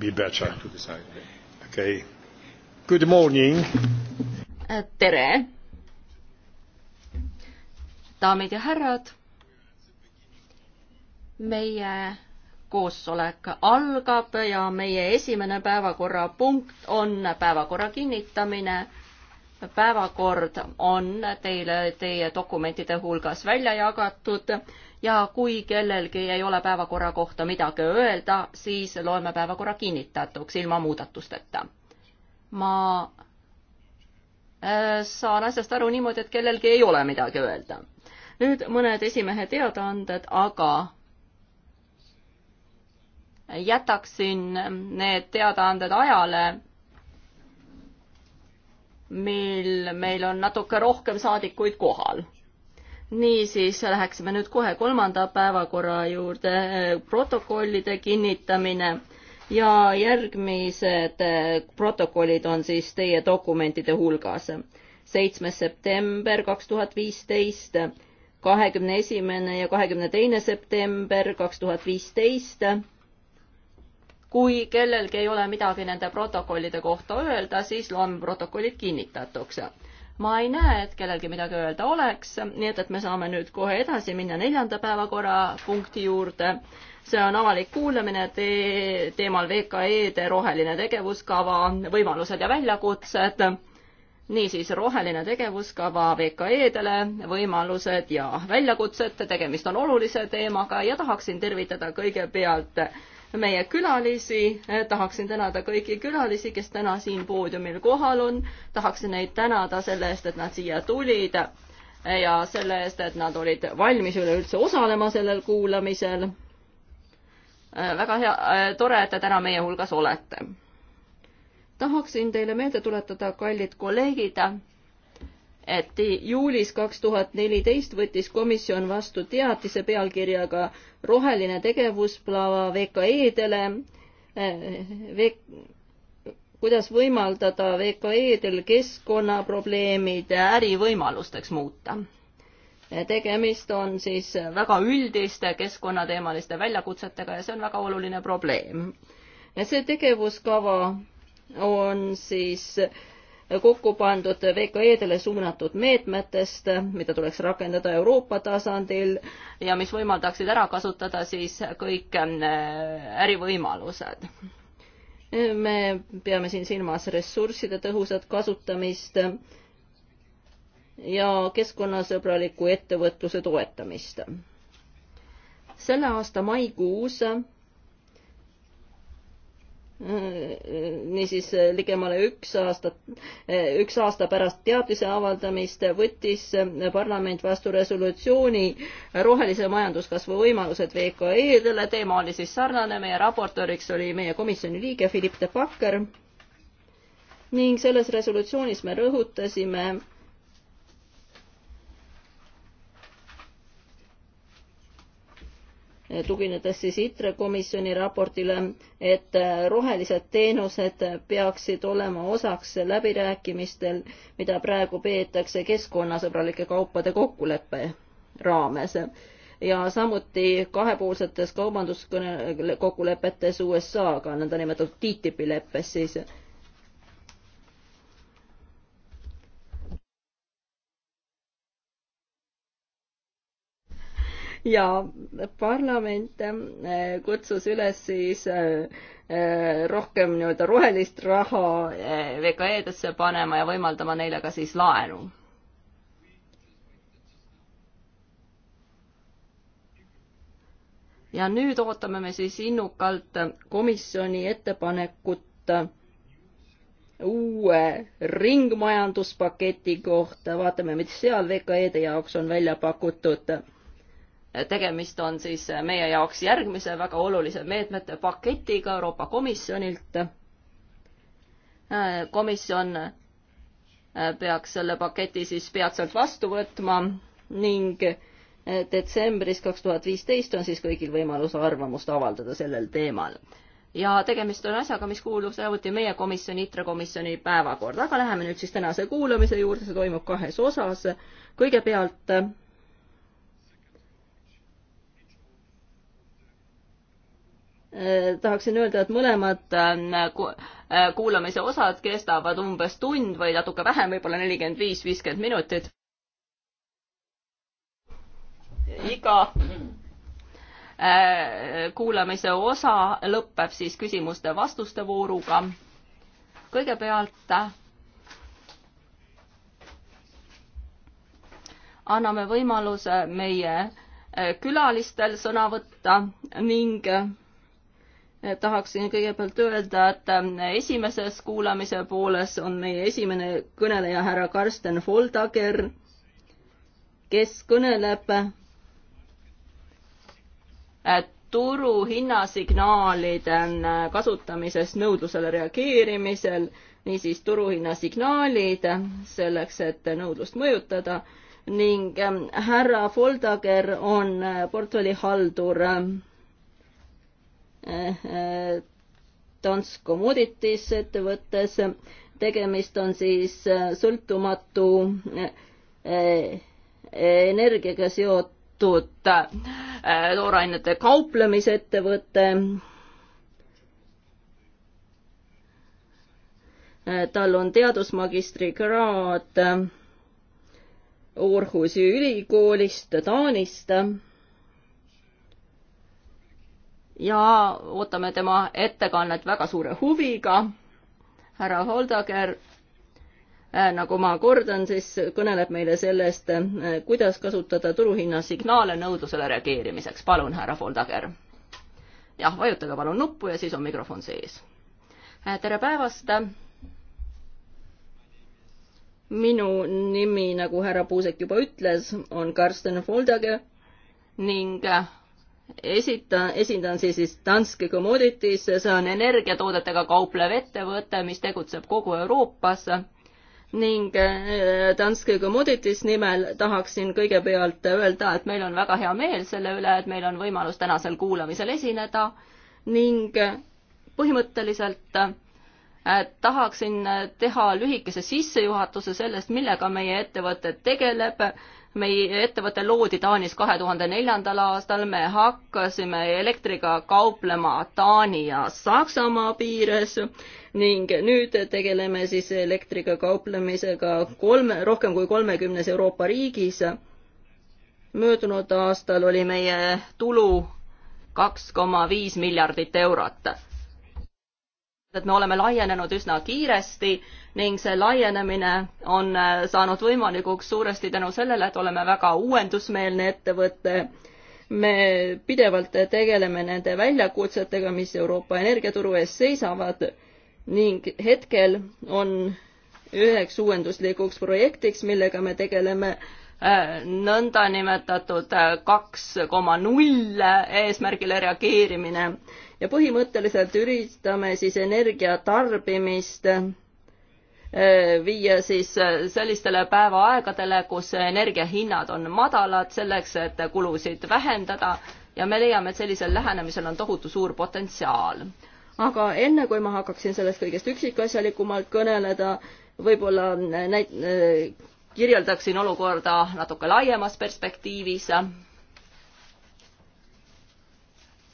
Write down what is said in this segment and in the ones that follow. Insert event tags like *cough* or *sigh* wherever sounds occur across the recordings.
be better. Okay. Good morning. tere. daamid ja härrad. meie koosolek algab ja meie esimene päevakorrapunkt on päevakorra kinnitamine. päevakord on teile teie dokumentide hulgas välja jagatud ja kui kellelgi ei ole päevakorra kohta midagi öelda, siis loeme päevakorra kinnitatuks ilma muudatusteta. ma äh, saan asjast aru niimoodi, et kellelgi ei ole midagi öelda. nüüd mõned esimehe teadaanded, aga jätaksin need teadaanded ajale, mil meil on natuke rohkem saadikuid kohal niisiis läheksime nüüd kohe kolmanda päevakorra juurde, protokollide kinnitamine ja järgmised protokollid on siis teie dokumentide hulgas. seitsmes september kaks tuhat viisteist, kahekümne esimene ja kahekümne teine september kaks tuhat viisteist. kui kellelgi ei ole midagi nende protokollide kohta öelda, siis loeme protokollid kinnitatuks ma ei näe, et kellelgi midagi öelda oleks, nii et, et me saame nüüd kohe edasi minna neljanda päevakorrapunkti juurde. see on avalik kuulamine te teemal VKE-de roheline tegevuskava, võimalused ja väljakutsed. niisiis, roheline tegevuskava VKE-dele, võimalused ja väljakutsed, tegemist on olulise teemaga ja tahaksin tervitada kõigepealt meie külalisi, tahaksin tänada kõiki külalisi, kes täna siin poodiumil kohal on, tahaksin neid tänada selle eest, et nad siia tulid ja selle eest, et nad olid valmis üleüldse osalema sellel kuulamisel. väga hea, tore, et te täna meie hulgas olete. tahaksin teile meelde tuletada, kallid kolleegid, et juulis kaks tuhat neliteist võttis komisjon vastu teatise pealkirjaga Roheline tegevusplava VKE-dele eh, v..., kuidas võimaldada VKE-del keskkonnaprobleemid ärivõimalusteks muuta. Eh, tegemist on siis väga üldiste keskkonnateemaliste väljakutsetega ja see on väga oluline probleem. Eh, see tegevuskava on siis äh, kokku pandud VKE-dele suunatud meetmetest, mida tuleks rakendada Euroopa tasandil ja mis võimaldaksid ära kasutada siis kõik äh, ärivõimalused. me peame siin silmas ressursside tõhusat kasutamist ja keskkonnasõbraliku ettevõtluse toetamist. selle aasta maikuus Mm, niisiis äh, ligemale üks aasta, äh, üks aasta pärast teatise avaldamist võttis äh, parlament vastu resolutsiooni rohelise majanduskasvu võimalused VKE-dele, teema oli siis sarnane, meie raportööriks oli meie komisjoni liige Philipp de Backer ning selles resolutsioonis me rõhutasime, tuginedes siis ITRE komisjoni raportile, et äh, rohelised teenused peaksid olema osaks läbirääkimistel, mida praegu peetakse keskkonnasõbralike kaupade kokkuleppe raames ja samuti kahepoolsetes kaubanduskokkulepetes USA-ga, nõndanimetatud TTIP-i leppes siis ja parlament äh, kutsus üles siis äh, äh, rohkem nii-öelda rohelist raha VKE-desse panema ja võimaldama neile ka siis laenu ja nüüd ootame me siis innukalt komisjoni ettepanekut uue ringmajanduspaketi kohta, vaatame, mis seal VKE-de jaoks on välja pakutud tegemist on siis meie jaoks järgmise väga olulise meetmete paketiga Euroopa Komisjonilt. komisjon peaks selle paketi siis peatselt vastu võtma ning detsembris kaks tuhat viisteist on siis kõigil võimalus arvamust avaldada sellel teemal. ja tegemist on asjaga, mis kuulub samuti meie komisjoni, ITRE komisjoni päevakorda, aga läheme nüüd siis tänase kuulamise juurde, see toimub kahes osas. kõigepealt Äh, tahaksin öelda, et mõlemad ähm, äh, kuulamise osad kestavad umbes tund või natuke vähem, võib-olla nelikümmend viis, viiskümmend minutit. iga äh, kuulamise osa lõpeb siis küsimuste-vastuste vooruga. kõigepealt anname võimaluse meie külalistel sõna võtta ning Eh, tahaksin kõigepealt öelda, et eh, esimeses kuulamise pooles on meie esimene kõneleja härra Karsten Foldager, kes kõneleb eh, turuhinnasignaalide kasutamisest nõudlusele reageerimisel, niisiis turuhinnasignaalid selleks, et nõudlust mõjutada ning härra Foldager on portfellihaldur Dansk Commodities ettevõttes. tegemist on siis äh, sõltumatu äh, energiaga seotud äh, toorainete kauplemisettevõte. tal on teadusmagistrikraad Aarhusi ülikoolist Taanist ja ootame tema ettekannet väga suure huviga. härra Holdager, äh, nagu ma kordan, siis kõneleb meile sellest, äh, kuidas kasutada turuhinna signaale nõudlusele reageerimiseks. palun, härra Holdager. jah, vajutage palun nuppu ja siis on mikrofon sees. Äh, tere päevast. minu nimi, nagu härra Puusek juba ütles, on Karsten Holdager ning esita-, esindan siis, siis Danske Commodities, see on energiatoodetega kauplev ettevõte, mis tegutseb kogu Euroopas ning äh, Danske Commodities nimel tahaksin kõigepealt öelda, et meil on väga hea meel selle üle, et meil on võimalus tänasel kuulamisel esineda ning põhimõtteliselt äh, tahaksin teha lühikese sissejuhatuse sellest, millega meie ettevõte tegeleb meie ettevõte loodi Taanis kahe tuhande neljandal aastal, me hakkasime elektriga kauplema Taani ja Saksamaa piires ning nüüd tegeleme siis elektriga kauplemisega kolme, rohkem kui kolmekümnes Euroopa riigis. möödunud aastal oli meie tulu kaks koma viis miljardit eurot et me oleme laienenud üsna kiiresti ning see laienemine on äh, saanud võimalikuks suuresti tänu sellele, et oleme väga uuendusmeelne ettevõte. me pidevalt tegeleme nende väljakutsetega, mis Euroopa energiaturu ees seisavad ning hetkel on üheks uuenduslikuks projektiks, millega me tegeleme äh, nõndanimetatud kaks koma null eesmärgile reageerimine ja põhimõtteliselt üritame siis energiatarbimist äh, viia siis äh, sellistele päevaaegadele, kus energiahinnad on madalad, selleks et kulusid vähendada ja me leiame, et sellisel lähenemisel on tohutu suur potentsiaal. aga enne, kui ma hakkaksin sellest kõigest üksikasjalikumalt kõneleda, võib-olla näit-, äh, kirjeldaksin olukorda natuke laiemas perspektiivis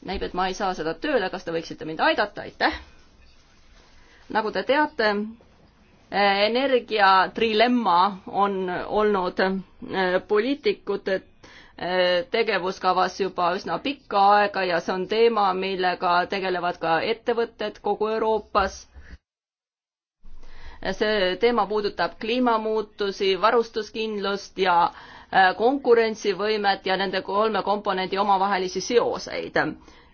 näib, et ma ei saa seda tööle, kas te võiksite mind aidata, aitäh. nagu te teate, energia trilemma on olnud eh, poliitikute eh, tegevuskavas juba üsna pikka aega ja see on teema, millega tegelevad ka ettevõtted kogu Euroopas. Eh, see teema puudutab kliimamuutusi, varustuskindlust ja äh, Äh, konkurentsivõimet ja nende kolme komponendi omavahelisi seoseid.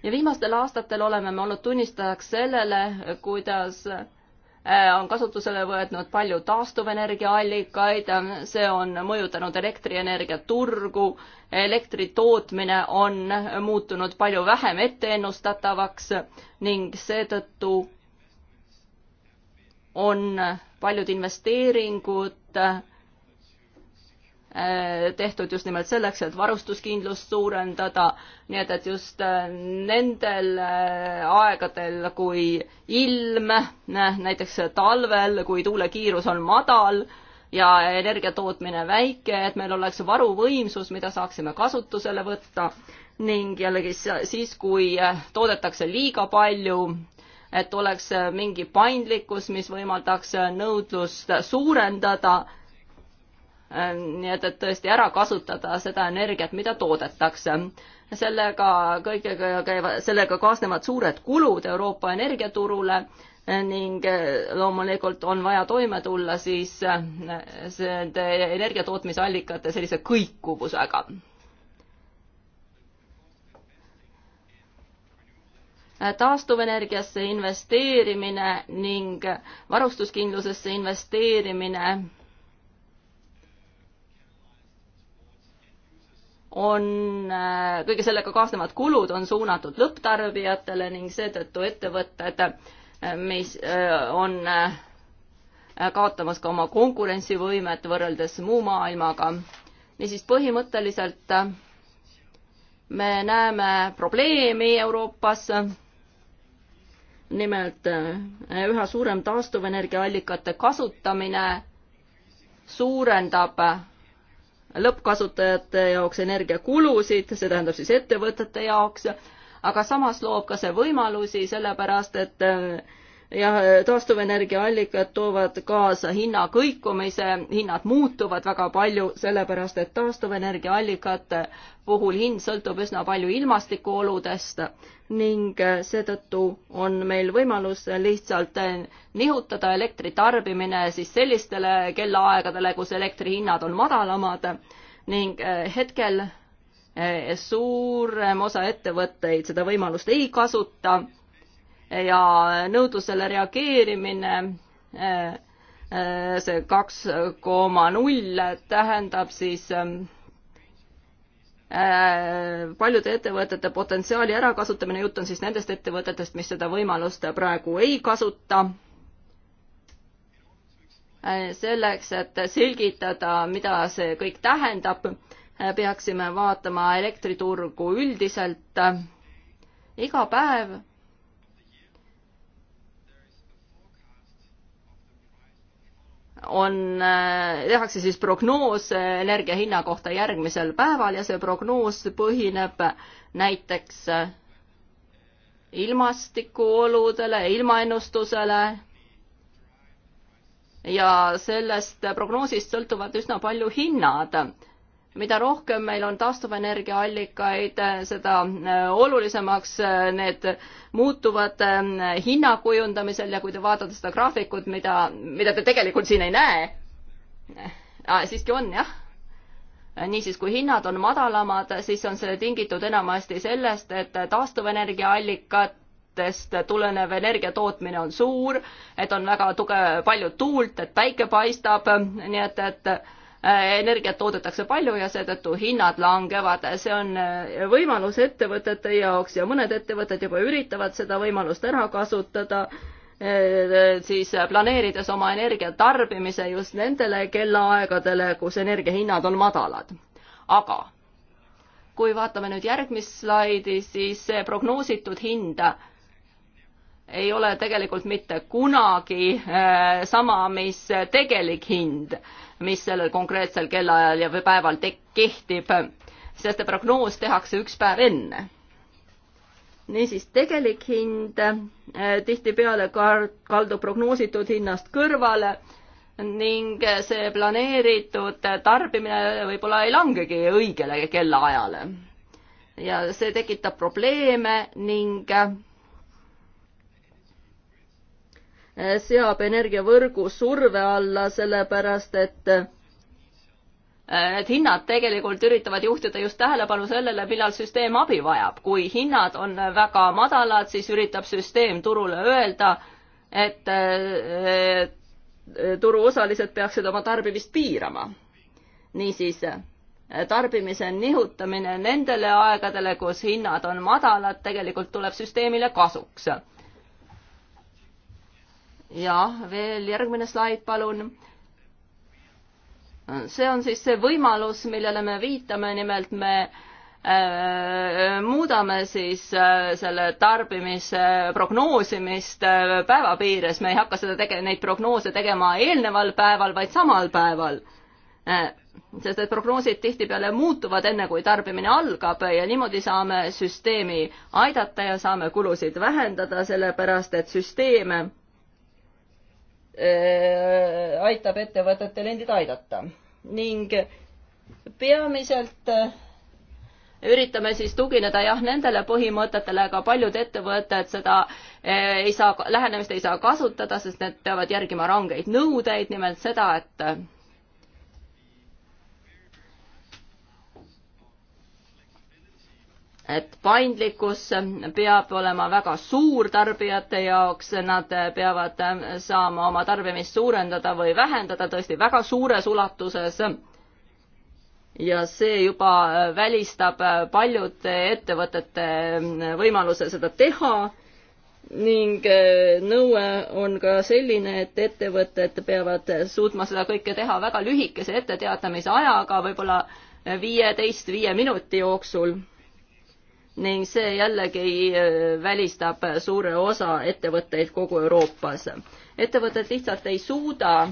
ja viimastel aastatel oleme me olnud tunnistajaks sellele, kuidas äh, on kasutusele võetud palju taastuvenergiaallikaid, see on mõjutanud elektrienergia turgu, elektri tootmine on muutunud palju vähem etteennustatavaks ning seetõttu on paljud investeeringud Äh, tehtud just nimelt selleks, et varustuskindlust suurendada, nii et, et just äh, nendel äh, aegadel, kui ilm, näiteks talvel, kui tuule kiirus on madal ja energia tootmine väike, et meil oleks varuvõimsus, mida saaksime kasutusele võtta ning jällegi siis, kui toodetakse liiga palju, et oleks mingi paindlikkus, mis võimaldaks nõudlust suurendada Äh, nii et, et tõesti ära kasutada seda energiat, mida toodetakse. sellega kõigega käivad, sellega kaasnevad suured kulud Euroopa energiaturule äh, ning äh, loomulikult on vaja toime tulla siis nende energiatootmisallikate sellise kõikuvusega. taastuvenergiasse investeerimine ning varustuskindlusesse investeerimine on, äh, kõige sellega kaasnevad kulud on suunatud lõpptarbijatele ning seetõttu ettevõtted, äh, mis äh, on kaotamas ka oma konkurentsivõimet võrreldes muu maailmaga. niisiis põhimõtteliselt me näeme probleemi Euroopas, nimelt üha suurem taastuvenergiaallikate kasutamine suurendab lõppkasutajate jaoks energiakulusid, see tähendab siis ettevõtete jaoks, aga samas loob ka see võimalusi, sellepärast et äh, jah, taastuvenergiaallikad toovad kaasa hinna kõikumise, hinnad muutuvad väga palju, sellepärast et taastuvenergiaallikate puhul hind sõltub üsna palju ilmastikuoludest ning äh, seetõttu on meil võimalus lihtsalt äh, nihutada elektritarbimine siis sellistele kellaaegadele, kus elektrihinnad on madalamad ning äh, hetkel suurem osa ettevõtteid seda võimalust ei kasuta ja nõudlusele reageerimine see kaks koma null tähendab siis ähm, Äh, paljude ettevõtete potentsiaali ärakasutamine, jutt on siis nendest ettevõtetest, mis seda võimalust praegu ei kasuta. Äh, selleks, et selgitada, mida see kõik tähendab, äh, peaksime vaatama elektriturgu üldiselt. iga päev on, äh, tehakse siis prognoos äh, energia hinna kohta järgmisel päeval ja see prognoos põhineb näiteks äh, ilmastikuoludele, ilmaennustusele ja sellest prognoosist sõltuvad üsna palju hinnad mida rohkem meil on taastuvenergiaallikaid, seda äh, olulisemaks äh, need muutuvad äh, hinna kujundamisel ja kui te vaatate seda graafikut, mida, mida te tegelikult siin ei näe ah,, siiski on jah, niisiis, kui hinnad on madalamad, siis on see tingitud enamasti sellest, et taastuvenergiaallikad tuultest tulenev energia tootmine on suur, et on väga tugev, palju tuult, et päike paistab, nii et, et Äh, energiat toodetakse palju ja seetõttu hinnad langevad. see on äh, võimalus ettevõtete jaoks ja mõned ettevõtted juba üritavad seda võimalust ära kasutada, äh, siis planeerides oma energia tarbimise just nendele kellaaegadele, kus energiahinnad on madalad. aga kui vaatame nüüd järgmist slaidi, siis see prognoositud hind ei ole tegelikult mitte kunagi äh, sama, mis tegelik hind, mis sellel konkreetsel kellaajal ja või päeval kehtib, sest prognoos tehakse üks päev enne. niisiis, tegelik hind äh, tihtipeale kaldub prognoositud hinnast kõrvale ning see planeeritud tarbimine võib-olla ei langegi õigele kellaajale. ja see tekitab probleeme ning äh, Eh, seab energiavõrgu surve alla, sellepärast et eh, et hinnad tegelikult üritavad juhtida just tähelepanu sellele, millal süsteem abi vajab. kui hinnad on väga madalad, siis üritab süsteem turule öelda, et eh, turuosalised peaksid oma tarbimist piirama. niisiis, tarbimise nihutamine nendele aegadele, kus hinnad on madalad, tegelikult tuleb süsteemile kasuks ja veel järgmine slaid, palun. see on siis see võimalus, millele me viitame, nimelt me äh, muudame siis äh, selle tarbimise äh, prognoosimist päeva piires, me ei hakka seda tege-, neid prognoose tegema eelneval päeval, vaid samal päeval. sest et prognoosid tihtipeale muutuvad enne, kui tarbimine algab ja niimoodi saame süsteemi aidata ja saame kulusid vähendada, sellepärast et süsteem Äh, aitab ettevõtetel endid aidata ning peamiselt äh, üritame siis tugineda jah nendele põhimõtetele, aga paljud ettevõtted seda äh, ei saa, lähenemist ei saa kasutada, sest need peavad järgima rangeid nõudeid, nimelt seda, et et paindlikkus peab olema väga suur tarbijate jaoks, nad peavad saama oma tarbimist suurendada või vähendada tõesti väga suures ulatuses. ja see juba välistab paljude ettevõtete võimaluse seda teha ning nõue on ka selline, et ettevõtted peavad suutma seda kõike teha väga lühikese etteteatamise ajaga, võib-olla viieteist, viie minuti jooksul ning see jällegi äh, välistab suure osa ettevõtteid kogu Euroopas. ettevõtted lihtsalt ei suuda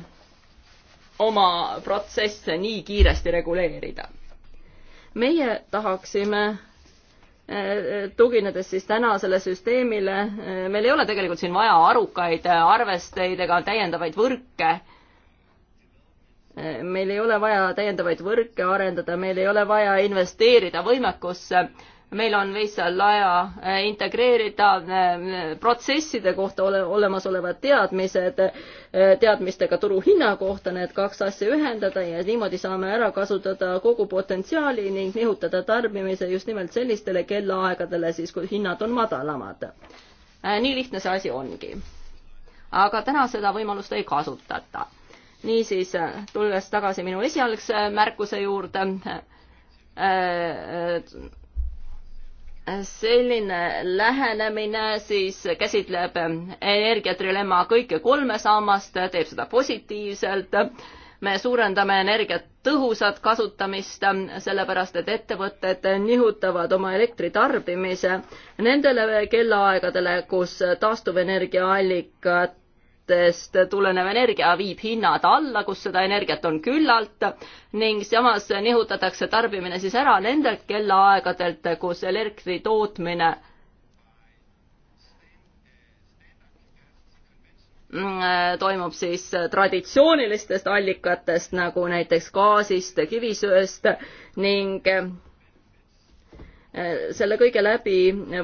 oma protsesse nii kiiresti reguleerida. meie tahaksime äh, tuginedes siis tänasele süsteemile, äh, meil ei ole tegelikult siin vaja arukaid arvesteid ega täiendavaid võrke meil ei ole vaja täiendavaid võrke arendada, meil ei ole vaja investeerida võimekusse meil on lihtsalt vaja äh, integreerida äh, protsesside kohta ole, olemasolevad teadmised äh, teadmistega turuhinna kohta, need kaks asja ühendada ja niimoodi saame ära kasutada kogu potentsiaali ning nihutada tarbimise just nimelt sellistele kellaaegadele siis, kui hinnad on madalamad. nii lihtne see asi ongi. aga täna seda võimalust ei kasutata. niisiis, tulles tagasi minu esialgse märkuse juurde, selline lähenemine siis käsitleb energiatrilemma kõike kolme sammast, teeb seda positiivselt. me suurendame energiat tõhusat kasutamist, sellepärast et ettevõtted nihutavad oma elektritarbimise nendele kellaaegadele, kus taastuvenergiaallikad nõudlustest tulenev energia viib hinnad alla, kus seda energiat on küllalt ning samas nihutatakse tarbimine siis ära nendelt kellaaegadelt, kus elektri tootmine toimub siis traditsioonilistest allikatest nagu näiteks gaasist, kivisöest ning selle kõige läbi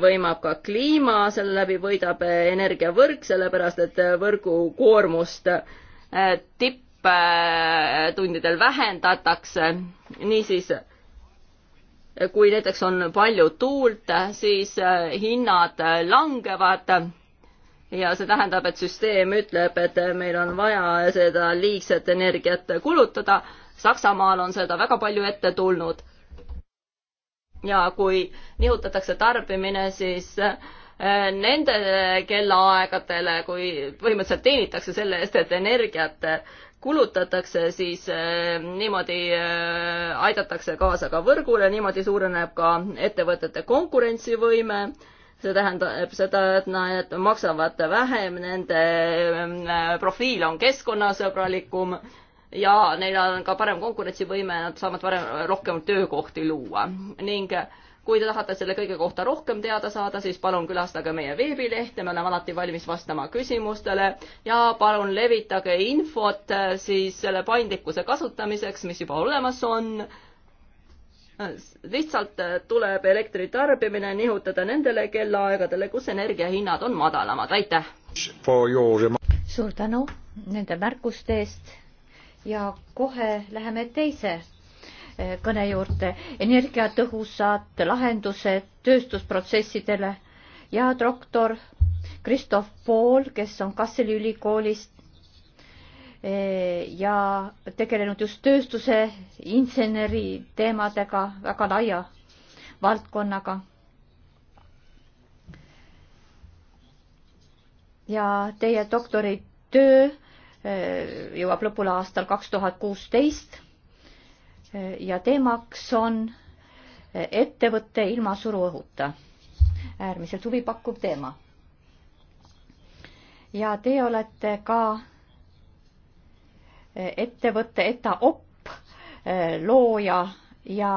võimab ka kliima, selle läbi võidab energiavõrk, sellepärast et võrgu koormust äh, tipptundidel vähendatakse. niisiis, kui näiteks on palju tuult, siis äh, hinnad langevad ja see tähendab, et süsteem ütleb, et meil on vaja seda liigset energiat kulutada. Saksamaal on seda väga palju ette tulnud ja kui nihutatakse tarbimine, siis äh, nendele kellaaegadele, kui põhimõtteliselt teenitakse selle eest, et energiat kulutatakse, siis äh, niimoodi äh, aidatakse kaasa ka võrgule, niimoodi suureneb ka ettevõtete konkurentsivõime. see tähendab seda, et nad maksavad vähem, nende profiil on keskkonnasõbralikum ja neil on ka parem konkurentsivõime, nad saavad varem rohkem töökohti luua ning eh, kui te tahate selle kõige kohta rohkem teada saada, siis palun külastage meie veebilehte, me oleme alati valmis vastama küsimustele ja palun levitage infot eh, siis selle paindlikkuse kasutamiseks, mis juba olemas on. lihtsalt eh, tuleb elektritarbimine nihutada nendele kellaaegadele, kus energiahinnad on madalamad, aitäh! suur tänu nende märkuste eest ja kohe läheme teise eh, kõne juurde. energiatõhusad lahendused tööstusprotsessidele ja doktor Kristof Pool, kes on Kasseli ülikoolist eh, ja tegelenud just tööstuse inseneri teemadega, väga laia valdkonnaga. ja teie doktoritöö Eh, jõuab lõpule aastal kaks tuhat kuusteist eh, ja teemaks on eh, ettevõte ilma suruõhuta. äärmiselt huvipakkuv teema. ja te olete ka ettevõtte ETAOP looja ja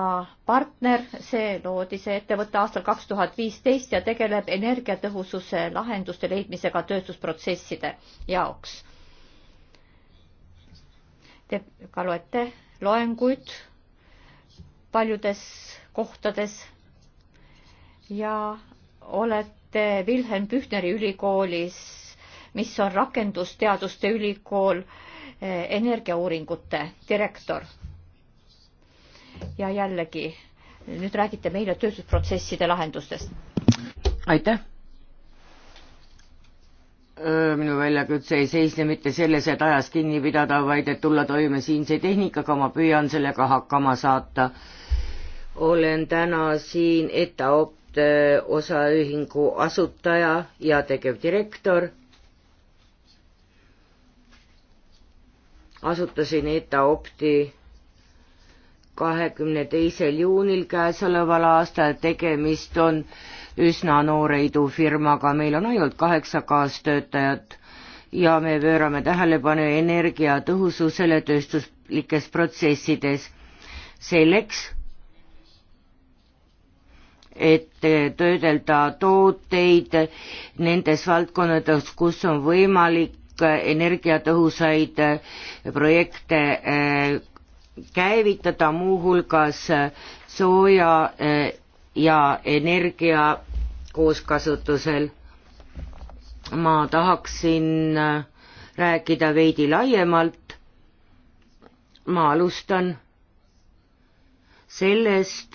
partner, see loodi see ettevõte aastal kaks tuhat viisteist ja tegeleb energiatõhususe lahenduste leidmisega tööstusprotsesside jaoks Te ka loete loenguid paljudes kohtades ja olete Wilhelm Pühneri ülikoolis, mis on rakendusteaduste ülikool, eh, energiauuringute direktor. ja jällegi, nüüd räägite meile tööstusprotsesside lahendustest. aitäh minu väljakutse ei seisne mitte selles, et ajast kinni pidada, vaid et tulla toime siinse tehnikaga, ma püüan sellega hakkama saata. olen täna siin ETAOPT osaühingu asutaja ja tegevdirektor. asutasin ETAOPT-i kahekümne teisel juunil käesoleval aastal, tegemist on äh, üsna noore idufirmaga, meil on ainult kaheksa kaastöötajat ja me pöörame tähelepanu energiatõhususele tööstuslikes protsessides. selleks, et töödelda tooteid nendes valdkondades, kus on võimalik energiatõhusaid projekte äh, käivitada, muuhulgas äh, sooja äh, ja energia kooskasutusel. ma tahaksin äh, rääkida veidi laiemalt. ma alustan sellest,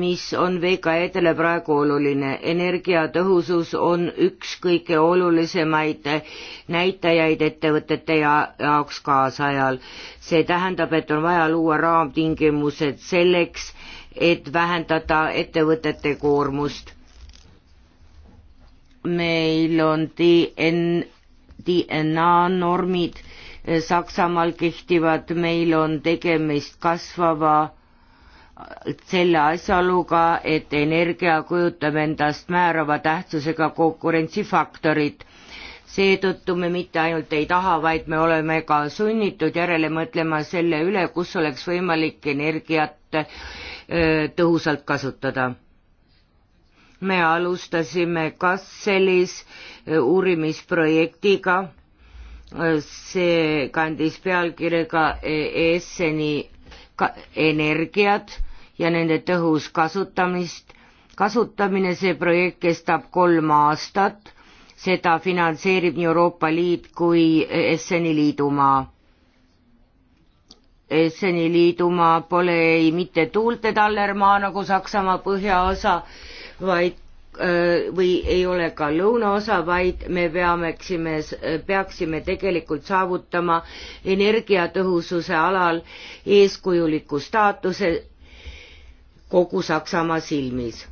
mis on VKE-dele praegu oluline. energiatõhusus on üks kõige olulisemaid näitajaid ettevõtete ja, jaoks kaasajal. see tähendab, et on vaja luua raamtingimused selleks, et vähendada ettevõtete koormust. meil on DN, DNA normid, eh, Saksamaal kehtivad, meil on tegemist kasvava eh, selle asjaoluga, et energia kujutab endast määrava tähtsusega konkurentsifaktorit. seetõttu me mitte ainult ei taha, vaid me oleme ka sunnitud järele mõtlema selle üle, kus oleks võimalik energiat instrumente äh, tõhusalt kasutada. me alustasime Kasselis äh, uurimisprojektiga, äh, see kandis pealkirjaga ESN-i energiat ja nende tõhus kasutamist. kasutamine, see projekt kestab kolm aastat, seda finantseerib nii Euroopa Liit kui ESN-i liidumaa seni liidumaa pole ei mitte tuulte tallermaa nagu Saksamaa põhjaosa, vaid või ei ole ka lõunaosa, vaid me peameksime, peaksime tegelikult saavutama energiatõhususe alal eeskujuliku staatuse kogu Saksamaa silmis.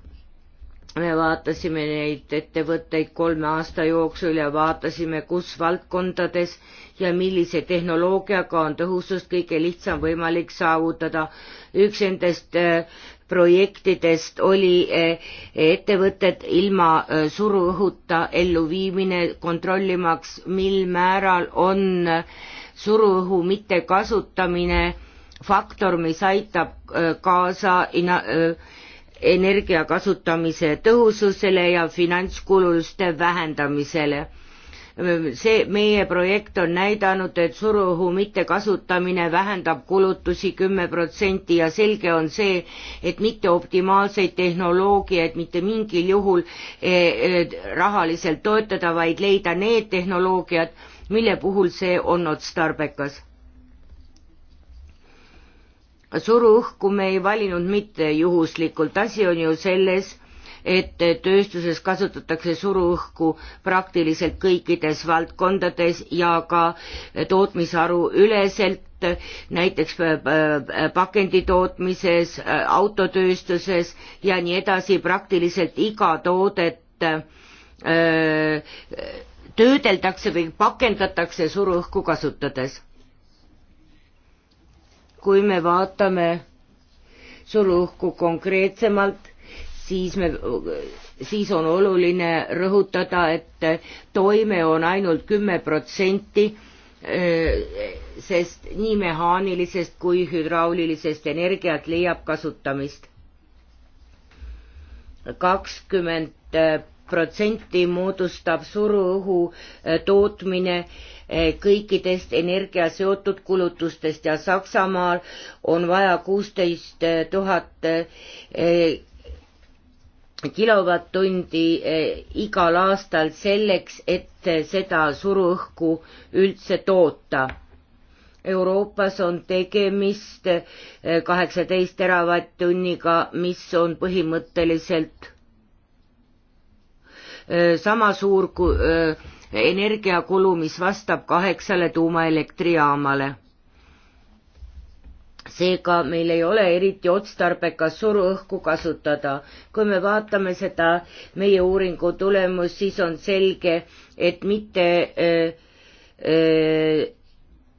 me vaatasime neid ettevõtteid kolme aasta jooksul ja vaatasime, kus valdkondades äh, ja millise tehnoloogiaga on tõhusust kõige lihtsam võimalik saavutada. üks nendest äh, projektidest oli äh, ettevõtet ilma äh, suruõhuta elluviimine, kontrollimaks, mil määral on suruõhu mittekasutamine faktor, mis aitab kaasa energia kasutamise tõhususele ja finantskuluste vähendamisele see meie projekt on näidanud, et suruhu mittekasutamine vähendab kulutusi kümme protsenti ja selge on see, et mitte optimaalseid tehnoloogiaid mitte mingil juhul eh, eh, rahaliselt toetada, vaid leida need tehnoloogiad, mille puhul see on otstarbekas suruõhku me ei valinud mitte juhuslikult, asi on ju selles, et tööstuses kasutatakse suruõhku praktiliselt kõikides valdkondades ja ka tootmisharu üleselt, näiteks äh, äh, pakenditootmises, äh, autotööstuses ja nii edasi, praktiliselt iga toodet töödeldakse või pakendatakse suruõhku kasutades. kui me vaatame suruõhku konkreetsemalt, siis me, siis on oluline rõhutada, et toime on ainult kümme protsenti, eh, sest nii mehaanilisest kui hüdraulilisest energiat leiab kasutamist. kakskümmend protsenti moodustab suruõhu eh, tootmine eh, kõikidest energia seotud kulutustest ja Saksamaal on vaja kuusteist tuhat kilovatt-tundi eh, igal aastal selleks, et seda suruõhku üldse toota. Euroopas on tegemist eh, kaheksateist teravatt-tunniga, mis on põhimõtteliselt eh, sama suur kui energiakulu, mis vastab kaheksale tuumaelektrijaamale seega meil ei ole eriti otstarbekas suruõhku kasutada. kui me vaatame seda meie uuringu tulemust, siis on selge, et mitte öö, äh, öö, äh,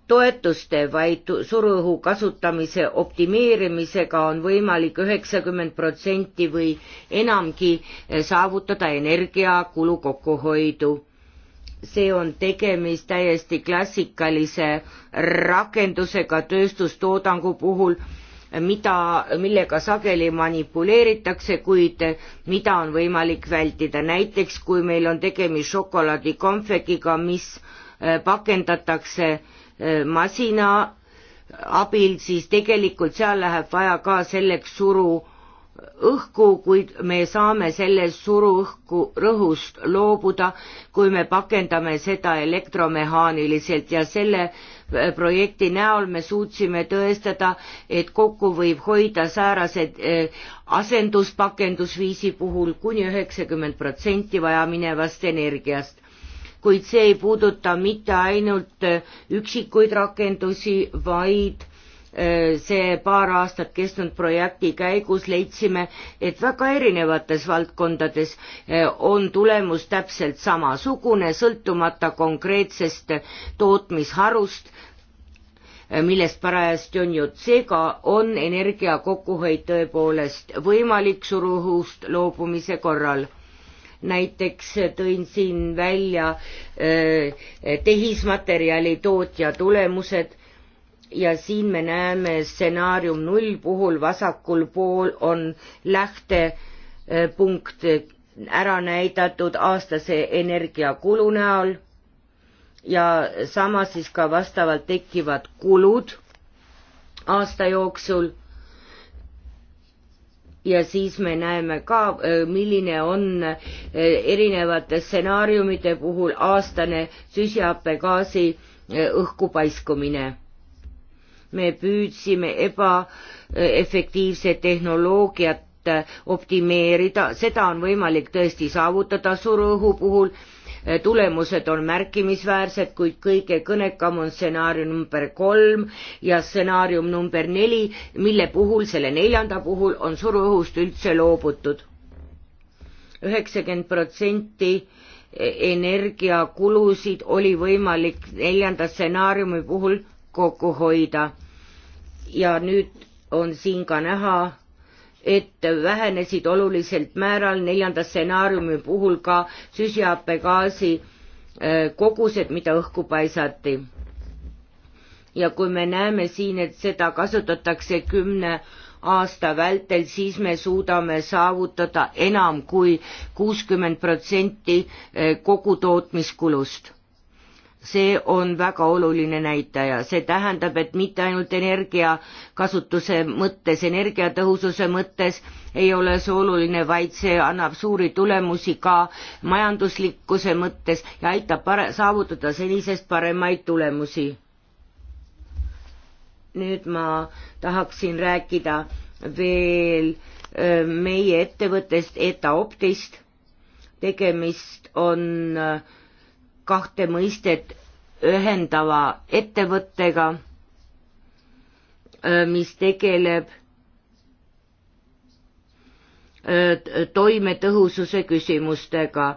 toetuste, vaid suruõhu kasutamise optimeerimisega on võimalik üheksakümmend protsenti või enamgi äh, saavutada energiakulu kokkuhoidu see on tegemist täiesti klassikalise rakendusega tööstustoodangu puhul, mida, millega sageli manipuleeritakse, kuid mida on võimalik vältida, näiteks kui meil on tegemist šokolaadikonfekiga, mis äh, pakendatakse äh, masina abil, siis tegelikult seal läheb vaja ka selleks suru õhku, kuid me saame sellest suruõhku rõhust loobuda, kui me pakendame seda elektromehaaniliselt ja selle äh, projekti näol me suutsime tõestada, et kokku võib hoida säärased äh, asenduspakendusviisi puhul kuni üheksakümmend protsenti vajaminevast energiast kuid see ei puuduta mitte ainult äh, üksikuid rakendusi, vaid Äh, see paar aastat kestnud projekti käigus leidsime, et väga erinevates valdkondades äh, on tulemus täpselt samasugune, sõltumata konkreetsest tootmisharust, äh, millest parajasti on jutt. seega on energia kokkuhoid tõepoolest võimalik suruhust loobumise korral näiteks tõin siin välja tehismaterjali tootja tulemused ja siin me näeme stsenaarium null puhul vasakul pool on lähtepunkt äh, ära näidatud aastase energiakulu näol ja samas siis ka vastavalt tekivad kulud aasta jooksul. ja siis me näeme ka, äh, milline on äh, erinevate stsenaariumide puhul aastane süsihappegaasi õhku paiskumine me püüdsime ebaefektiivset äh, tehnoloogiat äh, optimeerida, seda on võimalik tõesti saavutada surõhu puhul, äh, tulemused on märkimisväärsed, kuid kõige kõnekam on stsenaarium number kolm ja stsenaarium number neli, mille puhul, selle neljanda puhul on surõhust üldse loobutud. üheksakümmend protsenti energiakulusid oli võimalik neljanda stsenaariumi puhul kokku hoida ja nüüd on siin ka näha, et vähenesid oluliselt määral neljanda stsenaariumi puhul ka süsihappegaasi äh, kogused, mida õhku paisati. ja kui me näeme siin, et seda kasutatakse kümne aasta vältel, siis me suudame saavutada enam kui kuuskümmend protsenti äh, kogu tootmiskulust see on väga oluline näitaja, see tähendab, et mitte ainult energiakasutuse mõttes, energiatõhususe mõttes ei ole see oluline, vaid see annab suuri tulemusi ka majanduslikkuse mõttes ja aitab pare-, saavutada senisest paremaid tulemusi. nüüd ma tahaksin rääkida veel öö, meie ettevõttest ETA Optist, tegemist on öö, kahte mõistet ühendava ettevõttega, äh, mis tegeleb äh, toimetõhususe küsimustega.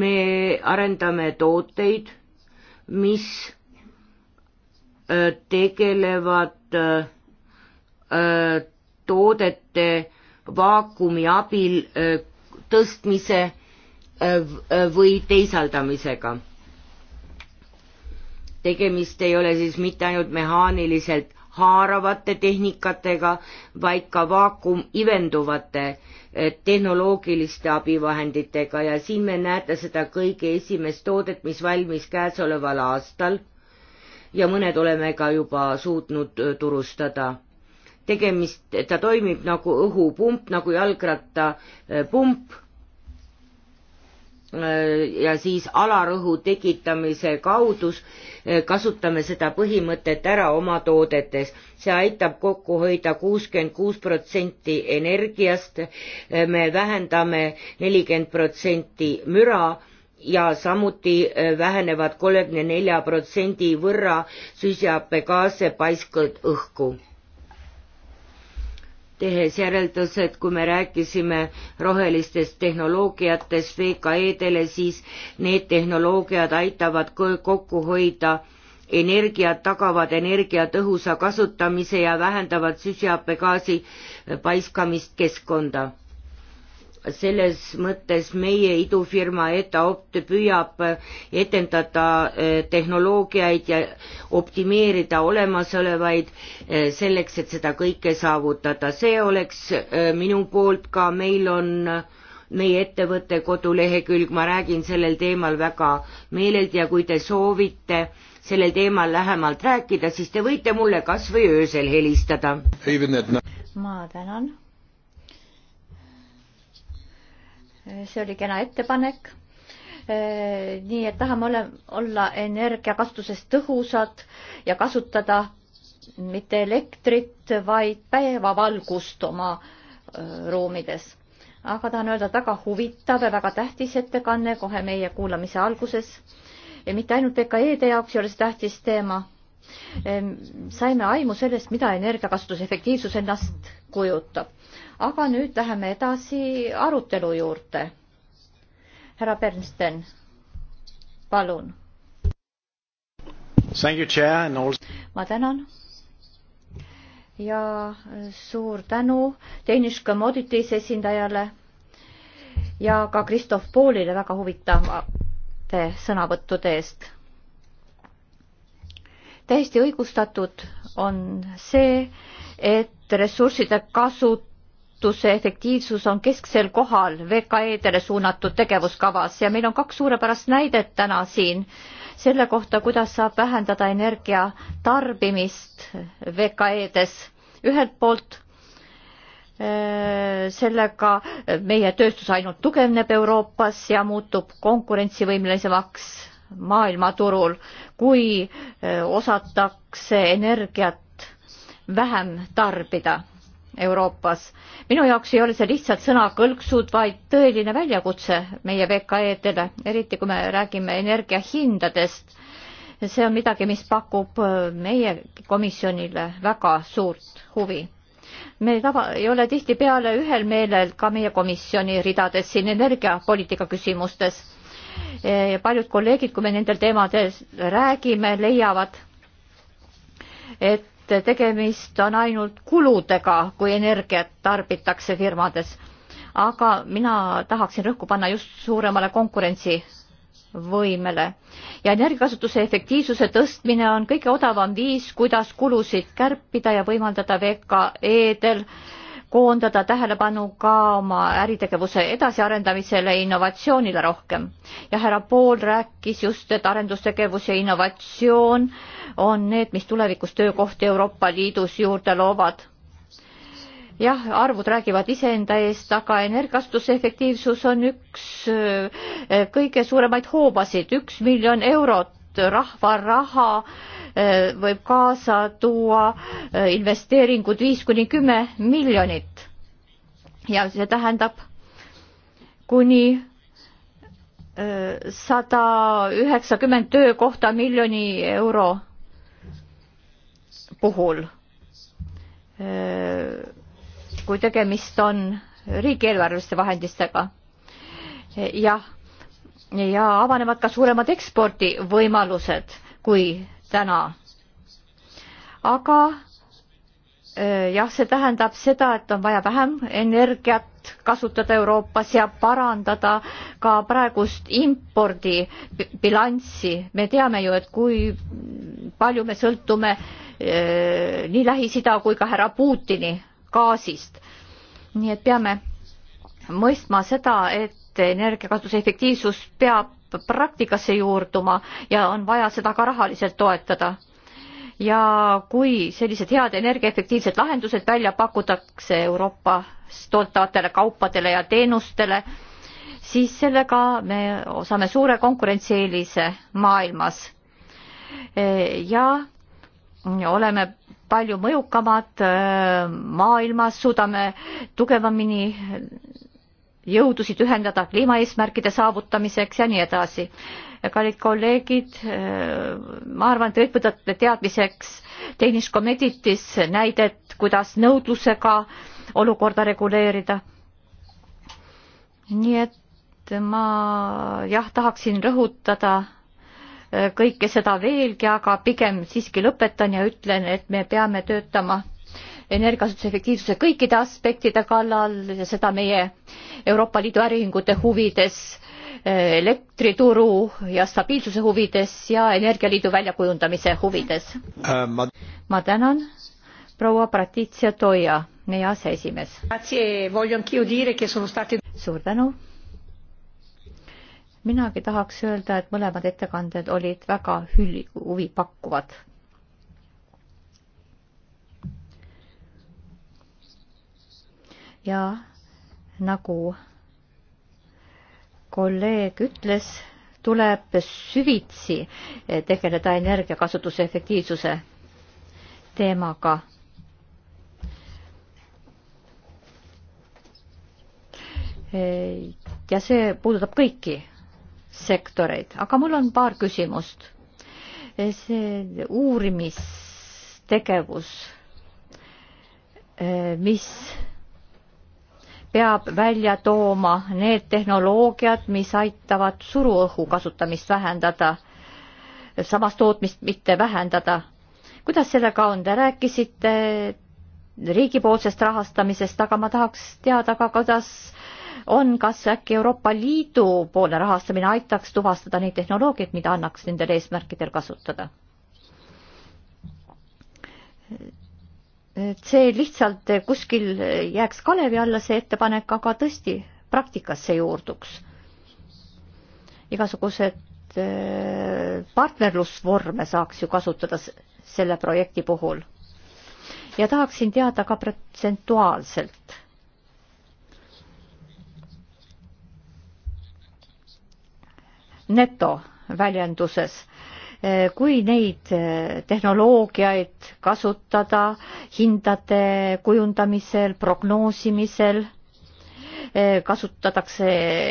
me arendame tooteid, mis äh, tegelevad toodete vaakumi abil tõstmise või teisaldamisega tegemist ei ole siis mitte ainult mehaaniliselt haaravate tehnikatega, vaid ka vaakumivenduvate eh, tehnoloogiliste abivahenditega ja siin me näete seda kõige esimest toodet, mis valmis käesoleval aastal ja mõned oleme ka juba suutnud eh, turustada. tegemist, ta toimib nagu õhupump, nagu jalgrattapump Äh, ja siis alarõhu tekitamise kaudu äh, kasutame seda põhimõtet ära oma toodetes. see aitab kokku hoida kuuskümmend kuus protsenti energiast, äh, me vähendame nelikümmend protsenti müra ja samuti vähenevad kolmekümne nelja protsendi võrra süsihappegaase paisknud õhku tehes järeldused, kui me rääkisime rohelistest tehnoloogiatest VKE-dele, siis need tehnoloogiad aitavad kokku hoida energiat, tagavad energiatõhusa kasutamise ja vähendavad süsihappegaasi paiskamist keskkonda selles mõttes meie idufirma ETAOPT püüab etendada äh, tehnoloogiaid ja optimeerida olemasolevaid äh, selleks, et seda kõike saavutada. see oleks äh, minu poolt ka, meil on meie ettevõtte kodulehekülg, ma räägin sellel teemal väga meeleldi ja kui te soovite sellel teemal lähemalt rääkida, siis te võite mulle kas või öösel helistada. ma tänan see oli kena ettepanek. nii et tahame ole, olla energiakasutuses tõhusad ja kasutada mitte elektrit, vaid päevavalgust oma e, ruumides. aga tahan öelda, et väga huvitav ja väga tähtis ettekanne kohe meie kuulamise alguses. ja mitte ainult VKE-de jaoks ei ole see tähtis teema. saime aimu sellest, mida energiakasutuse efektiivsus ennast kujutab aga nüüd läheme edasi arutelu juurde. härra Bernsten, palun. ma tänan ja suur tänu Danish Commodities esindajale ja ka Kristof Poolile väga huvitavate sõnavõttude eest. täiesti õigustatud on see, et ressursside kasut toetuse efektiivsus on kesksel kohal VKE-dele suunatud tegevuskavas ja meil on kaks suurepärast näidet täna siin selle kohta, kuidas saab vähendada energia tarbimist VKE-des. ühelt poolt äh, sellega meie tööstus ainult tugevneb Euroopas ja muutub konkurentsivõimelisemaks maailmaturul, kui äh, osatakse energiat vähem tarbida Euroopas. minu jaoks ei ole see lihtsalt sõnakõlksud, vaid tõeline väljakutse meie VKE-dele, eriti kui me räägime energiahindadest. see on midagi, mis pakub meie komisjonile väga suurt huvi. me tava, ei ole tihtipeale ühel meelel ka meie komisjoni ridades siin energiapoliitika küsimustes. E, paljud kolleegid, kui me nendel teemadel räägime, leiavad, et et tegemist on ainult kuludega, kui energiat tarbitakse firmades. aga mina tahaksin rõhku panna just suuremale konkurentsivõimele ja energiakasutuse efektiivsuse tõstmine on kõige odavam viis, kuidas kulusid kärpida ja võimaldada VKE-del äh, koondada tähelepanu ka oma äritegevuse edasiarendamisele ja innovatsioonile rohkem. ja härra Pool rääkis just, et arendustegevus ja innovatsioon on need, mis tulevikus töökohti Euroopa Liidus juurde loovad jah, arvud räägivad iseenda eest, aga energiakasutuse efektiivsus on üks äh, kõige suuremaid hoobasid, üks miljon eurot rahva raha eh, võib kaasa tuua eh, investeeringud viis kuni kümme miljonit. ja see tähendab kuni eh, sada üheksakümmend töökohta miljoni euro puhul. kui tegemist on riigieelarveliste vahendistega. jah ja avanevad ka suuremad ekspordivõimalused kui täna. aga jah, see tähendab seda, et on vaja vähem energiat kasutada Euroopas ja parandada ka praegust impordibilanssi. me teame ju, et kui palju me sõltume eh, nii Lähis-Ida kui ka härra Putini gaasist. nii et peame mõistma seda, et et energiakasutuse efektiivsus peab praktikasse juurduma ja on vaja seda ka rahaliselt toetada. ja kui sellised head energiaefektiivsed lahendused välja pakutakse Euroopas tootavatele kaupadele ja teenustele, siis sellega me saame suure konkurentsieelise maailmas. ja oleme palju mõjukamad maailmas, suudame tugevamini jõudusid ühendada kliimaeesmärkide saavutamiseks ja nii edasi. kallid kolleegid, ma arvan, et kõik võtate teadmiseks Danish Comeditis näidet, kuidas nõudlusega olukorda reguleerida. nii et ma jah, tahaksin rõhutada kõike seda veelgi, aga pigem siiski lõpetan ja ütlen, et me peame töötama energiakasutuse efektiivsuse kõikide aspektide kallal ja seda meie Euroopa Liidu äriühingute huvides, elektrituru ja stabiilsuse huvides ja Energialiidu väljakujundamise huvides äh,. Ma... ma tänan, proua Pratitsia Toia, meie aseesimees. suur tänu minagi tahaks öelda, et mõlemad ettekanded olid väga huvipakkuvad. ja nagu kolleeg ütles, tuleb süvitsi eh, tegeleda energiakasutuse efektiivsuse teemaga. Eh, ja see puudutab kõiki sektoreid, aga mul on paar küsimust. Eh, see uurimistegevus, mis peab välja tooma need tehnoloogiad, mis aitavad suruõhu kasutamist vähendada, samas tootmist mitte vähendada. kuidas sellega on, te rääkisite riigipoolsest rahastamisest, aga ma tahaks teada ka, kuidas on, kas äkki Euroopa Liidu poolne rahastamine aitaks tuvastada neid tehnoloogiaid, mida annaks nendel eesmärkidel kasutada? et see lihtsalt kuskil jääks kalevi alla, see ettepanek, aga tõesti praktikas see juurduks. igasugused äh, partnerlusvorme saaks ju kasutada selle projekti puhul. ja tahaksin teada ka protsentuaalselt. neto väljenduses kui neid eh, tehnoloogiaid kasutada hindade kujundamisel, prognoosimisel, eh, kasutatakse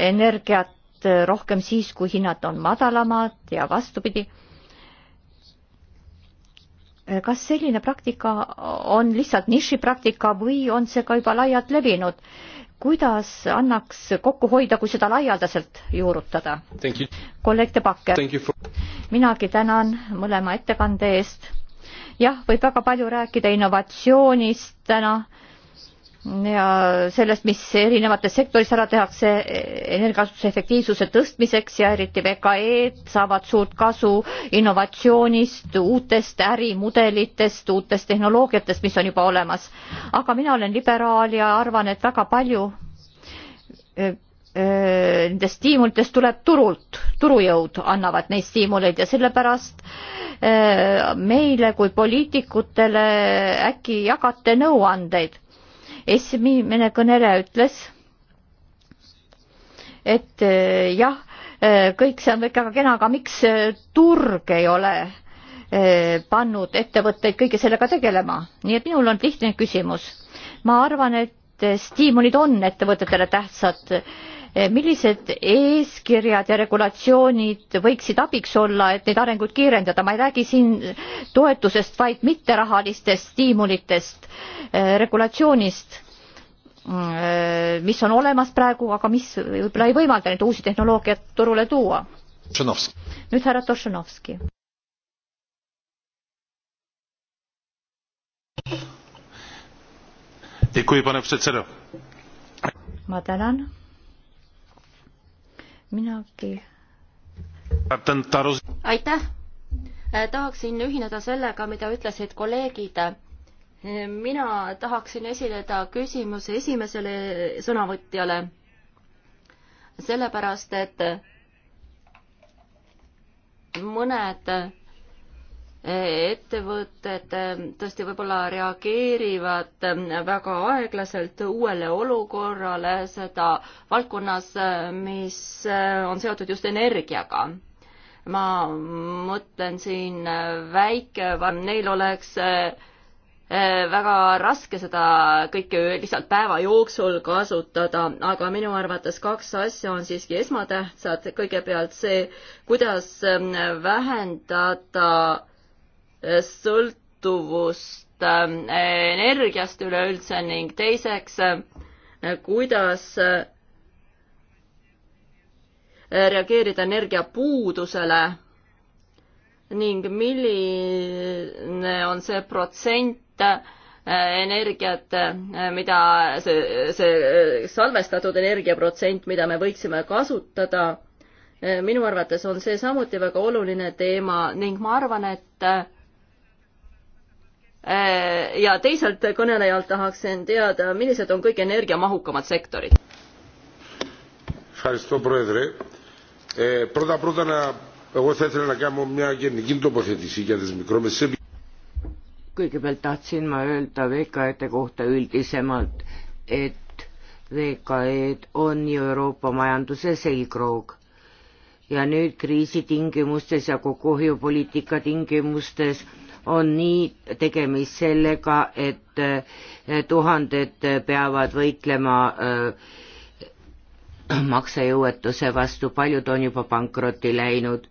energiat eh, rohkem siis, kui hinnad on madalamad ja vastupidi. kas selline praktika on lihtsalt nišipraktika või on see ka juba laialt levinud? kuidas annaks kokku hoida, kui seda laialdaselt juurutada? kolleeg De Backer, minagi tänan mõlema ettekande eest. jah, võib väga palju rääkida innovatsioonist täna ja sellest, mis erinevates sektoris ära tehakse energiakasutuse efektiivsuse tõstmiseks ja eriti VKE-d saavad suurt kasu innovatsioonist, uutest ärimudelitest, uutest tehnoloogiatest, mis on juba olemas. aga mina olen liberaal ja arvan, et väga palju nendest stiimulitest tuleb turult, turujõud annavad neid stiimuleid ja sellepärast meile kui poliitikutele äkki jagate nõuandeid esimene kõneleja ütles, et eh, jah, eh, kõik see on kõik väga kena, aga miks eh, turg ei ole pannud ettevõtteid kõige sellega tegelema, nii et minul on lihtne küsimus. ma arvan, et stiimulid on ettevõtetele tähtsad Eh, millised eeskirjad ja regulatsioonid võiksid abiks olla, et neid arenguid kiirendada, ma ei räägi siin toetusest, vaid mitterahalistest stiimulitest, eh, regulatsioonist, eh, mis on olemas praegu, aga mis võib-olla ei võimalda neid uusi tehnoloogiat turule tuua. nüüd härra Tošenovski. Děkuji, pane předsedo. Ma tänan minagi. aitäh, äh, tahaksin ühineda sellega, mida ütlesid kolleegid. Äh, mina tahaksin esineda küsimuse esimesele sõnavõtjale, sellepärast et mõned ettevõtted ehm, tõesti võib-olla reageerivad ehm, väga aeglaselt uuele olukorrale, seda valdkonnas, ehm, mis on seotud just energiaga. ma mõtlen siin väike, neil oleks väga raske seda kõike lihtsalt päeva jooksul kasutada, aga minu arvates kaks asja on siiski esmatähtsad. kõigepealt see, kuidas vähendada sõltuvust äh, energiast üleüldse ning teiseks, äh, kuidas äh, reageerida energiapuudusele ning milline on see protsent energiat, mida see, see salvestatud energiaprotsent, mida me võiksime kasutada. minu arvates on see samuti väga oluline teema ning ma arvan, et Äh, ja teiselt kõnelejalt tahaksin teada, millised on kõige energiamahukamad sektorid? kõigepealt tahtsin ma öelda VKE-de kohta üldisemalt, et VKE-d on ju Euroopa majanduse selgroog ja nüüd kriisi tingimustes ja kokkuhoiupoliitika tingimustes on nii tegemist sellega, et eh, tuhanded peavad võitlema eh, maksejõuetuse vastu, paljud on juba pankrotti läinud.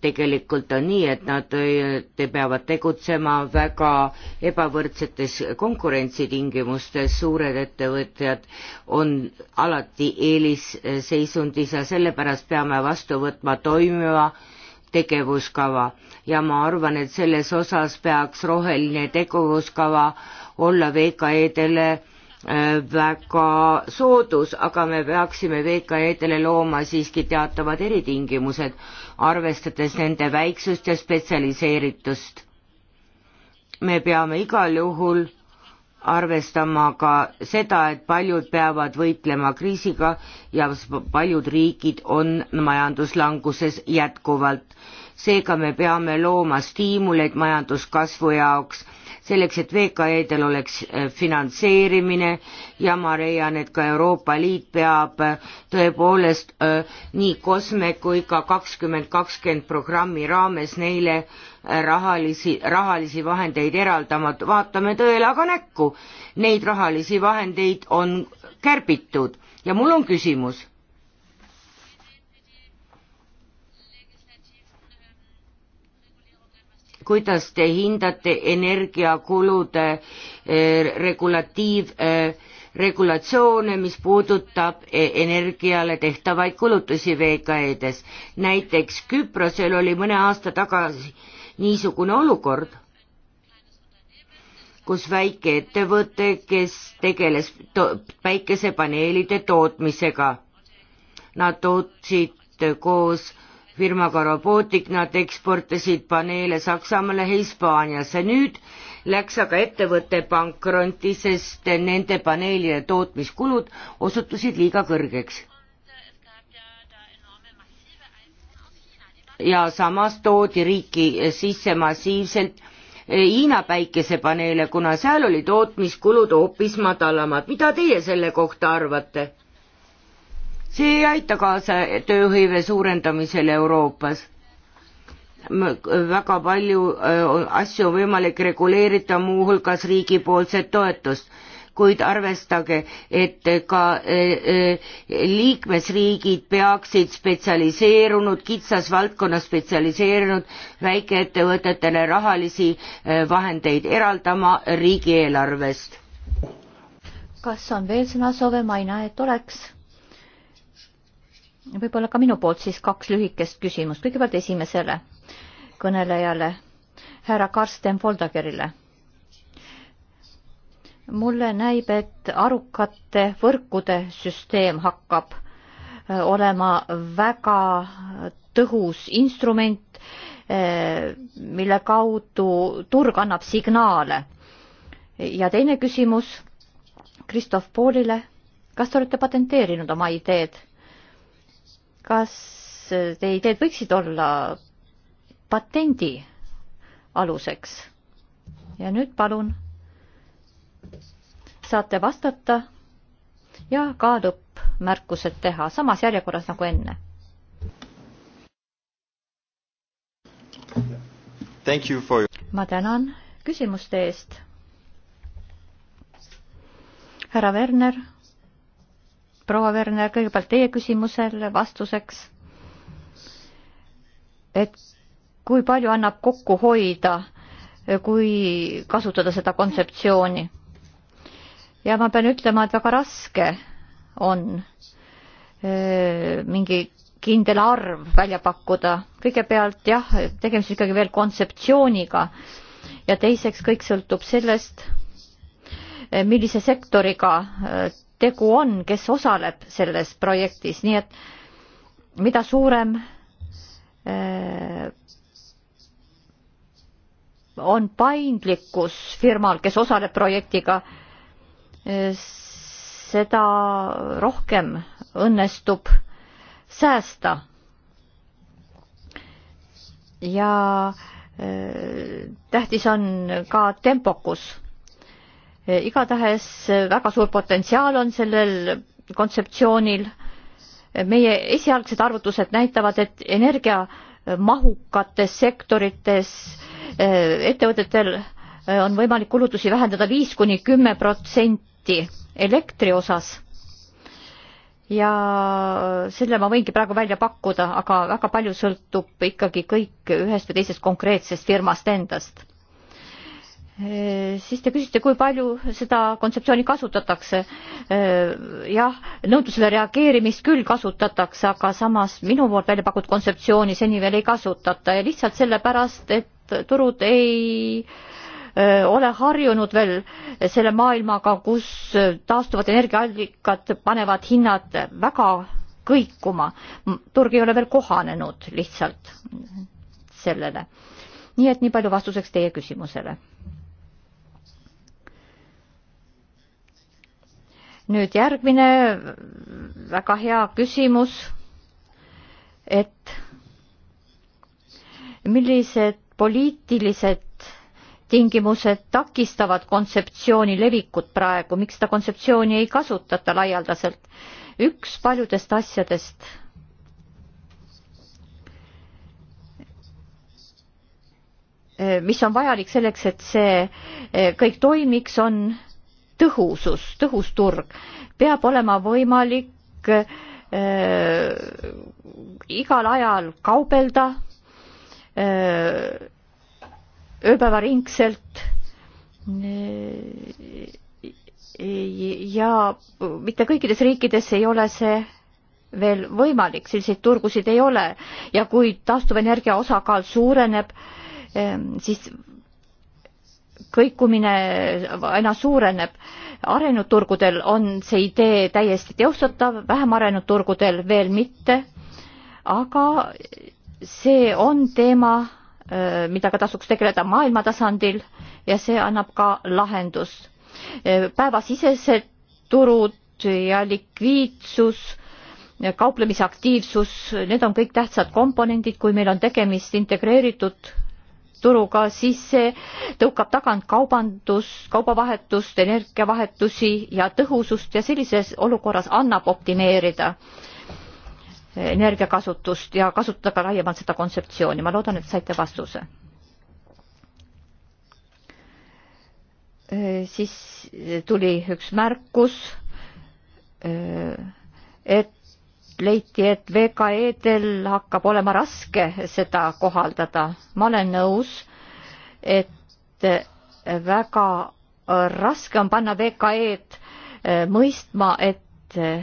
tegelikult on nii, et nad eh, te peavad tegutsema väga ebavõrdsetes konkurentsitingimustes, suured ettevõtjad on alati eelisseisundis ja sellepärast peame vastu võtma toimiva tegevuskava ja ma arvan, et selles osas peaks roheline tegevuskava olla VKE-dele äh, väga soodus, aga me peaksime VKE-dele looma siiski teatavad eritingimused, arvestades nende väiksust ja spetsialiseeritust. me peame igal juhul arvestama ka seda, et paljud peavad võitlema kriisiga ja paljud riigid on majanduslanguses jätkuvalt. seega me peame looma stiimuleid majanduskasvu jaoks selleks, et VKE-del oleks äh, finantseerimine ja ma leian, et ka Euroopa Liit peab äh, tõepoolest äh, nii COSME kui ka kakskümmend kakskümmend programmi raames neile rahalisi, rahalisi vahendeid eraldama, vaatame tõele aga näkku, neid rahalisi vahendeid on kärbitud ja mul on küsimus kuidas te hindate energiakulude eh, regulatiiv, eh, regulatsioone, mis puudutab eh, energiale tehtavaid kulutusi VKE-des. näiteks Küprosel oli mõne aasta tagasi niisugune olukord, kus väikeettevõte, kes tegeles to päikesepaneelide tootmisega, nad tootsid koos firmaga Robotik, nad eksportisid paneele Saksamaale, Hispaaniasse, nüüd läks aga ettevõte pankrotti, sest nende paneelide tootmiskulud osutusid liiga kõrgeks. ja samas toodi riiki sisse massiivselt Hiina päikesepaneele, kuna seal oli tootmiskulud hoopis madalamad. mida teie selle kohta arvate? see ei aita kaasa tööhõive suurendamisele Euroopas. väga palju asju on võimalik reguleerida, muuhulgas riigipoolset toetust, kuid arvestage, et ka liikmesriigid peaksid spetsialiseerunud, kitsas valdkonnas spetsialiseerunud väikeettevõtetele rahalisi vahendeid eraldama riigieelarvest. kas on veel sõnasoove, ma ei näe, et oleks võib-olla ka minu poolt siis kaks lühikest küsimust. kõigepealt esimesele kõnelejale, härra Karsten Voldagerile. mulle näib, et arukate võrkude süsteem hakkab äh, olema väga tõhus instrument, äh, mille kaudu turg annab signaale. ja teine küsimus Kristof Poolile. kas te olete patenteerinud oma ideed? kas teie ideed võiksid olla patendi aluseks? ja nüüd palun saate vastata ja ka lõppmärkused teha samas järjekorras nagu enne. For... ma tänan küsimuste eest. härra Werner proua Werner, kõigepealt teie küsimusele vastuseks, et kui palju annab kokku hoida, kui kasutada seda kontseptsiooni. ja ma pean ütlema, et väga raske on äh, mingi kindel arv välja pakkuda. kõigepealt jah, tegemist ikkagi veel kontseptsiooniga ja teiseks kõik sõltub sellest, äh, millise sektoriga äh, tegu on, kes osaleb selles projektis, nii et mida suurem eh, on paindlikkus firmal, kes osaleb projektiga, eh, seda rohkem õnnestub säästa. ja eh, tähtis on ka tempokus Eh, igatahes eh, väga suur potentsiaal on sellel kontseptsioonil. Eh, meie esialgsed arvutused näitavad, et energiamahukates sektorites ettevõtetel on võimalik kulutusi vähendada viis kuni kümme protsenti elektri osas. ja selle ma võingi praegu välja pakkuda, aga väga palju sõltub ikkagi kõik ühest või teisest konkreetsest firmast endast Äh, siis te küsite, kui palju seda kontseptsiooni kasutatakse. Äh, jah, nõudlusele reageerimist küll kasutatakse, aga samas minu poolt välja pakutud kontseptsiooni seni veel ei kasutata ja lihtsalt sellepärast, et turud ei äh, ole harjunud veel selle maailmaga, kus taastuvad energiaallikad panevad hinnad väga kõikuma. turg ei ole veel kohanenud lihtsalt sellele. nii et nii palju vastuseks teie küsimusele nüüd järgmine väga hea küsimus, et millised poliitilised tingimused takistavad kontseptsiooni levikut praegu, miks seda kontseptsiooni ei kasutata laialdaselt? üks paljudest asjadest mis on vajalik selleks, et see kõik toimiks, on tõhusus, tõhus turg. peab olema võimalik äh, igal ajal kaubelda äh, ööpäevaringselt äh, ja mitte kõikides riikides ei ole see veel võimalik, selliseid turgusid ei ole ja kui taastuvenergia osakaal suureneb äh,, siis kõikumine aina suureneb. arenenud turgudel on see idee täiesti teostatav, vähem arenenud turgudel veel mitte. aga see on teema, millega tasuks tegeleda maailma tasandil ja see annab ka lahendust. päevasisesed turud ja likviidsus, kauplemisaktiivsus, need on kõik tähtsad komponendid, kui meil on tegemist integreeritud ühisturuga, siis see tõukab tagant kaubandus, kaubavahetust, energiavahetusi ja tõhusust ja sellises olukorras annab optimeerida energiakasutust ja kasutada ka laiemalt seda kontseptsiooni. ma loodan, et saite vastuse. siis tuli üks märkus, et leiti, et VKE-del hakkab olema raske seda kohaldada. ma olen nõus, et väga raske on panna VKE-d eh, mõistma, et eh,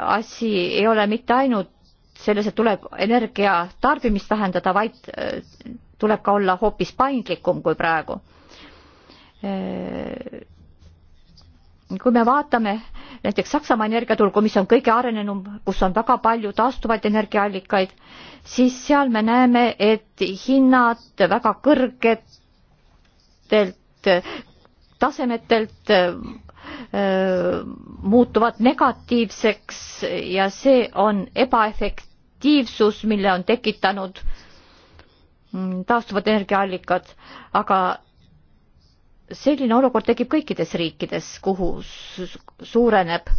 asi ei ole mitte ainult selles, et tuleb energia tarbimist vähendada, vaid eh, tuleb ka olla hoopis paindlikum kui praegu kui me vaatame näiteks Saksamaa energiaturgu, mis on kõige arenenum, kus on väga palju taastuvaid energiaallikaid, siis seal me näeme, et hinnad väga kõrgetelt tasemetelt öö, äh, muutuvad negatiivseks ja see on ebaefektiivsus, mille on tekitanud mm, taastuvad energiaallikad, aga selline olukord tekib kõikides riikides, kuhu suureneb,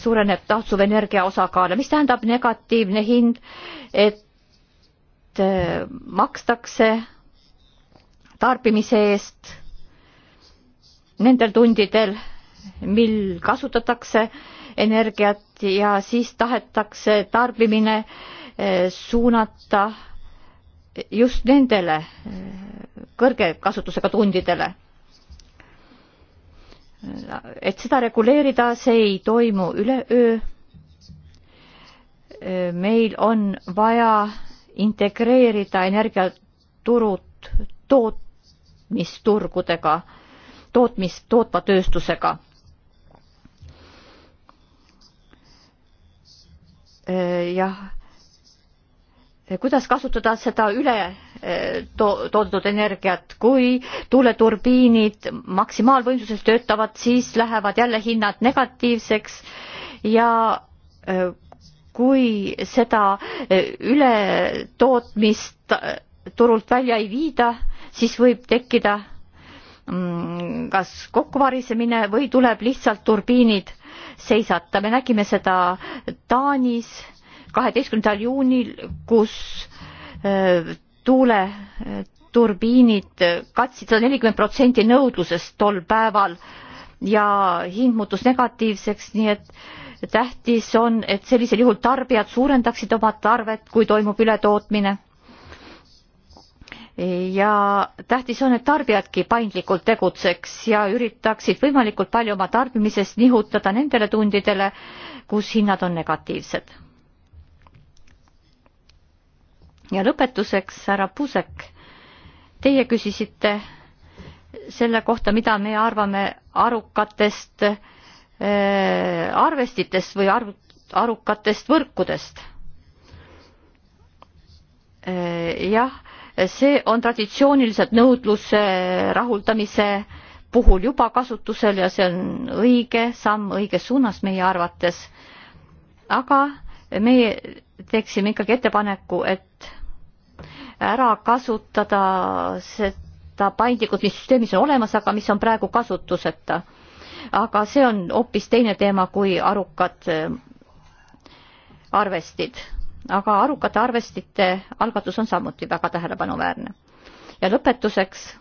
suureneb taastuvenergia osakaal ja mis tähendab negatiivne hind, et e, makstakse tarbimise eest nendel tundidel, mil kasutatakse energiat ja siis tahetakse tarbimine e, suunata just nendele e, kõrge kasutusega tundidele. et seda reguleerida, see ei toimu üleöö. meil on vaja integreerida energiaturud tootmisturgudega, tootmis, tootva tööstusega jah Eh, kuidas kasutada seda üle eh, to toodetud energiat, kui tuuleturbiinid maksimaalvõimsuses töötavad, siis lähevad jälle hinnad negatiivseks ja eh, kui seda ületootmist turult välja ei viida, siis võib tekkida mm, kas kokkuvarisemine või tuleb lihtsalt turbiinid seisata. me nägime seda Taanis kaheteistkümnendal juunil, kus äh, tuuleturbiinid katsid sada nelikümmend protsenti nõudlusest tol päeval ja hind muutus negatiivseks, nii et tähtis on, et sellisel juhul tarbijad suurendaksid oma tarvet, kui toimub ületootmine. ja tähtis on, et tarbijadki paindlikult tegutseks ja üritaksid võimalikult palju oma tarbimises nihutada nendele tundidele, kus hinnad on negatiivsed ja lõpetuseks, härra Puusek, teie küsisite selle kohta, mida me arvame arukatest äh, arvestitest või arv, arukatest võrkudest äh,. jah, see on traditsiooniliselt nõudluse rahuldamise puhul juba kasutusel ja see on õige samm õiges suunas meie arvates. aga meie teeksime ikkagi ettepaneku, et ära kasutada seda paindlikkust, mis süsteemis on olemas, aga mis on praegu kasutuseta. aga see on hoopis teine teema kui arukad äh, arvestid. aga arukate arvestite algatus on samuti väga tähelepanuväärne. ja lõpetuseks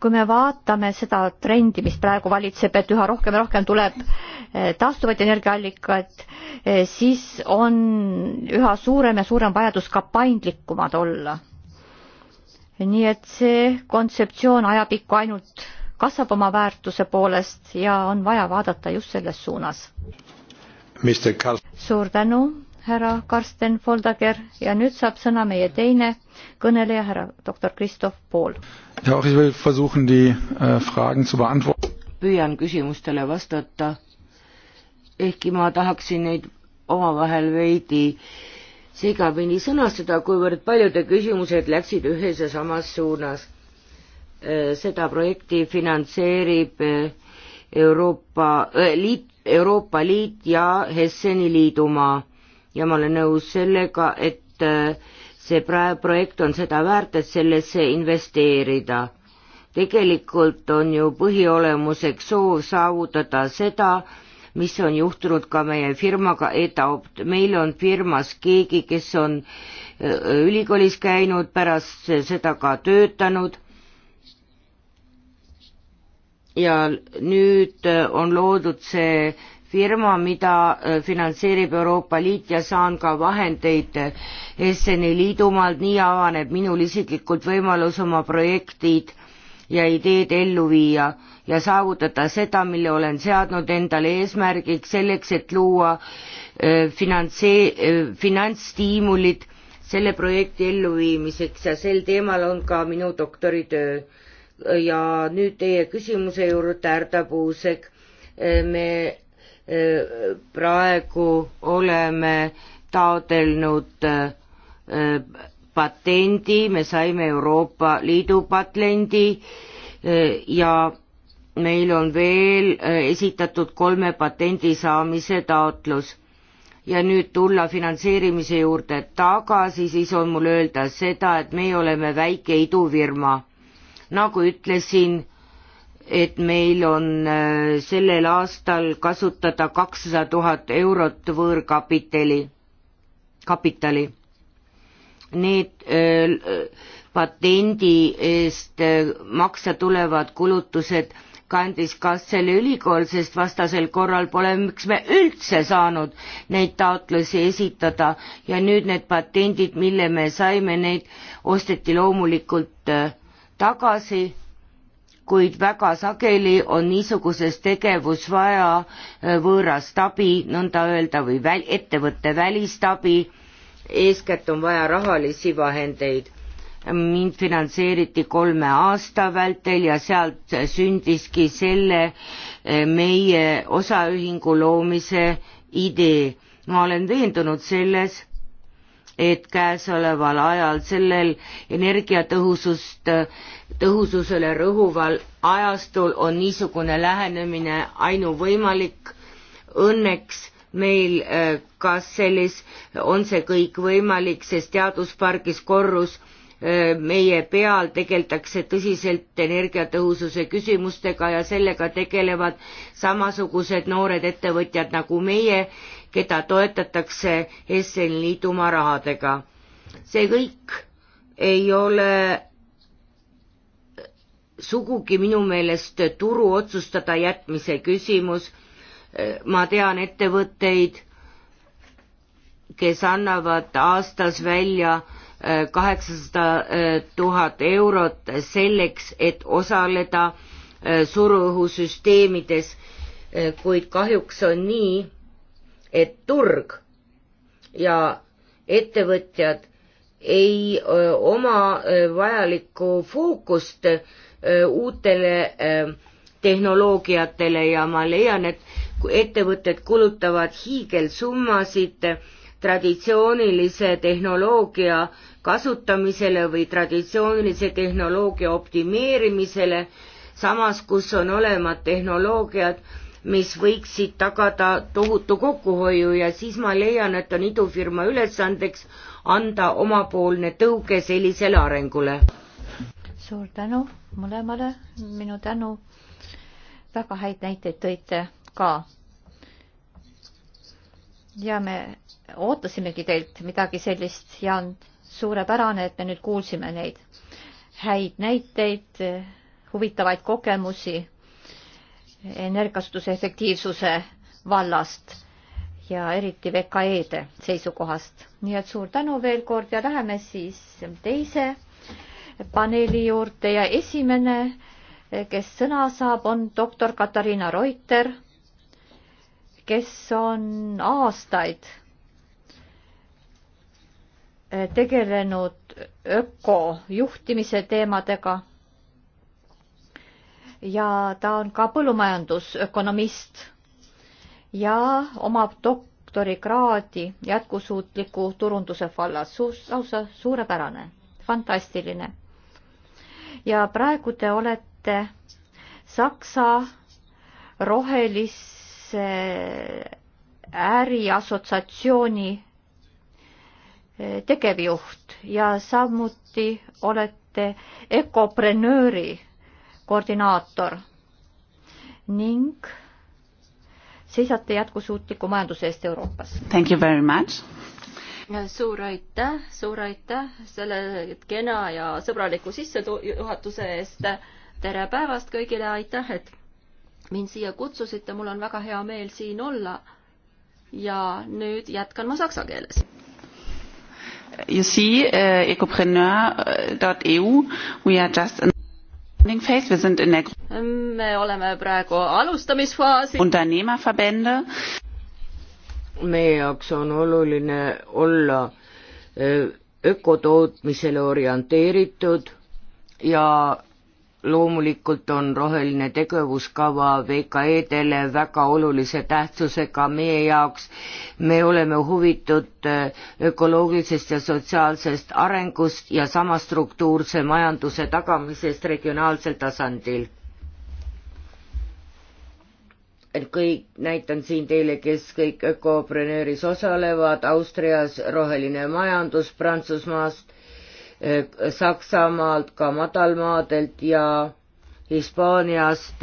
kui me vaatame seda trendi, mis praegu valitseb, et üha rohkem ja rohkem tuleb eh, taastuvaid energiaallikaid, eh, siis on üha suurem ja suurem vajadus ka paindlikumad olla. nii et see kontseptsioon ajapikku ainult kasvab oma väärtuse poolest ja on vaja vaadata just selles suunas. suur tänu, härra Karsten Foldager ja nüüd saab sõna meie teine kõneleja, härra doktor Kristof Pool. Äh, püüan küsimustele vastata, ehkki ma tahaksin neid omavahel veidi segamini sõnastada, kuivõrd paljude küsimused läksid ühes ja samas suunas. Äh, seda projekti finantseerib äh, Euroopa Liit, Euroopa Liit ja Hesseni liidumaa ja ma olen nõus sellega, et äh, see praegu projekt on seda väärt, et sellesse investeerida. tegelikult on ju põhiolemuseks soov saavutada seda, mis on juhtunud ka meie firmaga Edaopt. meil on firmas keegi, kes on äh, ülikoolis käinud, pärast seda ka töötanud ja nüüd äh, on loodud see firma, mida äh, finantseerib Euroopa Liit ja saan ka vahendeid Esseni äh, liidumaalt, nii avaneb minul isiklikult võimalus oma projektid ja ideed ellu viia ja saavutada seda, mille olen seadnud endale eesmärgiks selleks, et luua äh, finantsee-, finantsstiimulid selle projekti elluviimiseks ja sel teemal on ka minu doktoritöö. ja nüüd teie küsimuse juurde, härra Puusek. me praegu oleme taotelnud äh, patendi, me saime Euroopa Liidu patendi äh, ja meil on veel äh, esitatud kolme patendi saamise taotlus. ja nüüd tulla finantseerimise juurde tagasi, siis on mul öelda seda, et meie oleme väike idufirma. nagu ütlesin et meil on äh, sellel aastal kasutada kakssada tuhat eurot võõrkapitali, kapitali. Need öö, äh, patendi eest äh, maksta tulevad kulutused kandis Kasseli ülikool, sest vastasel korral pole miks me üldse saanud neid taotlusi esitada ja nüüd need patendid, mille me saime, neid osteti loomulikult tagasi kuid väga sageli on niisuguses tegevus vaja äh, võõrast abi, nõnda öelda, või väl, ettevõtte välist abi, eeskätt on vaja rahalisi vahendeid. mind finantseeriti kolme aasta vältel ja sealt sündiski selle äh, meie osaühingu loomise idee. ma olen veendunud selles et käesoleval ajal sellel energiatõhusust, tõhususele rõhuval ajastul on niisugune lähenemine ainuvõimalik. Õnneks meil äh, kas sellis, on see kõik võimalik, sest teaduspargis korrus äh, meie peal tegeldakse tõsiselt energiatõhususe küsimustega ja sellega tegelevad samasugused noored ettevõtjad nagu meie keda toetatakse SN Liidumaa rahadega. see kõik ei ole sugugi minu meelest turu otsustada jätmise küsimus. ma tean ettevõtteid, kes annavad aastas välja äh, kaheksasada äh, tuhat eurot selleks, et osaleda äh, suruõhusüsteemides, kuid kahjuks on nii, et turg ja ettevõtjad ei öö, oma öö, vajalikku fookust öö, uutele öö, tehnoloogiatele ja ma leian, et ettevõtted kulutavad hiigelsummasid traditsioonilise tehnoloogia kasutamisele või traditsioonilise tehnoloogia optimeerimisele, samas kus on olemas tehnoloogiad, mis võiksid tagada tohutu kokkuhoiu ja siis ma leian, et on idufirma ülesandeks anda omapoolne tõuge sellisele arengule. suur tänu mõlemale, minu tänu. väga häid näiteid tõite ka. ja me ootasimegi teilt midagi sellist ja on suurepärane, et me nüüd kuulsime neid häid näiteid, huvitavaid kogemusi energiakasutuse efektiivsuse vallast ja eriti VKE-de seisukohast. nii et suur tänu veel kord ja läheme siis teise paneeli juurde ja esimene, kes sõna saab, on doktor Katariina Reuter, kes on aastaid tegelenud ökojuhtimise teemadega ja ta on ka põllumajandusökonomist ja omab doktorikraadi jätkusuutliku turunduse vallas Su. lausa suurepärane, fantastiline. ja praegu te olete Saksa rohelise äriassotsiatsiooni eh, tegevjuht ja samuti olete ekoprenööri koordinaator ning seisate jätkusuutliku majanduse eest Euroopas. Thank you very much suur aitäh, suur aitäh selle kena ja sõbraliku sissejuhatuse eest. tere päevast kõigile, aitäh, et mind siia kutsusite, mul on väga hea meel siin olla. ja nüüd jätkan ma saksa keeles. You see uh, ecopreneur.eu, we are just an Ähm, me oleme praegu alustamisfaasi. meie jaoks on oluline olla äh, ökotootmisele orienteeritud ja loomulikult on roheline tegevuskava VKE-dele väga olulise tähtsusega meie jaoks. me oleme huvitud äh, ökoloogilisest ja sotsiaalsest arengust ja sama struktuurse majanduse tagamisest regionaalsel tasandil. kõik, näitan siin teile, kes kõik ökoprenööris osalevad, Austrias roheline majandus Prantsusmaast, Saksamaalt, ka madalmaadelt ja Hispaaniast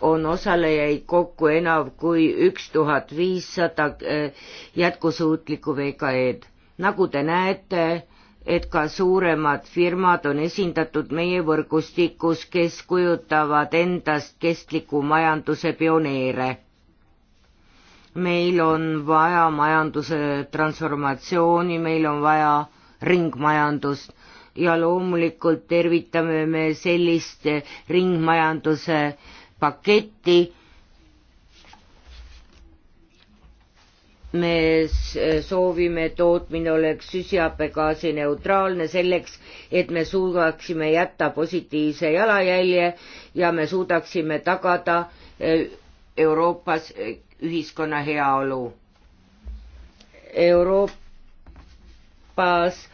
on osalejaid kokku enam kui üks tuhat viissada eh, jätkusuutlikku VKE-d. nagu te näete, et ka suuremad firmad on esindatud meie võrgustikus, kes kujutavad endast kestliku majanduse pioneere meil on vaja majanduse transformatsiooni, meil on vaja ringmajandust ja loomulikult tervitame me sellist ringmajanduse paketti, me soovime, et tootmine oleks süsihappegaasi neutraalne selleks, et me suudaksime jätta positiivse jalajälje ja me suudaksime tagada eh, Euroopas eh, ühiskonna heaolu. Euroopa Euroopas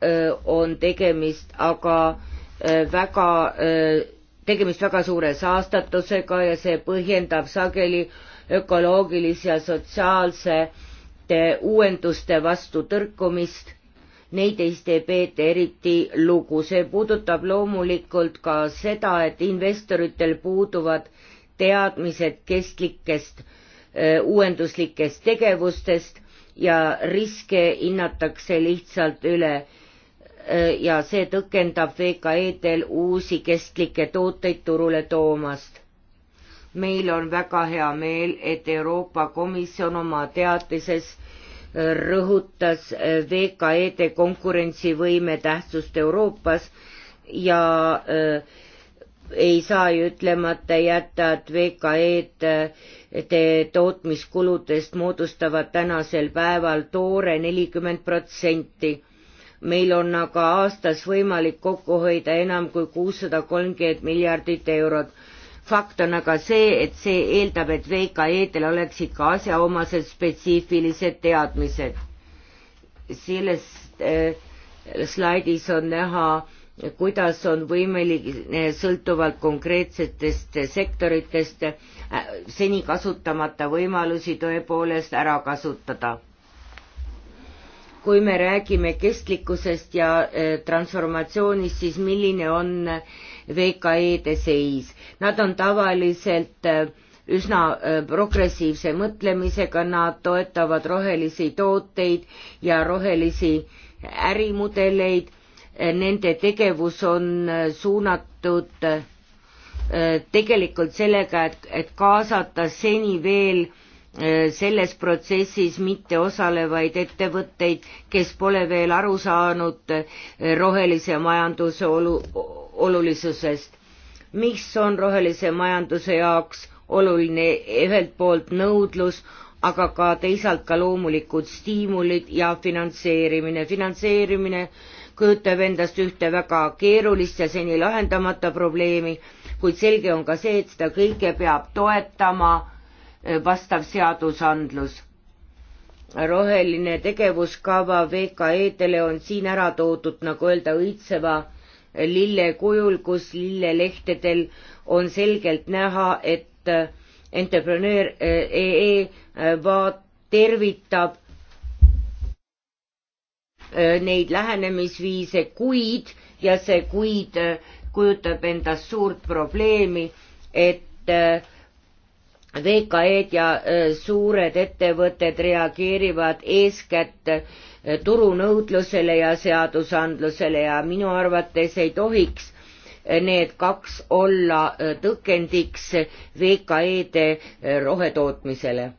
äh, on tegemist aga äh, väga, äh, tegemist väga suure saastatusega ja see põhjendab sageli ökoloogilise ja sotsiaalsete uuenduste vastu tõrkumist. Neid ei peeta eriti lugu, see puudutab loomulikult ka seda, et investoritel puuduvad teadmised kestlikest uuenduslikest tegevustest ja riske hinnatakse lihtsalt üle äh, ja see tõkendab VKE-del uusi kestlikke tooteid turule toomast. meil on väga hea meel, et Euroopa Komisjon oma teatises äh, rõhutas äh, VKE-de konkurentsivõime tähtsust Euroopas ja öö, ei saa ju ütlemata jätta, et VKE-d tootmiskuludest moodustavad tänasel päeval toore nelikümmend protsenti meil on aga aastas võimalik kokku hoida enam kui kuussada kolmkümmend miljardit eurot. fakt on aga see, et see eeldab, et VKE-del oleksid ka asjaomased spetsiifilised teadmised. selles äh, slaidis on näha äh, kuidas on võimeline eh, sõltuvalt konkreetsetest sektoritest eh, seni kasutamata võimalusi tõepoolest ära kasutada. kui me räägime kestlikkusest ja eh, transformatsioonist, siis milline on VKE-de seis? Nad on tavaliselt üsna progressiivse mõtlemisega, nad toetavad rohelisi tooteid ja rohelisi ärimudeleid nende tegevus on äh, suunatud äh, tegelikult sellega, et, et kaasata seni veel äh, selles protsessis mitte osalevaid ettevõtteid, kes pole veel aru saanud rohelise majanduse olu-, olulisusest. mis on rohelise majanduse jaoks oluline, ühelt poolt nõudlus, aga ka teisalt ka loomulikud stiimulid ja finantseerimine. finantseerimine äh, kujutab endast ühte väga keerulist ja seni lahendamata probleemi, kuid selge on ka see, et seda kõike peab toetama eh, vastav seadusandlus. roheline tegevuskava VKE-dele on siin ära toodud, nagu öelda, õitseva lille kujul, kus lillelehtedel on selgelt näha, et eh, entrepreneur.ee eh, e, vaat-, tervitab Äh, neid lähenemisviise kuid ja see kuid äh, kujutab endast suurt probleemi, et äh, VKE-d ja suured ettevõtted reageerivad eeskätt turunõudlusele ja seadusandlusele ja minu arvates ei tohiks need kaks olla tõkendiks VKE-de rohetootmisele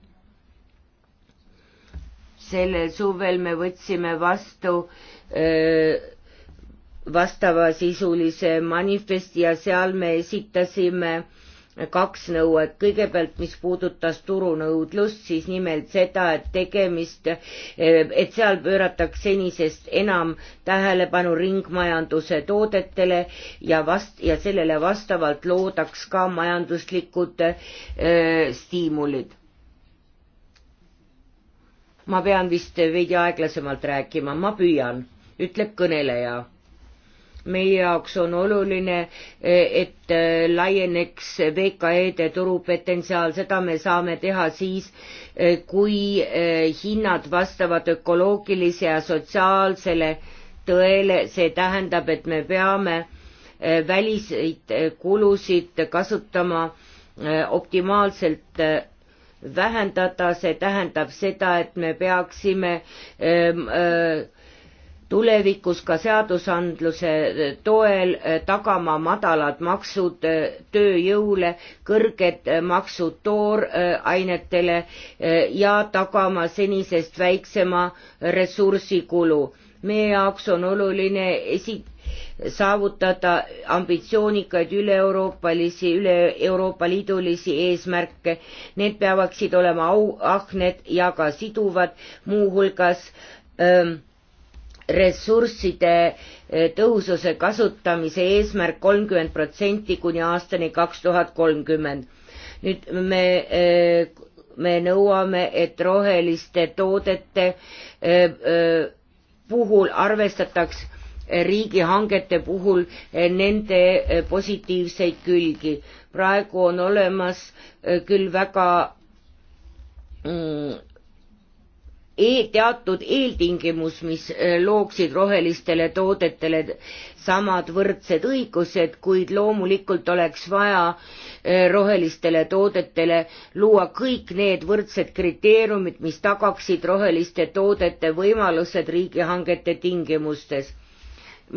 sellel suvel me võtsime vastu äh, vastavasisulise manifesti ja seal me esitasime kaks nõuet, kõigepealt, mis puudutas turunõudlust, siis nimelt seda, et tegemist, äh, et seal pööratakse senisest enam tähelepanu ringmajanduse toodetele ja vast- ja sellele vastavalt loodaks ka majanduslikud öö, äh, stiimulid ma pean vist veidi aeglasemalt rääkima, ma püüan, ütleb kõneleja. meie jaoks on oluline, et laieneks VKE-de turupotentsiaal, seda me saame teha siis, kui hinnad vastavad ökoloogilise ja sotsiaalsele tõele, see tähendab, et me peame väliseid kulusid kasutama optimaalselt vähendada, see tähendab seda, et me peaksime ähm, äh, tulevikus ka seadusandluse toel äh, tagama madalad maksud äh, tööjõule, kõrged maksud toorainetele ja tagama senisest väiksema ressursikulu meie jaoks on oluline esi-, saavutada ambitsioonikaid üle-euroopalisi, üle Euroopa Liidulisi eesmärke. Need peavaksid olema auahned ja ka siduvad, muuhulgas öö, ähm, ressursside äh, tõhususe kasutamise eesmärk kolmkümmend protsenti kuni aastani kaks tuhat kolmkümmend. nüüd me öö, äh, me nõuame, et roheliste toodete äh, puhul arvestataks riigihangete puhul eh, nende eh, positiivseid külgi. praegu on olemas eh, küll väga mm, e teatud eeltingimus, mis looksid rohelistele toodetele samad võrdsed õigused, kuid loomulikult oleks vaja rohelistele toodetele luua kõik need võrdsed kriteeriumid, mis tagaksid roheliste toodete võimalused riigihangete tingimustes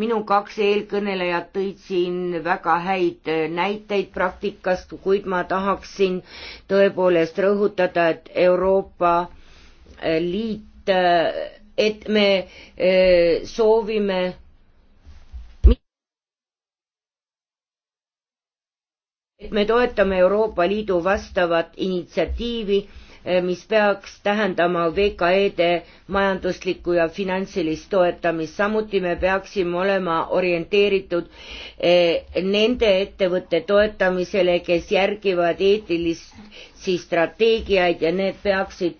minu kaks eelkõnelejat tõid siin väga häid näiteid praktikast, kuid ma tahaksin tõepoolest rõhutada, et Euroopa äh, Liit, äh, et me äh, soovime et me toetame Euroopa Liidu vastavat initsiatiivi Eh, mis peaks tähendama VKE-de majanduslikku ja finantsilist toetamist, samuti me peaksime olema orienteeritud eh, nende ettevõtte toetamisele, kes järgivad eetilisi strateegiaid ja need peaksid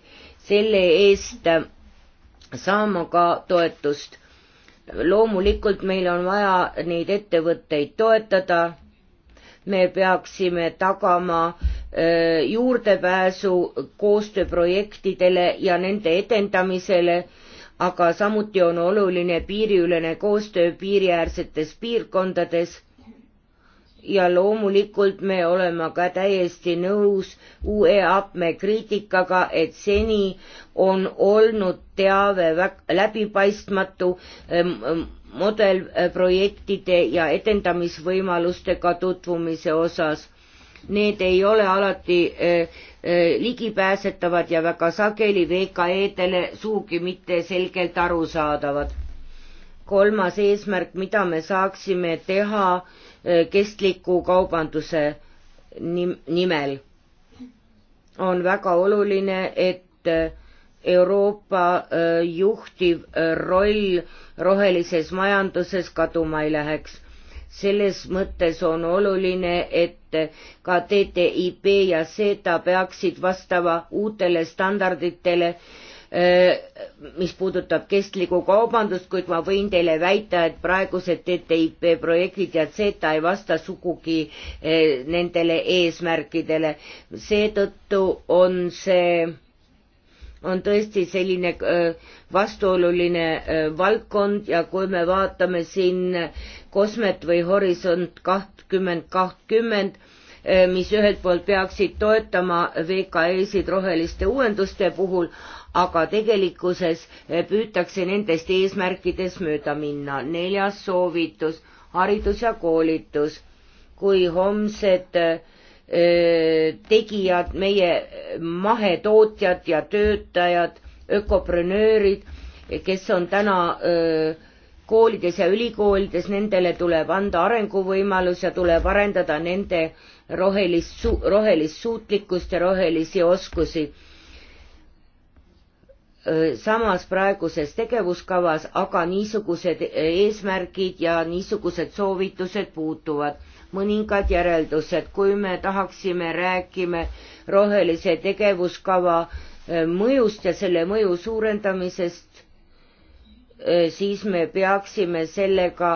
selle eest saama ka toetust loomulikult meil on vaja neid ettevõtteid toetada me peaksime tagama juurdepääsu koostööprojektidele ja nende edendamisele, aga samuti on oluline piiriülene koostöö piiriäärsetes piirkondades ja loomulikult me oleme ka täiesti nõus UE apme kriitikaga, et seni on olnud teave läbipaistmatu, mudelprojektide ja edendamisvõimalustega tutvumise osas. Need ei ole alati äh, äh, ligipääsetavad ja väga sageli VKE-dele sugugi mitte selgelt arusaadavad. kolmas eesmärk, mida me saaksime teha äh, kestliku kaubanduse nimel, on väga oluline, et Euroopa äh, juhtiv äh, roll rohelises majanduses kaduma ei läheks. selles mõttes on oluline, et äh, ka TTIP ja SETA peaksid vastava uutele standarditele, mis puudutab kestlikku kaubandust, kuid ma võin teile väita, et praegused TTIP projektid ja SETA ei vasta sugugi nendele eesmärkidele. seetõttu on see on tõesti selline äh, vastuoluline äh, valdkond ja kui me vaatame siin Kosmet või Horisont kahtkümmend kahtkümmend, äh, mis ühelt poolt peaksid toetama VKE-sid roheliste uuenduste puhul, aga tegelikkuses püütakse nendest eesmärkidest mööda minna. neljas soovitus, haridus ja koolitus. kui homsed äh, tegijad, meie mahetootjad ja töötajad, ökoprenöörid, kes on täna öö, koolides ja ülikoolides, nendele tuleb anda arenguvõimalus ja tuleb arendada nende rohelist, rohelist suutlikkust ja rohelisi oskusi. samas praeguses tegevuskavas aga niisugused eesmärgid ja niisugused soovitused puutuvad mõningad järeldused, kui me tahaksime rääkima rohelise tegevuskava eh, mõjust ja selle mõju suurendamisest, eh, siis me peaksime sellega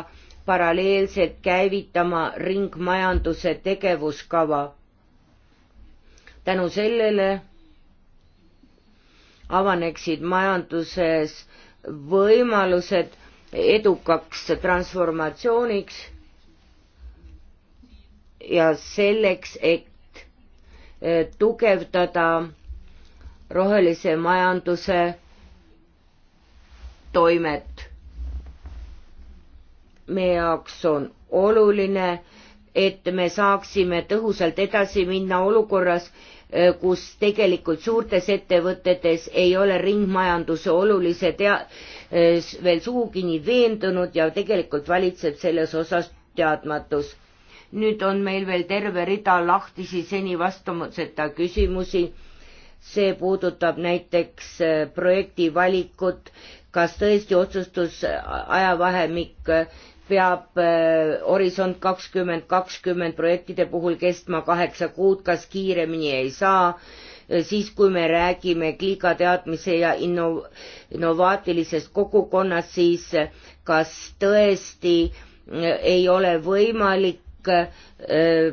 paralleelselt käivitama ringmajanduse tegevuskava. tänu sellele avaneksid majanduses võimalused edukaks transformatsiooniks ja selleks, et eh, tugevdada rohelise majanduse toimet. meie jaoks on oluline, et me saaksime tõhusalt edasi minna olukorras, eh, kus tegelikult suurtes ettevõtetes ei ole ringmajanduse olulise tea-, eh, veel sugugi nii veendunud ja tegelikult valitseb selles osas teadmatus nüüd on meil veel terve rida lahtisi seni vastamiseta küsimusi. see puudutab näiteks äh, projekti valikut, kas tõesti otsustus äh, ajavahemik äh, peab Horisont kakskümmend kakskümmend projektide puhul kestma kaheksa kuud, kas kiiremini ei saa siis kui me räägime kliikateadmise ja inno-, innovaatilisest kogukonnast, siis kas tõesti ei ole võimalik turg äh,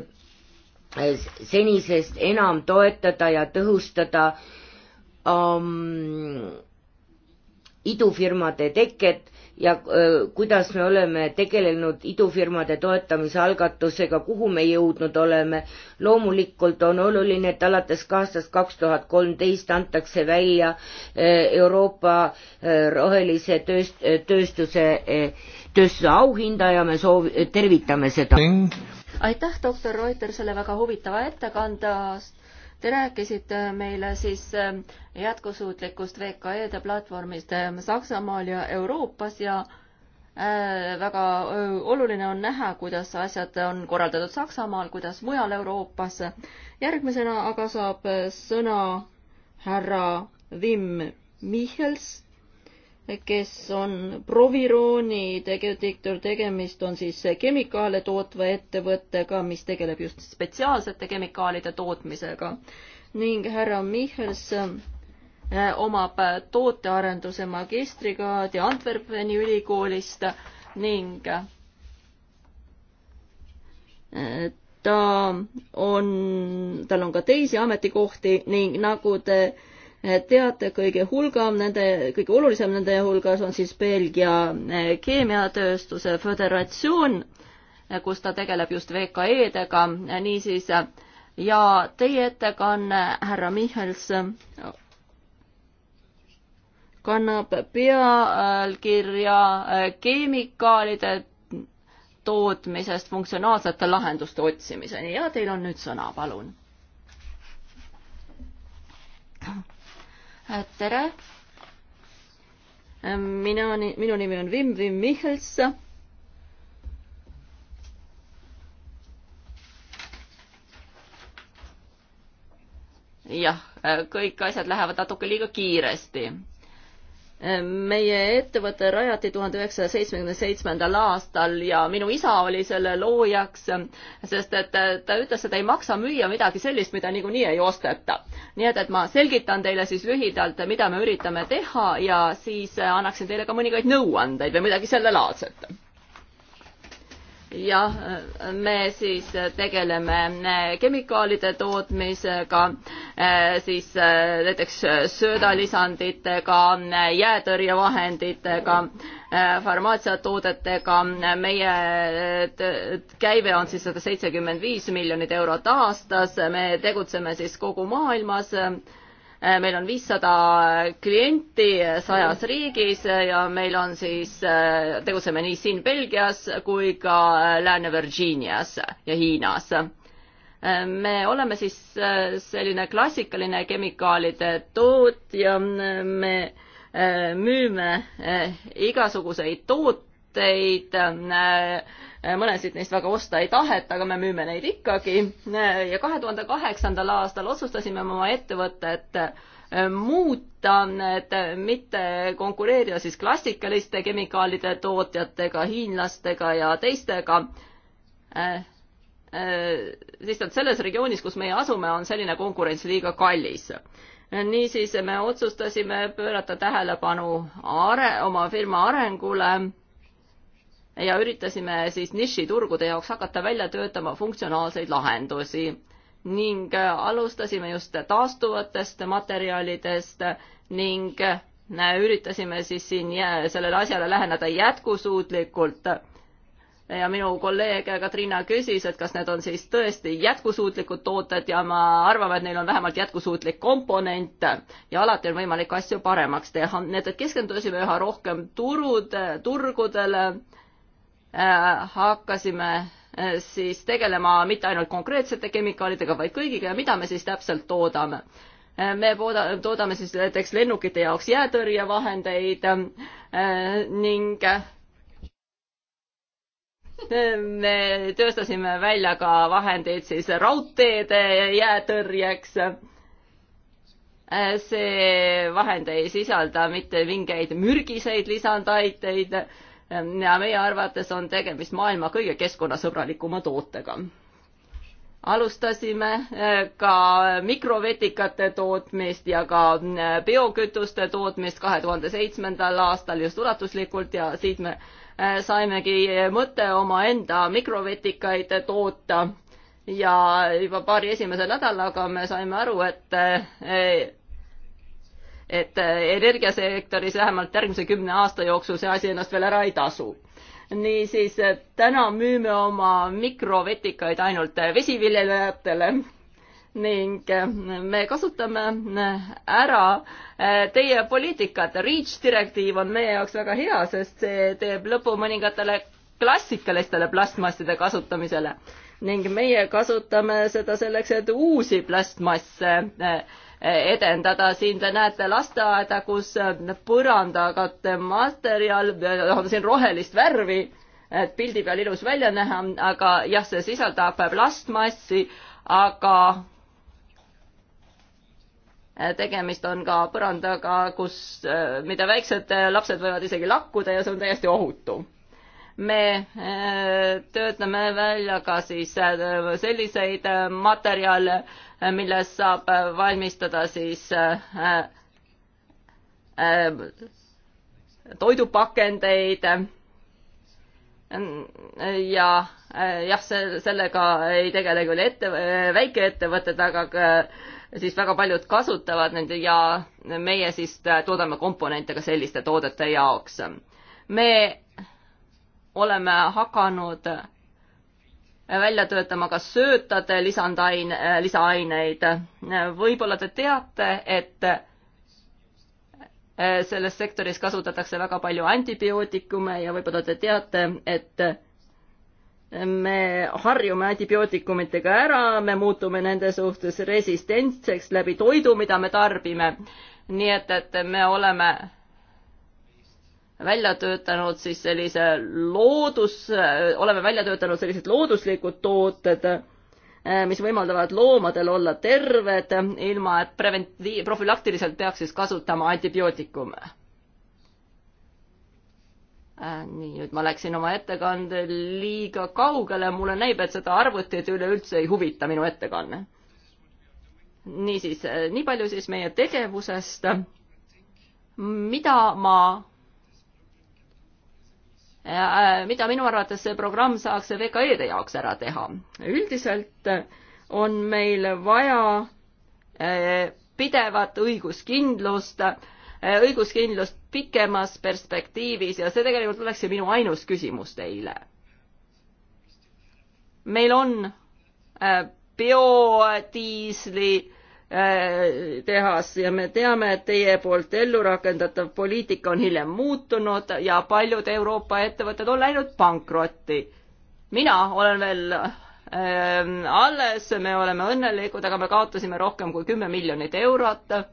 senisest enam toetada ja tõhustada um, idufirmade teket ja kuidas me oleme tegelenud idufirmade toetamise algatusega, kuhu me jõudnud oleme. loomulikult on oluline, et alates aastast kaks tuhat kolmteist antakse välja Euroopa rohelise tööst-, tööstuse, tööstuse auhinda ja me soov-, tervitame seda. aitäh, doktor Reuter, selle väga huvitava ettekande eest Te rääkisite meile siis ähm, jätkusuutlikust VKE-de platvormist ähm, Saksamaal ja Euroopas ja äh, väga äh, oluline on näha, kuidas asjad on korraldatud Saksamaal, kuidas mujal Euroopas. järgmisena aga saab äh, sõna härra Wim Michels kes on Provirooni tegevdirektor, tegemist on siis kemikaale tootva ettevõttega, mis tegeleb just spetsiaalsete kemikaalide tootmisega ning härra Michals äh, omab tootearenduse magistrikraadi Antwerpeni ülikoolist ning äh, ta on, tal on ka teisi ametikohti ning nagu te äh, teate, kõige hulgam nende, kõige olulisem nende hulgas on siis Belgia eh, Keemiatööstuse Föderatsioon, eh, kus ta tegeleb just VKE-dega, eh, niisiis ja teie ettekanne, härra Michals, kannab pealkirja keemikaalide tootmisest funktsionaalsete lahenduste otsimiseni ja teil on nüüd sõna, palun tere! mina, minu nimi on Wim, Wim Michels. jah, kõik asjad lähevad natuke liiga kiiresti meie ettevõte rajati tuhande üheksasaja seitsmekümne seitsmendal aastal ja minu isa oli selle loojaks, sest et äh, ta ütles, et ei maksa müüa midagi sellist, mida niikuinii ei osteta. nii et, et ma selgitan teile siis lühidalt, mida me üritame teha ja siis äh, annaksin teile ka mõningaid nõuandeid või midagi sellelaadset jah, me siis tegeleme eh, kemikaalide tootmisega, eh, siis eh, näiteks söödalisanditega, jäätõrjevahenditega, farmaatsiatoodetega, meie käive on siis sada seitsekümmend viis miljonit eurot aastas, me tegutseme siis kogu maailmas Äh, meil on viissada klienti sajas mm. riigis äh, ja meil on siis, äh, tegutseme nii siin Belgias kui ka Lääne-Virginias ja Hiinas. me oleme siis selline klassikaline kemikaalide tootja, me müüme igasuguseid tooteid Äh, mõnesid neist väga osta ei taheta, aga me müüme neid ikkagi. Äh, ja kahe tuhande kaheksandal aastal otsustasime oma ettevõtet äh, muuta, et mitte konkureerida siis klassikaliste kemikaalide tootjatega, hiinlastega ja teistega lihtsalt selles regioonis, kus meie asume, on selline konkurents liiga kallis. niisiis me otsustasime pöörata tähelepanu are-, oma firma arengule ja üritasime siis nišiturgude jaoks hakata välja töötama funktsionaalseid lahendusi ning äh, alustasime just taastuvatest materjalidest ning äh, üritasime siis siin sellele asjale läheneda jätkusuutlikult. ja minu kolleeg Katriina küsis, et kas need on siis tõesti jätkusuutlikud tooted ja ma arvan, et neil on vähemalt jätkusuutlik komponent ja alati on võimalik asju paremaks teha, nii et keskendusime üha rohkem turud, turgudele Äh, hakkasime äh, siis tegelema mitte ainult konkreetsete kemikaalidega, vaid kõigiga ja mida me siis täpselt toodame. Äh, me pooda, toodame siis näiteks lennukite jaoks jäätõrjevahendeid ning me tööstasime välja ka vahendeid siis raudteede jäätõrjeks. see vahend ei sisalda mitte mingeid mürgiseid lisandaiteid ja meie arvates on tegemist maailma kõige keskkonnasõbralikuma tootega. alustasime eh, ka mikrovetikate tootmist ja ka eh, biokütuste tootmist kahe tuhande seitsmendal aastal just ulatuslikult ja siit me eh, saimegi mõte omaenda mikrovetikaid toota ja juba paari esimese nädalaga me saime aru, et et äh, energiasektoris vähemalt järgmise kümne aasta jooksul see asi ennast veel ära ei tasu. niisiis, äh, täna müüme oma mikrovetikaid ainult äh, vesiviljelejatele ning me kasutame ära teie poliitikat. REACH direktiiv on meie jaoks väga hea, sest see teeb lõpu mõningatele klassikalistele plastmasside kasutamisele ning meie kasutame seda selleks, et uusi plastmasse edendada, siin te näete lasteaeda, kus põrandakate materjal on siin rohelist värvi, et pildi peal ilus välja näha, aga jah, see sisaldab plastmassi, aga tegemist on ka põrandaga, kus, mida väiksed lapsed võivad isegi lakkuda ja see on täiesti ohutu. me eh, töötame välja ka siis eh, selliseid eh, materjale, millest saab äh, valmistada siis äh, äh, toidupakendeid ja jah, sellega ei tegele küll ette, väikeettevõtted, aga siis väga paljud kasutavad nende ja meie siis toodame komponente ka selliste toodete jaoks. me oleme hakanud välja töötama ka söötade lisandaine, lisaaineid. võib-olla te teate, et eh, selles sektoris kasutatakse väga palju antibiootikume ja võib-olla te teate, et eh, me harjume antibiootikumidega ära, me muutume nende suhtes resistentseks läbi toidu, mida me tarbime. nii et, et me oleme välja töötanud siis sellise loodus, oleme välja töötanud sellised looduslikud tooted, eh, mis võimaldavad loomadel olla terved, ilma et preventi-, profülaktiliselt peaks siis kasutama antibiootikume. Eh, nii, nüüd ma läksin oma ettekandel liiga kaugele, mulle näib, et seda arvutit üleüldse ei huvita minu ettekanne. niisiis, eh, nii palju siis meie tegevusest. mida ma Äh, mida minu arvates see programm saaks VKE-de jaoks ära teha. üldiselt äh, on meil vaja äh, pidevat õiguskindlust, õiguskindlust pikemas perspektiivis ja see tegelikult oleks ju minu ainus küsimus teile. meil on biodiisli Äh, tehas ja me teame, et teie poolt ellu rakendatav poliitika on hiljem muutunud ja paljud Euroopa ettevõtted on läinud pankrotti. mina olen veel äh, alles, me oleme õnnelikud, aga me kaotasime rohkem kui kümme miljonit eurot äh,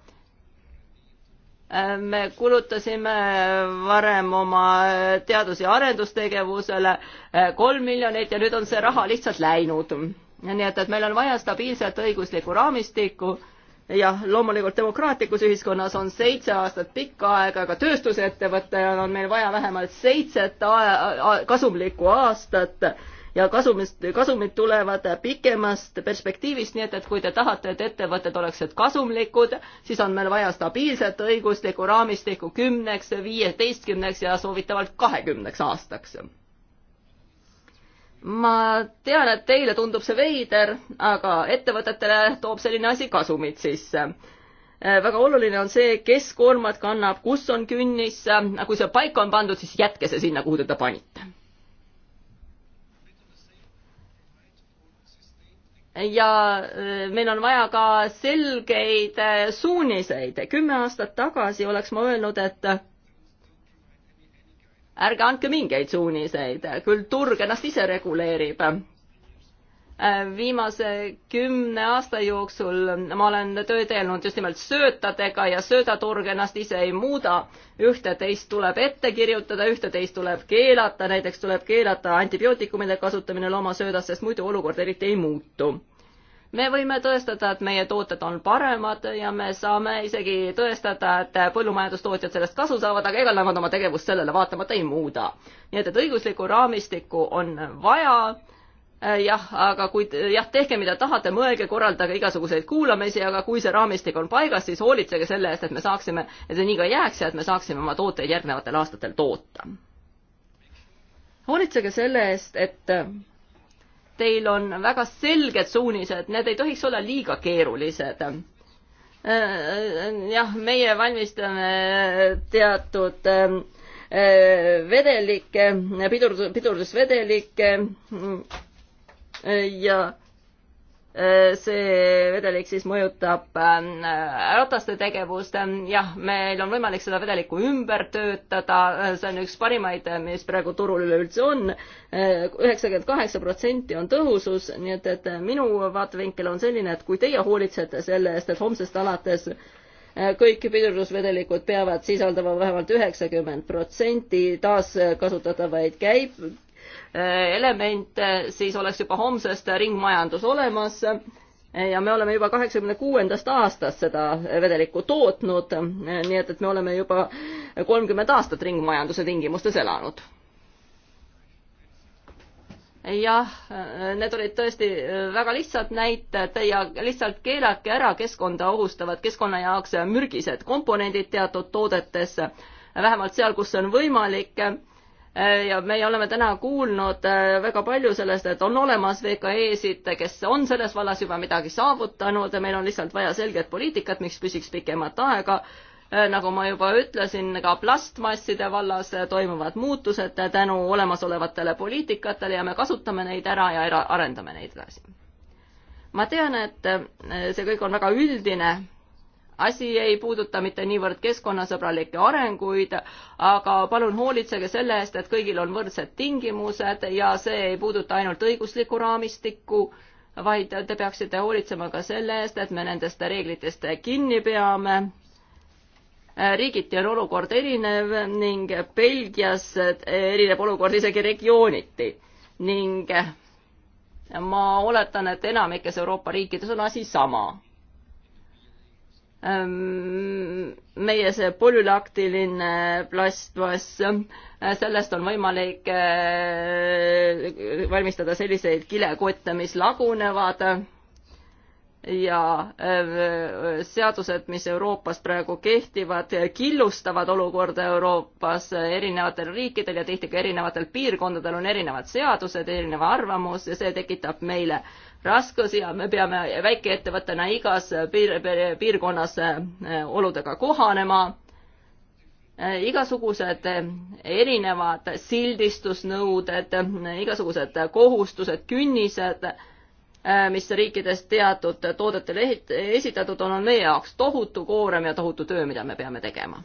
me kulutasime varem oma teadus- ja arendustegevusele äh, kolm miljonit ja nüüd on see raha lihtsalt läinud nii et, et meil on vaja stabiilset õiguslikku raamistikku jah, loomulikult demokraatlikus ühiskonnas on seitse aastat pikka aega, aga tööstusettevõttel on meil vaja vähemalt seitset kasumlikku aastat ja kasumist, kasumid tulevad pikemast perspektiivist, nii et, et kui te tahate, et ettevõtted oleksid kasumlikud, siis on meil vaja stabiilset õiguslikku raamistikku kümneks, viieteistkümneks ja soovitavalt kahekümneks aastaks ma tean, et teile tundub see veider, aga ettevõtetele toob selline asi kasumit sisse. Äh, väga oluline on see, kes koormat kannab, kus on künnis, äh, kui see paika on pandud, siis jätke see sinna, kuhu te ta panite. ja äh, meil on vaja ka selgeid suuniseid. kümme aastat tagasi oleks ma öelnud, et ärge andke mingeid suuniseid, küll turg ennast ise reguleerib. viimase kümne aasta jooksul ma olen tööd teinud just nimelt söötadega ja söödaturg ennast ise ei muuda. ühte-teist tuleb ette kirjutada, ühte-teist tuleb keelata, näiteks tuleb keelata antibiootikumide kasutamine loomasöödas, sest muidu olukord eriti ei muutu me võime tõestada, et meie tooted on paremad ja me saame isegi tõestada, et põllumajandustootjad sellest kasu saavad, aga ega nad oma tegevust sellele vaatamata ei muuda. nii et, et õiguslikku raamistikku on vaja, eh, jah, aga kui, jah, tehke mida tahate, mõelge, korraldage igasuguseid kuulamisi, aga kui see raamistik on paigas, siis hoolitsege selle eest, et me saaksime, et see nii ka jääks ja et me saaksime oma tooteid järgnevatel aastatel toota. hoolitsege selle eest, et teil on väga selged suunised, need ei tohiks olla liiga keerulised. Äh, jah, meie valmistame teatud ähm, äh, vedelikke, pidur, pidurdusvedelikke äh, ja Äh, see vedelik siis mõjutab ähm, rataste tegevust. Ähm, jah, meil on võimalik seda vedelikku ümber töötada, äh, see on üks parimaid, äh, mis praegu turul üleüldse on. üheksakümmend kaheksa protsenti on tõhusus, nii et, et minu vaatevinkel on selline, et kui teie hoolitsete selle eest, et homsest alates kõik pidurdusvedelikud peavad sisaldama vähemalt üheksakümmend protsenti taaskasutatavaid käib-, elemente, siis oleks juba homsest ringmajandus olemas ja me oleme juba kaheksakümne kuuendast aastast seda vedelikku tootnud, nii et, et me oleme juba kolmkümmend aastat ringmajanduse tingimustes elanud. jah, need olid tõesti väga lihtsad näited ja lihtsalt keelake ära keskkonda ohustavad, keskkonna jaoks mürgised komponendid teatud toodetes, vähemalt seal, kus see on võimalik Äh, ja me oleme täna kuulnud äh, väga palju sellest, et on olemas VKE-sid, kes on selles vallas juba midagi saavutanud ja meil on lihtsalt vaja selget poliitikat, mis püsiks pikemat aega. Äh, nagu ma juba ütlesin, ka plastmasside vallas toimuvad muutused tänu olemasolevatele poliitikatele ja me kasutame neid ära ja ära arendame neid edasi. ma tean, et see kõik on väga üldine asi ei puuduta mitte niivõrd keskkonnasõbralikke arenguid, aga palun hoolitsege selle eest, et kõigil on võrdsed tingimused ja see ei puuduta ainult õiguslikku raamistikku, vaid te peaksite hoolitsema ka selle eest, et me nendest reeglitest kinni peame riigiti on olukord erinev ning Belgias erineb olukord isegi regiooniti ning ma oletan, et enamikes Euroopa riikides on asi sama. Ähm, meie see polülaktiline plastmass, äh, sellest on võimalik äh, valmistada selliseid kilekotte, mis lagunevad ja äh, seadused, mis Euroopas praegu kehtivad, killustavad olukorda Euroopas erinevatel riikidel ja tihti ka erinevatel piirkondadel on erinevad seadused, erinev arvamus ja see tekitab meile äh, raskusi ja me peame väikeettevõttena igas piir, piirkonnas äh, oludega kohanema äh, igasugused erinevad sildistusnõuded, äh, igasugused kohustused, künnised, mis riikides teatud toodetele esitatud on, on meie jaoks tohutu koorem ja tohutu töö, mida me peame tegema.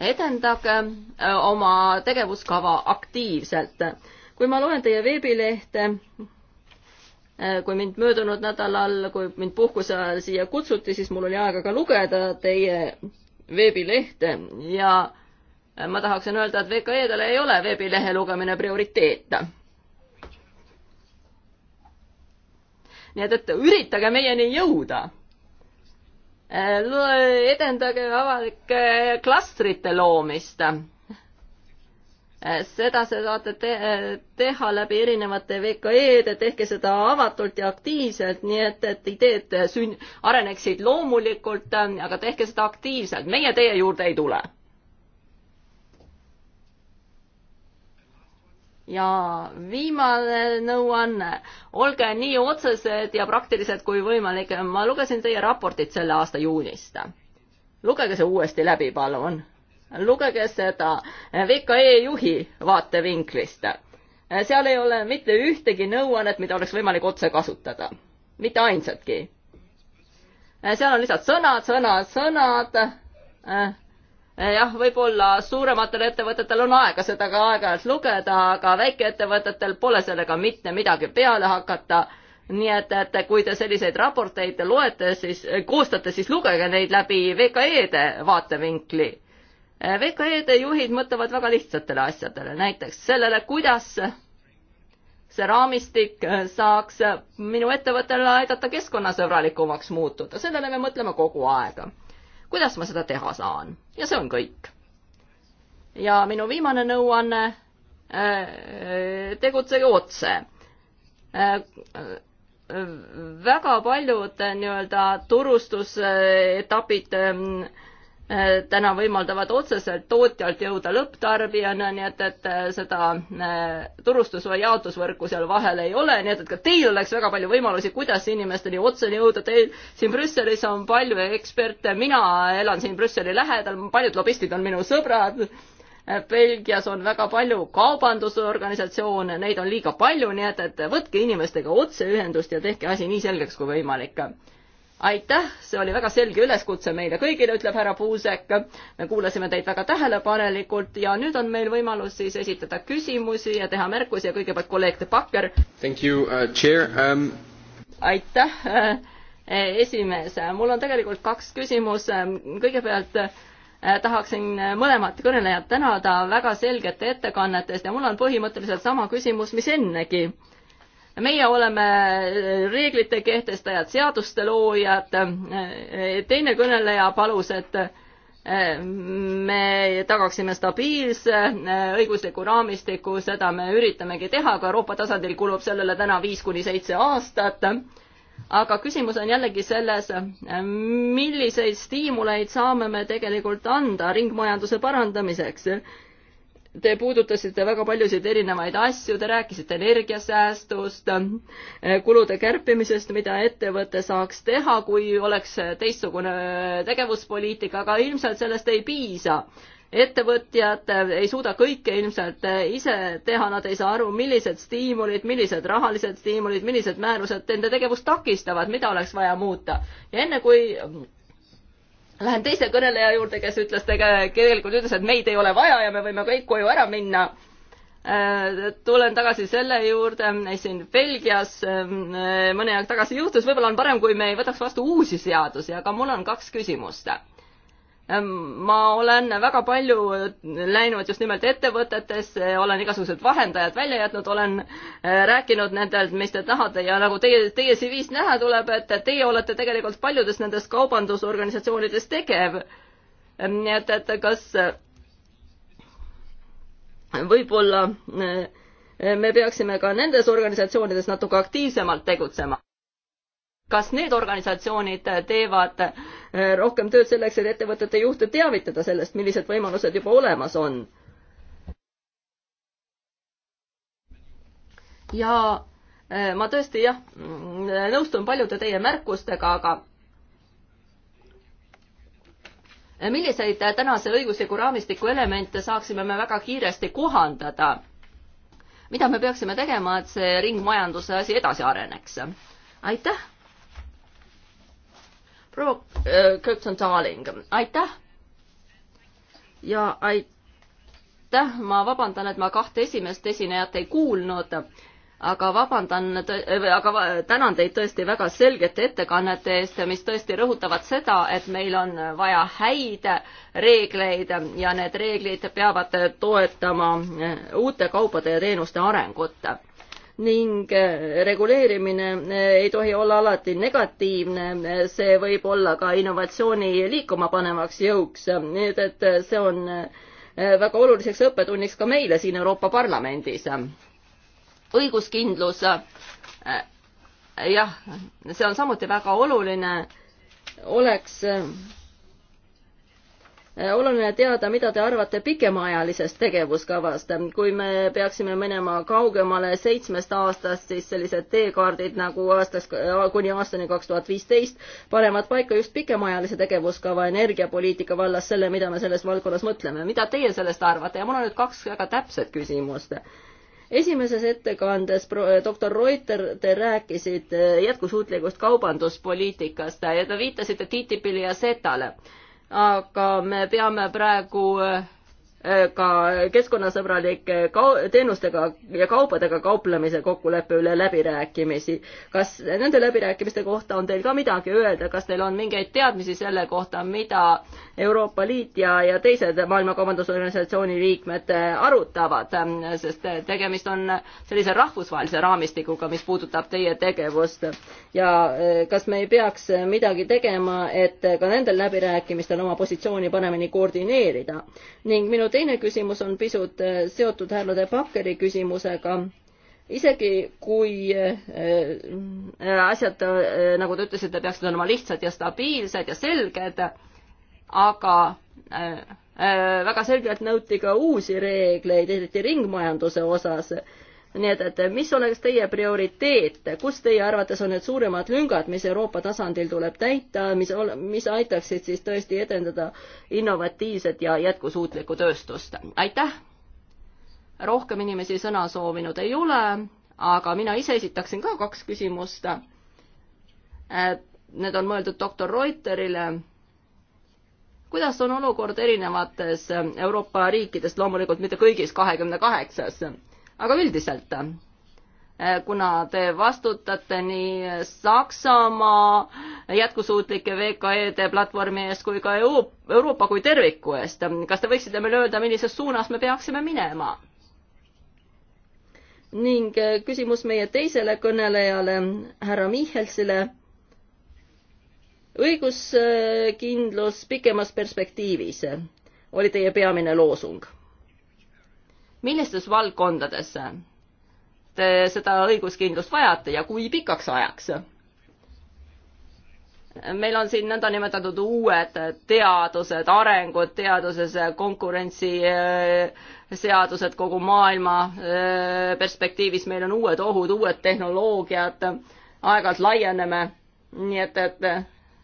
edendage äh, oma tegevuskava aktiivselt. kui ma loen teie veebilehte, äh, kui mind möödunud nädalal, kui mind puhkuse ajal siia kutsuti, siis mul oli aega ka lugeda teie veebilehte ja äh, ma tahaksin öelda, et VKE-dele ei ole veebilehe lugemine prioriteet. nii et, et üritage meieni jõuda Äh, edendage avalike äh, klastrite loomist. Äh, seda te saate te teha läbi erinevate VKE-de, tehke seda avatult ja aktiivselt, nii et, et ideed sün-, areneksid loomulikult, aga tehke seda aktiivselt, meie teie juurde ei tule ja viimane nõuanne, olge nii otsesed ja praktilised kui võimalik, ma lugesin teie raportit selle aasta juunist. lugege see uuesti läbi, palun. lugege seda VKE juhi vaatevinklist. seal ei ole mitte ühtegi nõuannet, mida oleks võimalik otse kasutada, mitte ainsatki. seal on lihtsalt sõnad, sõnad, sõnad Eh, jah, võib-olla suurematel ettevõtetel on aega seda ka aeg-ajalt lugeda, aga väikeettevõtetel pole sellega mitte midagi peale hakata. nii et, et kui te selliseid raporteid loete, siis eh, koostate, siis lugege neid läbi VKE-de vaatevinkli. Eh, VKE-de juhid mõtlevad väga lihtsatele asjadele, näiteks sellele, kuidas see raamistik saaks minu ettevõttele aidata keskkonnasõbralikumaks muutuda, sellele me mõtleme kogu aeg kuidas ma seda teha saan ja see on kõik. ja minu viimane nõuanne äh,, tegutsege otse äh, äh väga paljud äh, nii-öelda turustusetapid äh, Äh, täna võimaldavad otseselt tootjalt jõuda lõpptarbijana, nii et, et äh, seda äh, turustus- või jaotusvõrku seal vahel ei ole, nii et, et ka teil oleks väga palju võimalusi, kuidas inimesteni otseni jõuda, teil siin Brüsselis on palju eksperte, mina elan siin Brüsseli lähedal, paljud lobistid on minu sõbrad, Belgias on väga palju kaubandusorganisatsioone, neid on liiga palju, nii et, et võtke inimestega otseühendust ja tehke asi nii selgeks kui võimalik aitäh, see oli väga selge üleskutse meile kõigile, ütleb härra Puusek. me kuulasime teid väga tähelepanelikult ja nüüd on meil võimalus siis esitada küsimusi ja teha märkusi ja kõigepealt kolleeg De Backer. Thank you uh,, chair um.... aitäh, eh, esimees. mul on tegelikult kaks küsimust. kõigepealt eh, tahaksin mõlemat kõnelejat tänada väga selgete ettekannetest ja mul on põhimõtteliselt sama küsimus, mis ennegi meie oleme äh, reeglite kehtestajad, seaduste loojad. Äh, teine kõneleja palus, et äh, me tagaksime stabiilse õigusliku raamistiku, seda me üritamegi teha, aga Euroopa tasandil kulub sellele täna viis kuni seitse aastat. aga küsimus on jällegi selles, milliseid stiimuleid saame me tegelikult anda ringmajanduse parandamiseks Te puudutasite väga paljusid erinevaid asju, te rääkisite energiasäästust, eh, kulude kärpimisest, mida ettevõte saaks teha, kui oleks teistsugune eh, tegevuspoliitika, aga ilmselt sellest ei piisa. ettevõtjad eh, ei suuda kõike ilmselt ise teha, nad ei saa aru, millised stiimulid, millised rahalised stiimulid, millised määrused nende tegevust takistavad, mida oleks vaja muuta. ja enne kui lähen teise kõneleja juurde, kes ütles tegelikult, ütles, et meid ei ole vaja ja me võime kõik koju ära minna. Äh, tulen tagasi selle juurde, siin Belgias ähm, äh, mõni aeg tagasi juhtus, võib-olla on parem, kui me ei võtaks vastu uusi seadusi, aga mul on kaks küsimust. Ehm, ma olen väga palju läinud just nimelt ettevõtetesse, olen igasugused vahendajad välja jätnud, olen eh, rääkinud nendelt, mis te tahate ja nagu teie, teie CV-st näha tuleb, et teie olete tegelikult paljudes nendes kaubandusorganisatsioonides tegev. Ehm, nii et, et kas eh, võib-olla eh, me peaksime ka nendes organisatsioonides natuke aktiivsemalt tegutsema? kas need organisatsioonid teevad äh, Äh, rohkem tööd selleks, et ettevõtete juhte teavitada sellest, millised võimalused juba olemas on. ja äh, ma tõesti jah, nõustun paljude teie märkustega, aga milliseid tänase õigusliku raamistiku elemente saaksime me väga kiiresti kohandada? mida me peaksime tegema, et see ringmajanduse asi edasi areneks? aitäh! proua äh, Kötson-Darling, aitäh! ja aitäh, ma vabandan, et ma kahte esimest esinejat ei kuulnud, aga vabandan, äh, aga tänan teid tõesti väga selgete ettekannete eest, mis tõesti rõhutavad seda, et meil on vaja häid reegleid ja need reeglid peavad toetama äh, uute kaupade ja teenuste arengut ning eh, reguleerimine eh, ei tohi olla alati negatiivne, see võib olla ka innovatsiooni liikuma panevaks jõuks, nii et, et see on eh, väga oluliseks õppetunniks ka meile siin Euroopa Parlamendis. õiguskindlus, jah, see on samuti väga oluline, oleks Äh, oluline teada, mida te arvate pikemaajalisest tegevuskavast. kui me peaksime minema kaugemale seitsmest aastast, siis sellised teekaardid nagu aastaks, äh, kuni aastani kaks tuhat viisteist panevad paika just pikemaajalise tegevuskava energiapoliitika vallas selle, mida me selles valdkonnas mõtleme. mida teie sellest arvate ja mul on nüüd kaks väga täpset küsimust esimeses ettekandes doktor Reuter, te rääkisite jätkusuutlikust kaubanduspoliitikast ja te viitasite TTIP-ile ja SETale aga me peame praegu äh, Äh, ka keskkonnasõbralike ka-, teenustega ja kaupadega kauplemise kokkuleppe üle läbirääkimisi. kas nende läbirääkimiste kohta on teil ka midagi öelda, kas teil on mingeid teadmisi selle kohta, mida Euroopa Liit ja, ja teised Maailma Kaubandusorganisatsiooni liikmed äh, arutavad, sest äh, tegemist on sellise rahvusvahelise raamistikuga, mis puudutab teie tegevust. ja kas me ei peaks midagi tegema, et ka nendel läbirääkimistel oma positsiooni paremini koordineerida ning minu minu teine küsimus on pisut äh, seotud härra De Bakkeri küsimusega isegi kui äh, äh, asjad, nagu te ütlesite, peaksid olema lihtsad ja stabiilsed ja selged, aga väga selgelt nõuti ka uusi reegleid, eriti ringmajanduse osas nii et, et mis oleks teie prioriteet, kus teie arvates on need suuremad lüngad, mis Euroopa tasandil tuleb täita, mis, mis aitaksid siis tõesti edendada innovatiivset ja jätkusuutlikku tööstust? aitäh! rohkem inimesi sõna soovinud ei ole, aga mina ise esitaksin ka kaks küsimust. Need on mõeldud doktor Reuterile kuidas on olukord erinevates Euroopa riikides, loomulikult mitte kõigis kahekümne kaheksas aga üldiselt, eh, kuna te vastutate nii Saksamaa jätkusuutlike VKE-de platvormi eest kui ka Euroopa kui terviku eest, kas te võiksite meile öelda, millises suunas me peaksime minema? ning eh, küsimus meie teisele kõnelejale, härra Michelsile. õiguskindlus pikemas perspektiivis oli teie peamine loosung millistes valdkondades te seda õiguskindlust vajate ja kui pikaks ajaks? meil on siin nõndanimetatud uued teadused, arengud teaduses, konkurentsiseadused eh, kogu maailma eh, perspektiivis, meil on uued ohud, uued tehnoloogiad, aeg-ajalt laieneme, nii et, et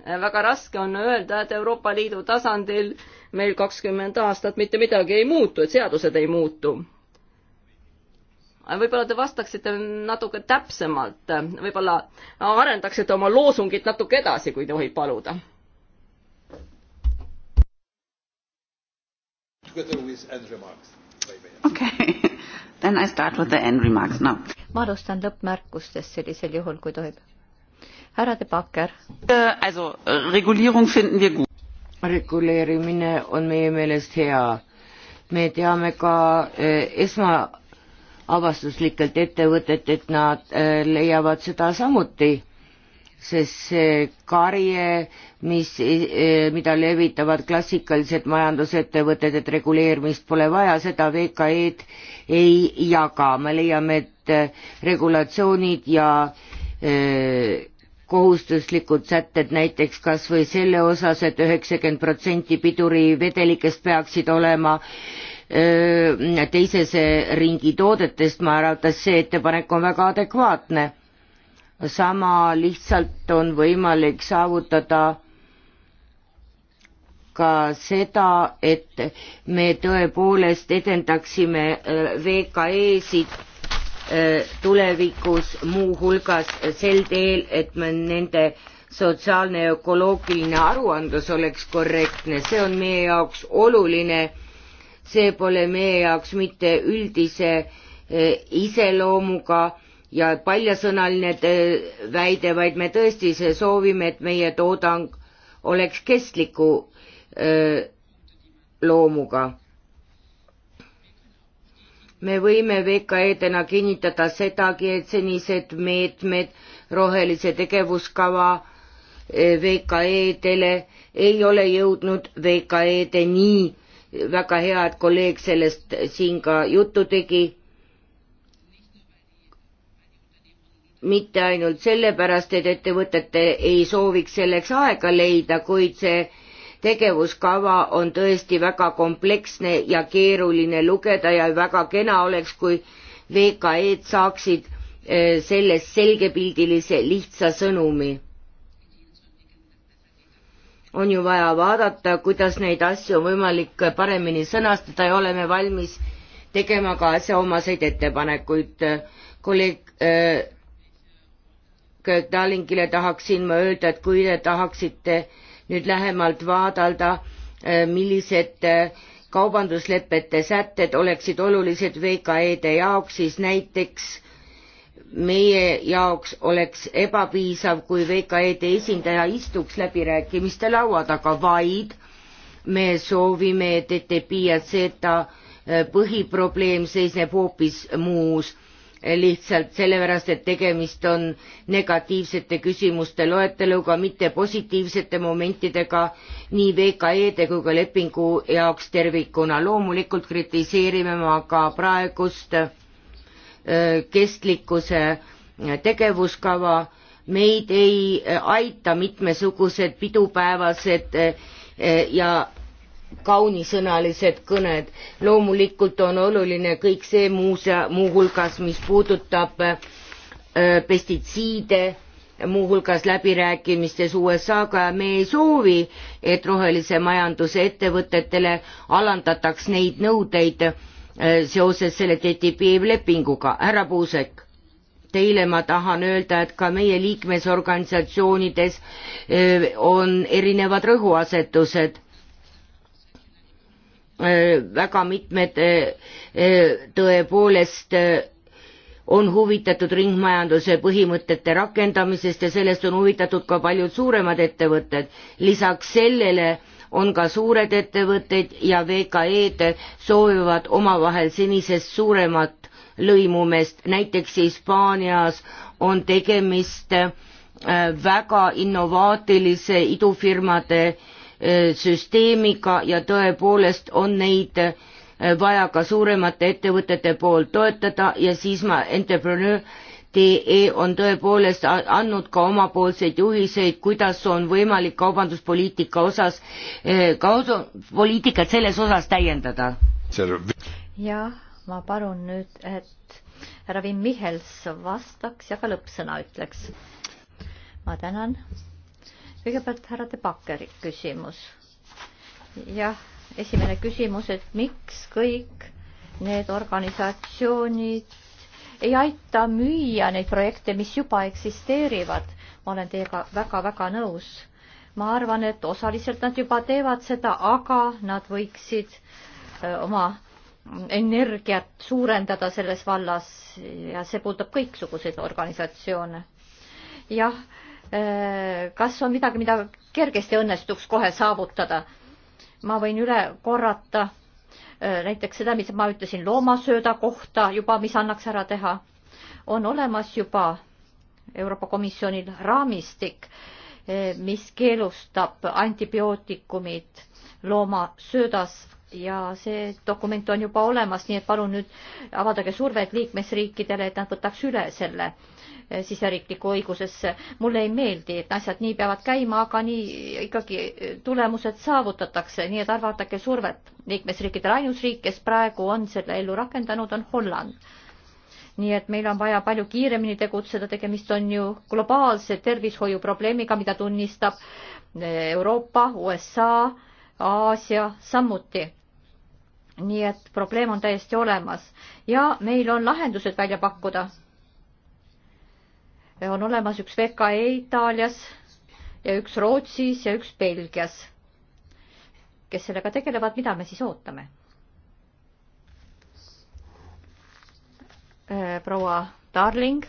väga raske on öelda, et Euroopa Liidu tasandil meil kakskümmend aastat mitte midagi ei muutu, et seadused ei muutu. võib-olla te vastaksite natuke täpsemalt, võib-olla arendaksite oma loosungit natuke edasi, kui tohib paluda. okei, *laughs* then I start with the end remarks now. ma alustan lõppmärkustest sellisel juhul, kui tohib härra De Backer. Äh, reguleerimine on meie meelest hea. me teame ka äh, esmaavastuslikelt ettevõtet, et nad äh, leiavad seda samuti sest see karje, mis, mida levitavad klassikalised majandusettevõtted, et reguleerimist pole vaja, seda VKE-d ei jaga. me leiame, et regulatsioonid ja öö, kohustuslikud sätted näiteks kas või selle osas et, et üheksakümmend protsenti pidurivedelikest peaksid olema teises ringi toodetest, ma arvan, et see ettepanek on väga adekvaatne. sama lihtsalt on võimalik saavutada ka seda, et me tõepoolest edendaksime VKE-sid Äh, tulevikus muuhulgas sel teel, et me nende sotsiaalne ja ökoloogiline aruandlus oleks korrektne, see on meie jaoks oluline, see pole meie jaoks mitte üldise äh, iseloomuga ja paljasõnaline äh, väide, vaid me tõesti soovime, et meie toodang oleks kestliku loomuga me võime VKE-dena kinnitada sedagi, et senised meetmed, rohelise tegevuskava eh, VKE-dele ei ole jõudnud VKE-deni. väga hea, et kolleeg sellest siin ka juttu tegi. mitte ainult sellepärast, et ettevõtete ei sooviks selleks aega leida, kuid see tegevuskava on tõesti väga kompleksne ja keeruline lugeda ja väga kena oleks, kui VKE-d saaksid eh, sellest selgepildilise lihtsa sõnumi. on ju vaja vaadata, kuidas neid asju on võimalik paremini sõnastada ja oleme valmis tegema ka asjaomaseid ettepanekuid. kolleeg äh, eh, Darlingile tahaksin ma öelda, et kui te tahaksite äh, nüüd lähemalt vaadelda, äh, millised äh, kaubanduslepete sätted oleksid olulised VKE-de jaoks, siis näiteks meie jaoks oleks ebapiisav, kui VKE-de esindaja istuks läbirääkimiste laua taga, vaid me soovime, et ETP ja Z äh, põhiprobleem seisneb hoopis muus lihtsalt sellepärast, et tegemist on negatiivsete küsimuste loeteluga, mitte positiivsete momentidega nii VKE-de kui ka lepingu jaoks tervikuna. loomulikult kritiseerime ma ka praegust kestlikkuse tegevuskava, meid ei aita mitmesugused pidupäevased ja kaunisõnalised kõned. loomulikult on oluline kõik see muuse-, muuhulgas, mis puudutab äh, pestitsiide, muuhulgas läbirääkimistes USA-ga ja me ei soovi, et rohelise majanduse ettevõtetele alandataks neid nõudeid äh, seoses selle TTIP lepinguga. härra Puusek teile ma tahan öelda, et ka meie liikmesorganisatsioonides äh, on erinevad rõhuasetused. Äh, väga mitmed äh, äh, tõepoolest on huvitatud ringmajanduse põhimõtete rakendamisest ja sellest on huvitatud ka paljud suuremad ettevõtted. lisaks sellele on ka suured ettevõtted ja VKE-d soovivad omavahel senisest suuremat lõimumist, näiteks Hispaanias on tegemist väga innovaatilise idufirmade äh, E, süsteemiga ja tõepoolest on neid e, vaja ka suuremate ettevõtete poolt toetada ja siis ma entrepreneur TE on tõepoolest andnud ka omapoolseid juhiseid, kuidas on võimalik kaubanduspoliitika osas, e, kaubanduspoliitikat selles osas täiendada. jah, ma palun nüüd, et härra Vim Mihhels vastaks ja ka lõppsõna ütleks. ma tänan kõigepealt härra De Bakkeri küsimus. jah, esimene küsimus, et miks kõik need organisatsioonid ei aita müüa neid projekte, mis juba eksisteerivad. ma olen teiega väga-väga nõus. ma arvan, et osaliselt nad juba teevad seda, aga nad võiksid öö, äh, oma energiat suurendada selles vallas ja see puudutab kõiksuguseid organisatsioone. jah Äh, kas on midagi, mida kergesti õnnestuks kohe saavutada? ma võin üle korrata äh, näiteks seda, mis ma ütlesin loomasööda kohta juba, mis annaks ära teha. on olemas juba Euroopa Komisjonil raamistik, äh, mis keelustab antibiootikumid loomasöödas ja see dokument on juba olemas, nii et palun nüüd avaldage survet liikmesriikidele, et nad võtaks üle selle äh, Eh, siseriiklikku õigusesse. mulle ei meeldi, et asjad nii peavad käima, aga nii ikkagi eh, tulemused saavutatakse, nii et arvatake survet liikmesriikidele. ainus riik, kes praegu on selle ellu rakendanud, on Holland nii et meil on vaja palju kiiremini tegutseda, tegemist on ju globaalse tervishoiuprobleemiga, mida tunnistab eh, Euroopa, USA, Aasia samuti. nii et probleem on täiesti olemas ja meil on lahendused välja pakkuda on olemas üks VKE Itaalias ja üks Rootsis ja üks Belgias, kes sellega tegelevad, mida me siis ootame? Äh, proua Darling,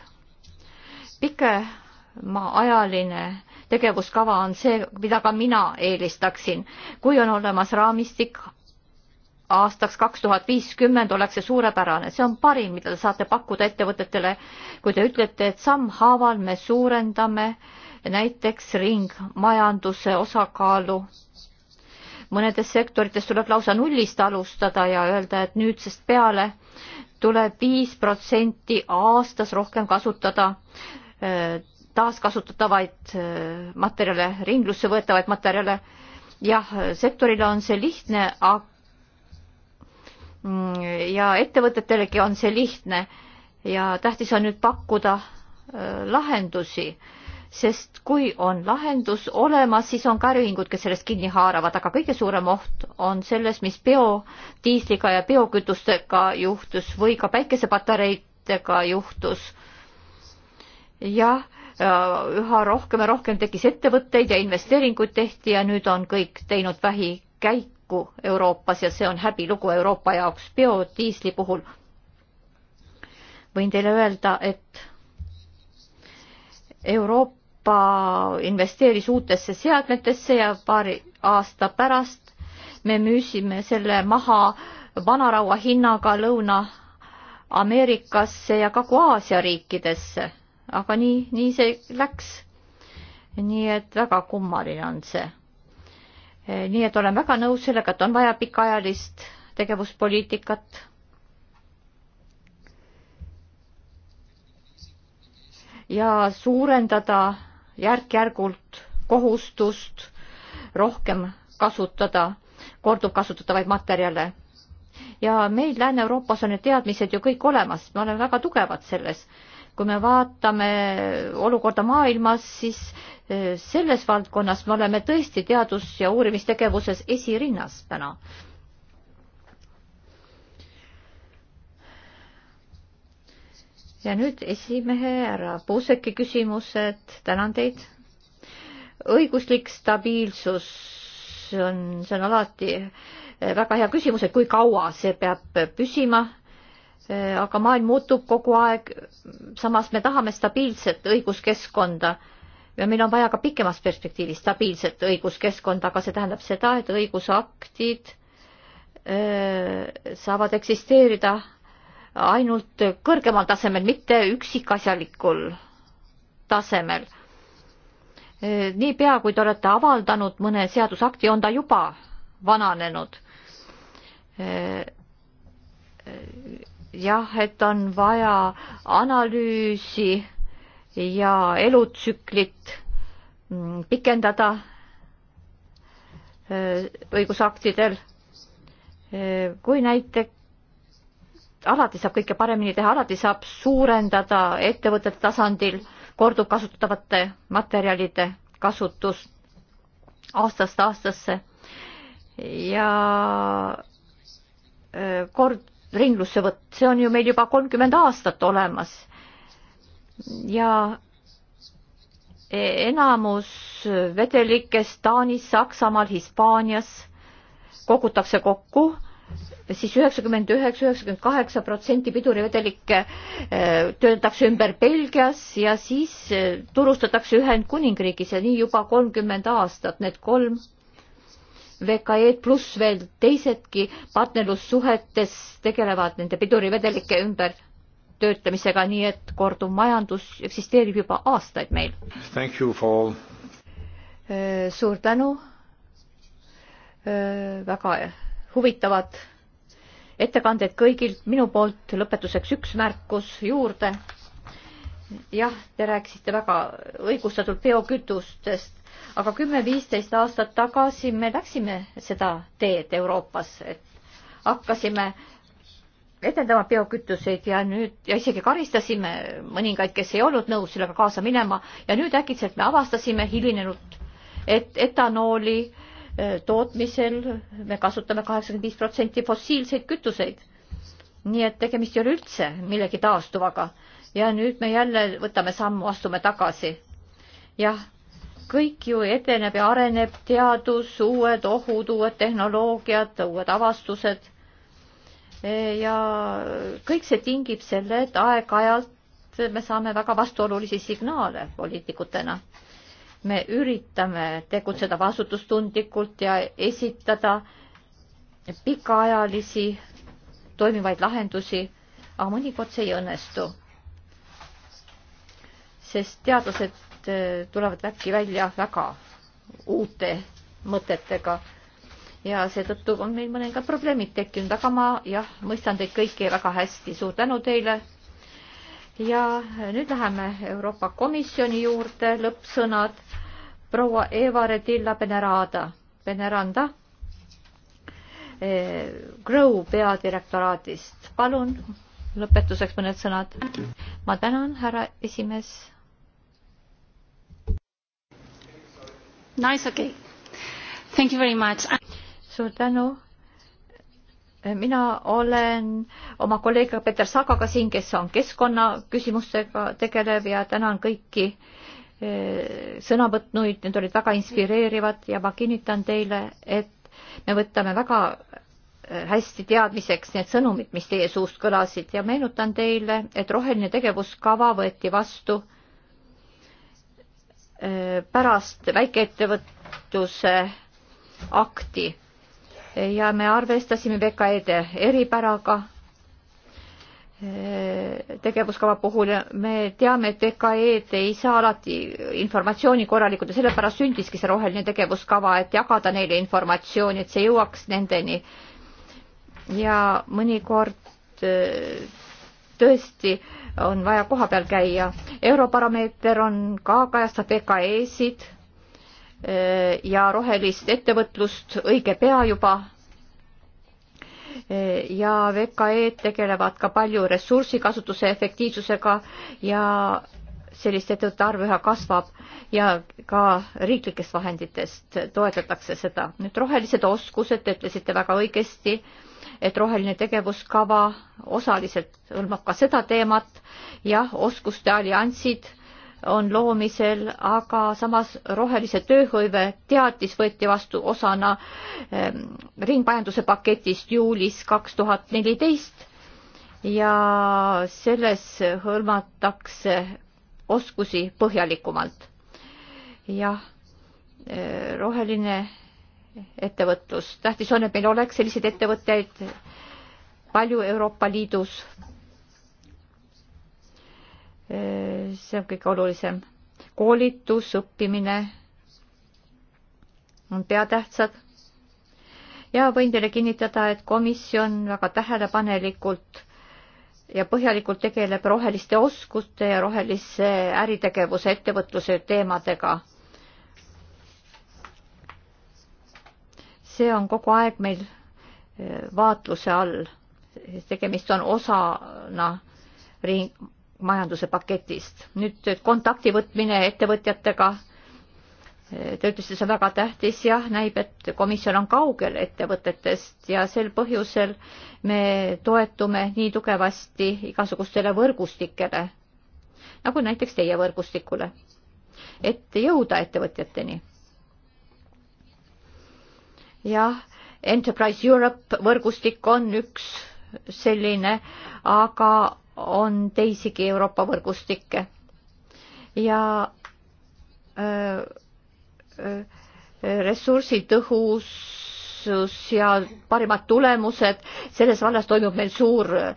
pikemaajaline tegevuskava on see, mida ka mina eelistaksin, kui on olemas raamistik, aastaks kaks tuhat viiskümmend oleks see suurepärane, see on parim, mida te saate pakkuda ettevõtetele, kui te ütlete, et sammhaaval me suurendame näiteks ringmajanduse osakaalu. mõnedes sektorites tuleb lausa nullist alustada ja öelda, et nüüdsest peale tuleb viis protsenti aastas rohkem kasutada äh, taaskasutatavaid äh, materjale, ringlusse võetavaid materjale. jah, sektorile on see lihtne, aga Mm, ja ettevõtetelegi on see lihtne ja tähtis on nüüd pakkuda äh, lahendusi, sest kui on lahendus olemas, siis on ka äriühingud, kes sellest kinni haaravad, aga kõige suurem oht on selles, mis biodiisliga ja biokütustega juhtus või ka päikesepatareidega juhtus. jah, äh, üha rohkem ja rohkem tekkis ettevõtteid ja investeeringuid tehti ja nüüd on kõik teinud vähikäiku kokku Euroopas ja see on häbilugu Euroopa jaoks biodiisli puhul. võin teile öelda, et Euroopa investeeris uutesse seadmetesse ja paari aasta pärast me müüsime selle maha vanaraua hinnaga Lõuna-Ameerikasse ja Kagu-Aasia riikidesse. aga nii, nii see läks. nii et väga kummaline on see Eh, nii et olen väga nõus sellega, et on vaja pikaajalist tegevuspoliitikat. ja suurendada järk-järgult kohustust rohkem kasutada korduvkasutatavaid materjale. ja meil Lääne-Euroopas on need teadmised ju kõik olemas, me oleme väga tugevad selles. kui me vaatame olukorda maailmas, siis selles valdkonnas me oleme tõesti teadus- ja uurimistegevuses esirinnas täna. ja nüüd esimehe härra Puuseki küsimused, tänan teid. õiguslik stabiilsus on, see on alati eh, väga hea küsimus, et kui kaua see peab püsima eh, aga maailm muutub kogu aeg, samas me tahame stabiilset õiguskeskkonda ja meil on vaja ka pikemas perspektiivis stabiilset õiguskeskkonda, aga see tähendab seda, et õigusaktid äh, saavad eksisteerida ainult kõrgemal tasemel, mitte üksikasjalikul tasemel. Äh, niipea, kui te olete avaldanud mõne seadusakti, on ta juba vananenud. Äh, jah, et on vaja analüüsi ja elutsüklit mm, pikendada äh, õigusaktidel. Äh, kui näiteks alati saab kõike paremini teha, alati saab suurendada ettevõtete tasandil korduvkasutatavate materjalide kasutust aastast aastasse ja äh, kord ringlusse võtt, see on ju meil juba kolmkümmend aastat olemas ja enamus vedelikest Taanis, Saksamaal, Hispaanias kogutakse kokku siis üheksakümmend üheksa, üheksakümmend kaheksa protsenti pidurivedelikke eh, töödeldakse ümber Belgias ja siis eh, turustatakse Ühendkuningriigis ja nii juba kolmkümmend aastat, need kolm VKE-d pluss veel teisedki partnerlussuhetes tegelevad nende pidurivedelike ümber töötlemisega, nii et korduvmajandus eksisteerib juba aastaid meil. Äh, suur tänu, äh, väga huvitavad ettekanded kõigilt, minu poolt lõpetuseks üks märkus juurde. jah, te rääkisite väga õigustatult biokütustest, aga kümme-viisteist aastat tagasi me läksime seda teed Euroopas, et hakkasime äh, edendama biokütuseid ja nüüd ja isegi karistasime mõningaid, kes ei olnud nõus sellega kaasa minema ja nüüd äkitselt me avastasime hilinenult, et etanooli e, tootmisel me kasutame kaheksakümmend viis protsenti fossiilseid kütuseid. nii et tegemist ei ole üldse millegi taastuvaga ja nüüd me jälle võtame sammu, astume tagasi. jah, kõik ju edeneb ja areneb, teadus, uued ohud, uued tehnoloogiad, uued avastused ja kõik see tingib selle, et aeg-ajalt me saame väga vastuolulisi signaale poliitikutena. me üritame tegutseda vastutustundlikult ja esitada pikaajalisi toimivaid lahendusi, aga mõnikord see ei õnnestu. sest teadlased eh, tulevad äkki välja väga uute mõtetega ja seetõttu on meil mõningad probleemid tekkinud, aga ma jah, mõistan teid kõiki väga hästi, suur tänu teile. ja nüüd läheme Euroopa Komisjoni juurde, lõppsõnad proua Eva Redilla Benerada, Beneranda eh,, Grow peadirektoraadist, palun lõpetuseks mõned sõnad. ma tänan, härra esimees. Nice, okay. Thank you very much suur tänu. mina olen oma kolleegiga Peeter Sagaga siin, kes on keskkonnaküsimustega tegelev ja tänan kõiki eh, sõna võtnuid, need olid väga inspireerivad ja ma kinnitan teile, et me võtame väga eh, hästi teadmiseks need sõnumid, mis teie suust kõlasid ja meenutan teile, et roheline tegevuskava võeti vastu eh, pärast väikeettevõtluse akti ja me arvestasime VKE-de eripäraga eh, tegevuskava puhul me teame, et VKE-d ei saa alati informatsiooni korralikult ja sellepärast sündiski see roheline tegevuskava, et jagada neile informatsiooni, et see jõuaks nendeni. ja mõnikord eh, tõesti on vaja kohapeal käia. Eurobaromeeter on ka, kajastab VKE-sid Äh, ja rohelist ettevõtlust õige pea juba. Äh, ja VKE-d tegelevad ka palju ressursikasutuse efektiivsusega ja selliste ettevõtete arv üha kasvab ja ka riiklikest vahenditest toetatakse seda. nüüd rohelised oskused, te ütlesite väga õigesti, et roheline tegevuskava osaliselt hõlmab ka seda teemat, jah, oskuste alliansid on loomisel, aga samas rohelise tööhõive teatis võeti vastu osana ehm, ringmajanduse paketist juulis kaks tuhat neliteist ja selles hõlmatakse oskusi põhjalikumalt. jah, ehm, roheline ettevõtlus, tähtis on, et meil oleks selliseid ettevõtteid palju Euroopa Liidus see on kõige olulisem. koolitus, õppimine on peatähtsad. ja võin teile kinnitada, et komisjon väga tähelepanelikult ja põhjalikult tegeleb roheliste oskuste ja rohelise äritegevuse ettevõtluse teemadega. see on kogu aeg meil eh, vaatluse all, tegemist on osana ring, majanduse paketist. nüüd kontakti võtmine ettevõtjatega. Te ütlesite, see on väga tähtis, jah, näib, et komisjon on kaugel ettevõtetest ja sel põhjusel me toetume nii tugevasti igasugustele võrgustikele, nagu näiteks teie võrgustikule, et jõuda ettevõtjateni. jah, Enterprise Europe võrgustik on üks selline, aga on teisigi Euroopa võrgustikke ja öö, äh, öö, äh, ressursitõhusus ja parimad tulemused, selles vallas toimub meil suur öö, äh,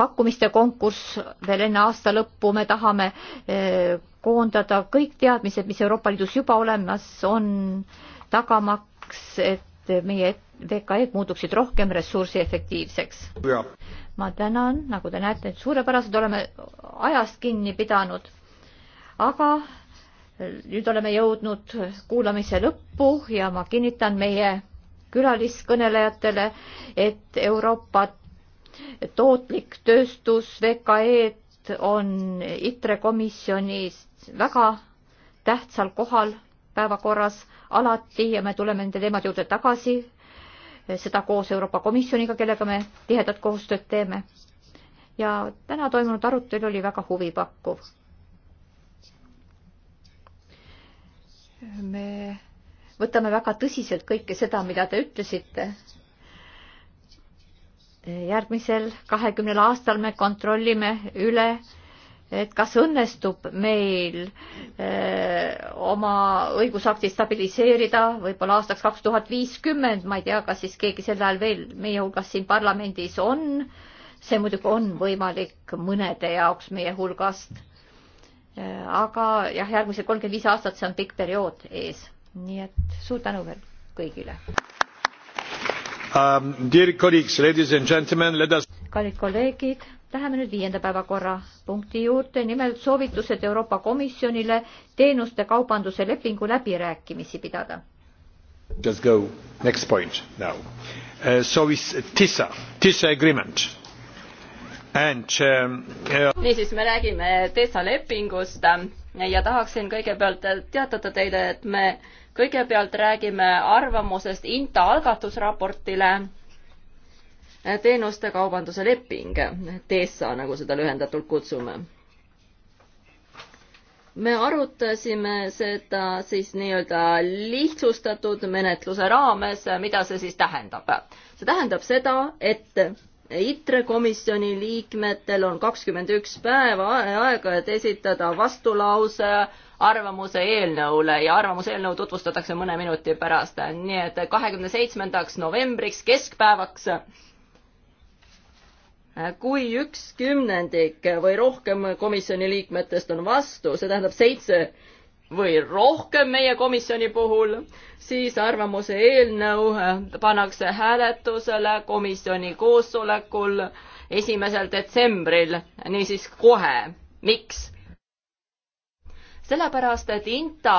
pakkumiste konkurss, veel enne aasta lõppu me tahame öö, koondada kõik teadmised, mis Euroopa Liidus juba olemas on, tagamaks, et meie VKE-d muutuksid rohkem ressursiefektiivseks. ma tänan, nagu te näete, et suurepäraselt oleme ajast kinni pidanud. aga nüüd oleme jõudnud kuulamise lõppu ja ma kinnitan meie külaliskõnelejatele, et Euroopa tootlik tööstus, VKE-d on ITRE komisjonis väga tähtsal kohal päevakorras alati ja me tuleme nende teemade juurde tagasi seda koos Euroopa Komisjoniga, kellega me tihedat koostööd teeme. ja täna toimunud arutelu oli väga huvipakkuv. me võtame väga tõsiselt kõike seda, mida te ütlesite. järgmisel kahekümnel aastal me kontrollime üle et kas õnnestub meil öö, äh, oma õigusakti stabiliseerida võib-olla aastaks kaks tuhat viiskümmend, ma ei tea, kas siis keegi sel ajal veel meie hulgas siin parlamendis on. see muidugi on võimalik mõnede jaoks meie hulgast. Äh, aga jah, järgmised kolmkümmend viis aastat, see on pikk periood ees, nii et suur tänu veel kõigile um,. kallid kolleegid Läheme nüüd viienda päevakorrapunkti juurde, nimelt soovitused Euroopa Komisjonile teenuste kaubanduse lepingu läbirääkimisi pidada. Let's go next point now uh,. So is TISA, TISA agreement and um, uh.... niisiis, me räägime TISA lepingust um, ja tahaksin kõigepealt teatada teile, et me kõigepealt räägime arvamusest INTA algatusraportile teenuste kaubanduse leping, TESA, nagu seda lühendatult kutsume. me arutasime seda siis nii-öelda lihtsustatud menetluse raames, mida see siis tähendab. see tähendab seda, et ITRE komisjoni liikmetel on kakskümmend üks päeva aega, et esitada vastulause arvamuse eelnõule ja arvamuse eelnõu tutvustatakse mõne minuti pärast, nii et kahekümne seitsmendaks novembriks keskpäevaks kui üks kümnendik või rohkem komisjoni liikmetest on vastu, see tähendab seitse või rohkem meie komisjoni puhul, siis arvamuse eelnõu äh, pannakse hääletusele komisjoni koosolekul esimesel detsembril, niisiis kohe. miks? sellepärast, et INTA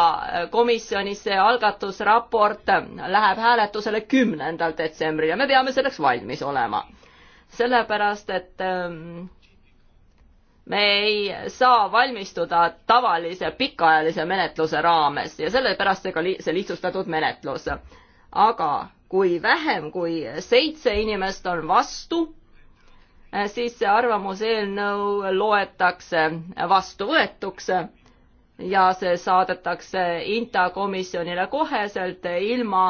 komisjonis see algatusraport läheb hääletusele kümnendal detsembril ja me peame selleks valmis olema sellepärast et ähm, me ei saa valmistuda tavalise pikaajalise menetluse raames ja sellepärast ega see lihtsustatud menetlus. aga kui vähem kui seitse inimest on vastu, äh, siis see arvamuseelnõu loetakse vastuvõetuks ja see saadetakse INTA komisjonile koheselt ilma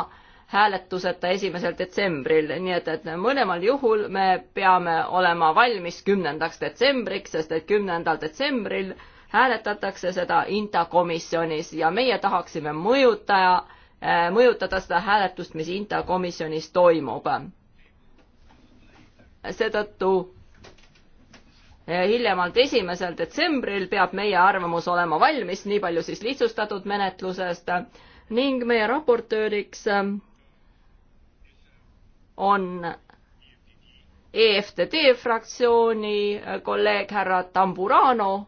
hääletuseta esimesel detsembril, nii et, et mõlemal juhul me peame olema valmis kümnendaks detsembriks, sest et kümnendal detsembril hääletatakse seda INTA komisjonis ja meie tahaksime mõjutaja, eh, mõjutada seda hääletust, mis INTA komisjonis toimub. seetõttu eh, hiljemalt esimesel detsembril peab meie arvamus olema valmis, nii palju siis lihtsustatud menetlusest ning meie raportööriks eh, on EFTD fraktsiooni kolleeg härra Tamburano,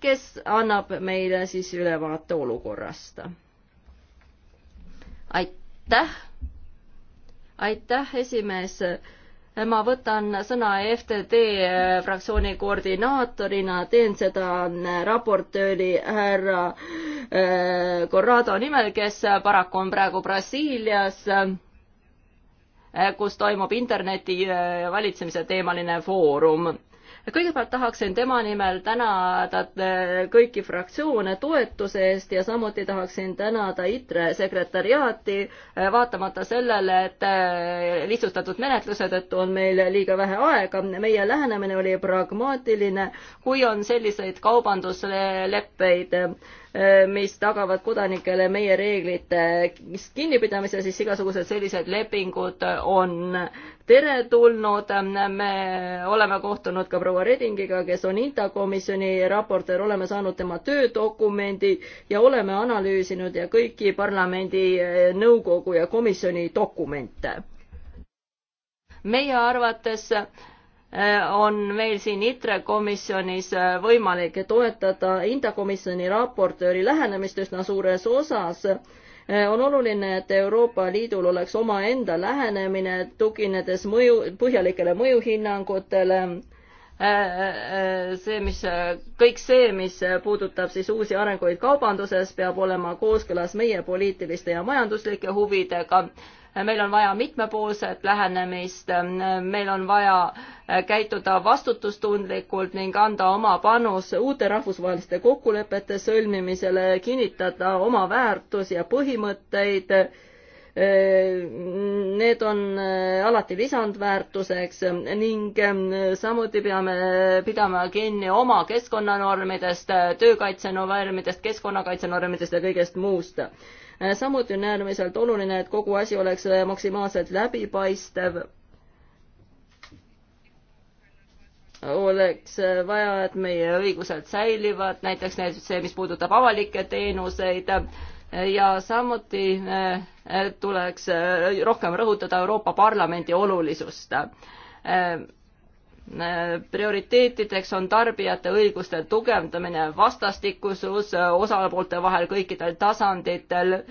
kes annab meile siis ülevaate olukorrast. aitäh, aitäh, esimees. ma võtan sõna EFTD fraktsiooni koordinaatorina, teen seda raportööri härra eh, Corrado nimel, kes paraku on praegu Brasiilias Äh, kus toimub interneti äh, valitsemise teemaline foorum. kõigepealt tahaksin tema nimel tänada äh, kõiki fraktsioone toetuse eest ja samuti tahaksin tänada ITRE sekretäriaati, vaatamata sellele, et lihtsustatud menetluse tõttu on meil liiga vähe aega, meie lähenemine oli pragmaatiline, kui on selliseid kaubandusleppeid Äh, mis tagavad kodanikele meie reeglitest kinnipidamise, siis igasugused sellised lepingud on teretulnud. me oleme kohtunud ka proua Redingiga, kes on INTA komisjoni raportöör, oleme saanud tema töödokumendi ja oleme analüüsinud ja kõiki parlamendi, äh, nõukogu ja komisjoni dokumente. meie arvates Äh, on meil siin ITRE komisjonis äh, võimalik toetada INTA komisjoni raportööri lähenemist üsna suures osas. Äh, on oluline, et Euroopa Liidul oleks omaenda lähenemine, tuginedes mõju, põhjalikele mõjuhinnangutele see, mis, kõik see, mis puudutab siis uusi arenguid kaubanduses, peab olema kooskõlas meie poliitiliste ja majanduslike huvidega meil on vaja mitmepoolset lähenemist, meil on vaja käituda vastutustundlikult ning anda oma panus uute rahvusvaheliste kokkulepete sõlmimisele, kinnitada oma väärtusi ja põhimõtteid. Need on alati lisandväärtuseks ning samuti peame pidama kinni oma keskkonnanormidest, töökaitsenormidest, keskkonnakaitsenormidest ja kõigest muust Äh, samuti on äärmiselt oluline, et kogu asi oleks äh, maksimaalselt läbipaistev. oleks äh, vaja, et meie õigused säilivad, näiteks see, mis puudutab avalikke teenuseid ja samuti tuleks rohkem rõhutada Euroopa Parlamendi olulisust prioriteetideks on tarbijate õiguste tugevdamine, vastastikusus osapoolte vahel kõikidel tasanditel.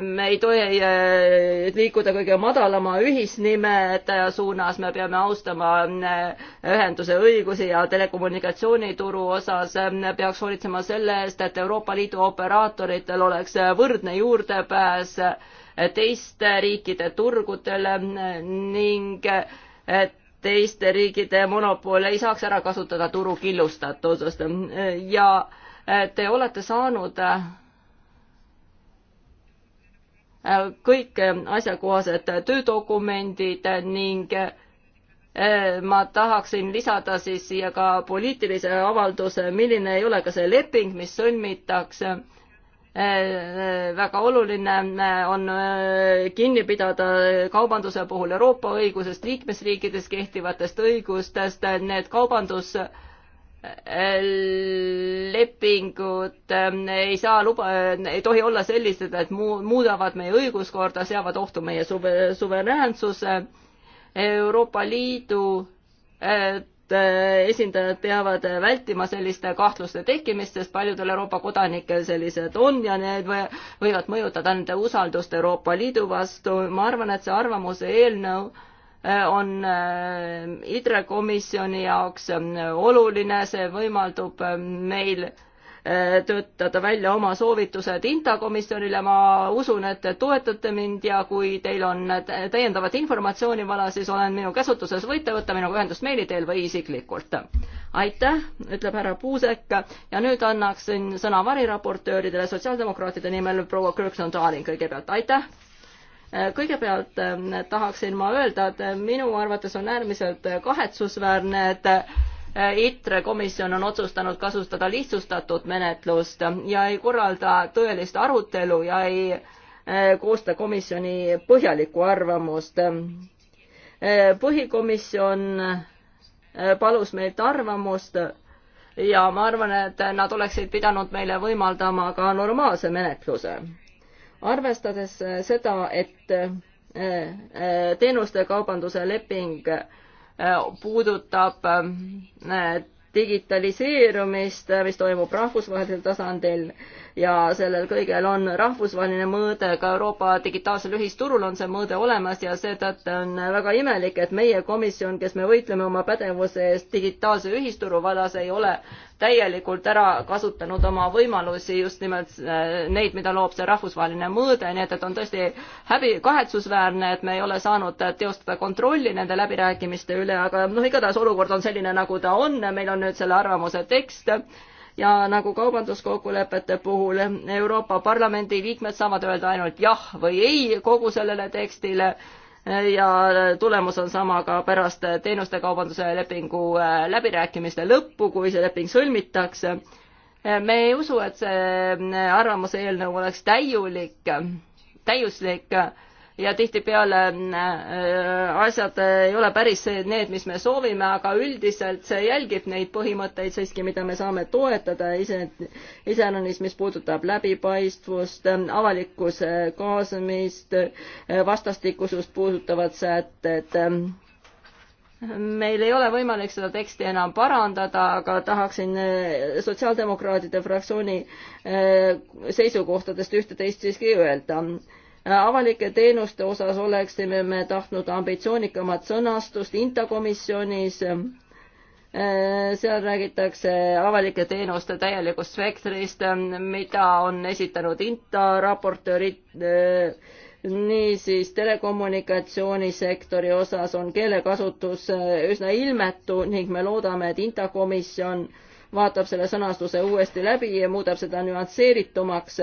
me ei tohi eh, liikuda kõige madalama ühisnimetaja suunas, me peame austama eh, ühenduse õigusi ja telekommunikatsioonituru osas peaks hoolitsema selle eest, et Euroopa Liidu operaatoritel oleks võrdne juurdepääs teiste riikide turgudele ning et teiste riikide monopole ei saaks ära kasutada turu killustatust ja eh, te olete saanud eh, kõik asjakohased töödokumendid ning eh, ma tahaksin lisada siis siia ka poliitilise avalduse, milline ei ole ka see leping, mis sõlmitakse Äh, väga oluline äh, on äh, kinni pidada kaubanduse puhul Euroopa õigusest, liikmesriikides kehtivatest õigustest, need kaubandus lepingud ei saa luba, ei tohi olla sellised, et muu, muudavad meie õiguskorda, seavad ohtu meie suve, suveräänsuse. Euroopa Liidu Äh, esindajad peavad äh, vältima selliste kahtluste tekkimist, sest paljudel Euroopa kodanikel sellised on ja need võivad mõjutada nende usaldust Euroopa Liidu vastu. ma arvan, et see arvamuse eelnõu äh, on IDRE komisjoni jaoks oluline, see võimaldub meil Äh, töötada välja oma soovitused INTA komisjonile, ma usun, et te toetate mind ja kui teil on täiendavat informatsiooni vara, siis olen minu käsutuses, võite võtta minuga ühendust meili teel või isiklikult. aitäh, ütleb härra Puusek ja nüüd annaksin sõna variraportööridele sotsiaaldemokraatide nimel proua Kirkson-Darling kõigepealt, aitäh! Äh, kõigepealt äh, tahaksin ma öelda, et minu arvates on äärmiselt kahetsusväärne, et Äh, ITRE komisjon on otsustanud kasutada lihtsustatud menetlust ja ei korralda tõelist arutelu ja ei äh, koosta komisjoni põhjalikku arvamust. Äh, põhikomisjon palus meilt arvamust ja ma arvan, et nad oleksid pidanud meile võimaldama ka normaalse menetluse. arvestades seda, et teenuste kaubanduse leping Äh, puudutab äh, digitaliseerumist, äh, mis toimub rahvusvahelisel tasandil ja sellel kõigel on rahvusvaheline mõõde, ka Euroopa digitaalsel ühisturul on see mõõde olemas ja seetõttu on väga imelik, et meie komisjon, kes me võitleme oma pädevuse eest digitaalse ühisturu vallas, ei ole täielikult ära kasutanud oma võimalusi, just nimelt äh, neid, mida loob see rahvusvaheline mõõde, nii et, et on tõesti häbi, kahetsusväärne, et me ei ole saanud teostada kontrolli nende läbirääkimiste üle, aga noh, igatahes olukord on selline, nagu ta on, meil on nüüd selle arvamuse tekst ja nagu kaubanduskokkulepete puhul Euroopa Parlamendi liikmed saavad öelda ainult jah või ei kogu sellele tekstile ja tulemus on sama ka pärast teenuste kaubanduse lepingu äh, läbirääkimiste lõppu, kui see leping sõlmitakse. me ei usu, et see äh, arvamuse eelnõu oleks täiulik, täiuslik ja tihtipeale äh, asjad ei ole päris need, mis me soovime, aga üldiselt see jälgib neid põhimõtteid siiski, mida me saame toetada ise, iseäranis, mis puudutab läbipaistvust, avalikkuse kaasamist, vastastikusust puudutavad sätted meil ei ole võimalik seda teksti enam parandada, aga tahaksin äh, sotsiaaldemokraatide fraktsiooni äh, seisukohtadest üht-teist siiski öelda avalike teenuste osas oleksime me tahtnud ambitsioonikamat sõnastust Inta komisjonis. seal räägitakse avalike teenuste täielikust spektrist, mida on esitanud Inta raportöörid niisiis telekommunikatsioonisektori osas on keelekasutus üsna ilmetu ning me loodame, et Inta komisjon vaatab selle sõnastuse uuesti läbi ja muudab seda nüansseeritumaks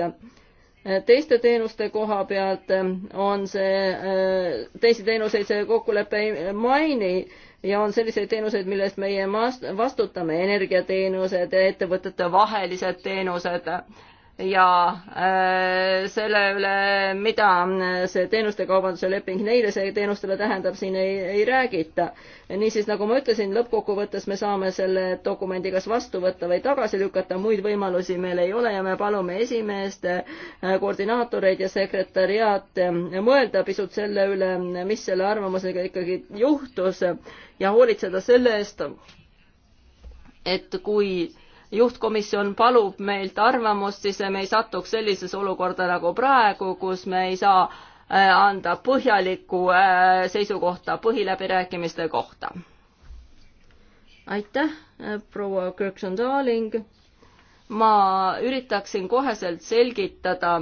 teiste teenuste koha pealt eh, on see, eh, teisi teenuseid see kokkulepe ei maini ja on selliseid teenuseid, mille eest meie vastutame, energiateenused, ettevõtete vahelised teenused ja äh, selle üle, mida äh, see teenuste kaubanduse leping neile see teenustele tähendab, siin ei, ei räägita. niisiis, nagu ma ütlesin, lõppkokkuvõttes me saame selle dokumendi kas vastu võtta või tagasi lükata, muid võimalusi meil ei ole ja me palume esimeest, äh, koordinaatoreid ja sekretäriaat mõelda pisut selle üle, mis selle arvamusega ikkagi juhtus ja hoolitseda selle eest, et kui juhtkomisjon palub meilt arvamust, siis me ei satuks sellisesse olukorda nagu praegu, kus me ei saa äh, anda põhjalikku äh, seisukohta põhiläbirääkimiste kohta. aitäh, äh, proua Kirkson-Darling. ma üritaksin koheselt selgitada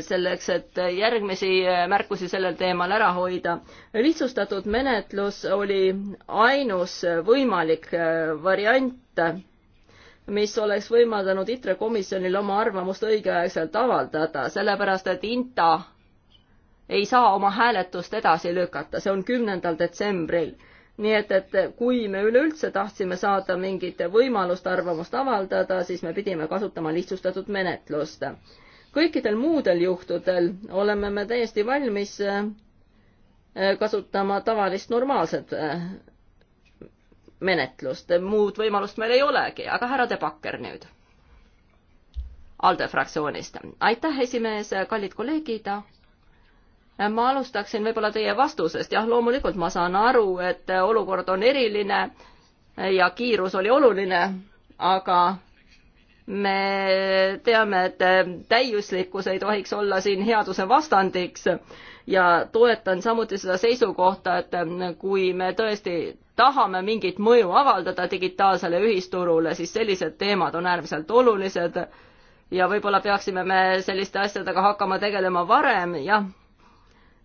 selleks, et järgmisi märkusi sellel teemal ära hoida. lihtsustatud menetlus oli ainus võimalik variant mis oleks võimaldanud ITRE komisjonil oma arvamust õigeaegselt avaldada, sellepärast et INTA ei saa oma hääletust edasi lükata, see on kümnendal detsembril. nii et, et kui me üleüldse tahtsime saada mingit võimalust arvamust avaldada, siis me pidime kasutama lihtsustatud menetlust. kõikidel muudel juhtudel oleme me täiesti valmis eh, kasutama tavalist normaalset eh, menetlust, muud võimalust meil ei olegi, aga härra De Backer nüüd. ALDE fraktsioonist. aitäh, esimees, kallid kolleegid. ma alustaksin võib-olla teie vastusest, jah, loomulikult ma saan aru, et olukord on eriline ja kiirus oli oluline, aga me teame, et täiuslikkus ei tohiks olla siin headuse vastandiks ja toetan samuti seda seisukohta, et mm, kui me tõesti tahame mingit mõju avaldada digitaalsele ühisturule, siis sellised teemad on äärmiselt olulised ja võib-olla peaksime me selliste asjadega hakkama tegelema varem, jah.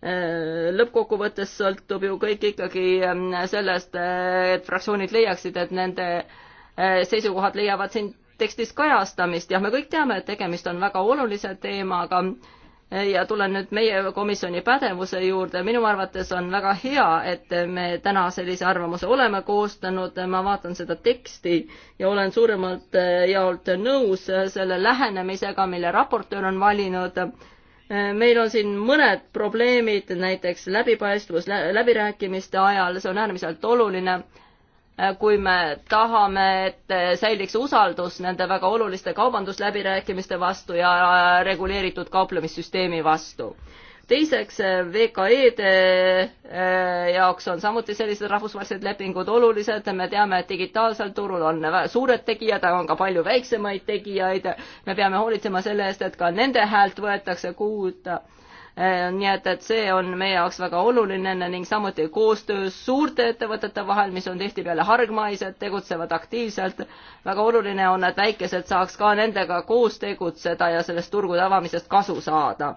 Äh, lõppkokkuvõttes sõltub ju kõik ikkagi mm, sellest, äh, et fraktsioonid leiaksid, et nende äh, seisukohad leiavad siin tekstis kajastamist, jah, me kõik teame, et tegemist on väga olulise teemaga ja tulen nüüd meie komisjoni pädevuse juurde, minu arvates on väga hea, et me täna sellise arvamuse oleme koostanud, ma vaatan seda teksti ja olen suuremalt äh, jaolt nõus äh, selle lähenemisega, mille raportöör on valinud. Äh, meil on siin mõned probleemid, näiteks läbipaistvus läbirääkimiste ajal, see on äärmiselt oluline Äh, kui me tahame, et äh, säiliks usaldus nende väga oluliste kaubandusläbirääkimiste vastu ja äh, reguleeritud kauplemissüsteemi vastu. teiseks, VKE-de jaoks on samuti sellised rahvusvahelised lepingud olulised, me teame, et digitaalsel turul on suured tegijad, aga on ka palju väiksemaid tegijaid, me peame hoolitsema selle eest, et ka nende häält võetakse kuulda Äh, nii et, et see on meie jaoks väga oluline ning samuti koostöö suurte ettevõtete vahel, mis on tihtipeale hargmaised, tegutsevad aktiivselt. väga oluline on, et väikesed saaks ka nendega koos tegutseda ja sellest turgude avamisest kasu saada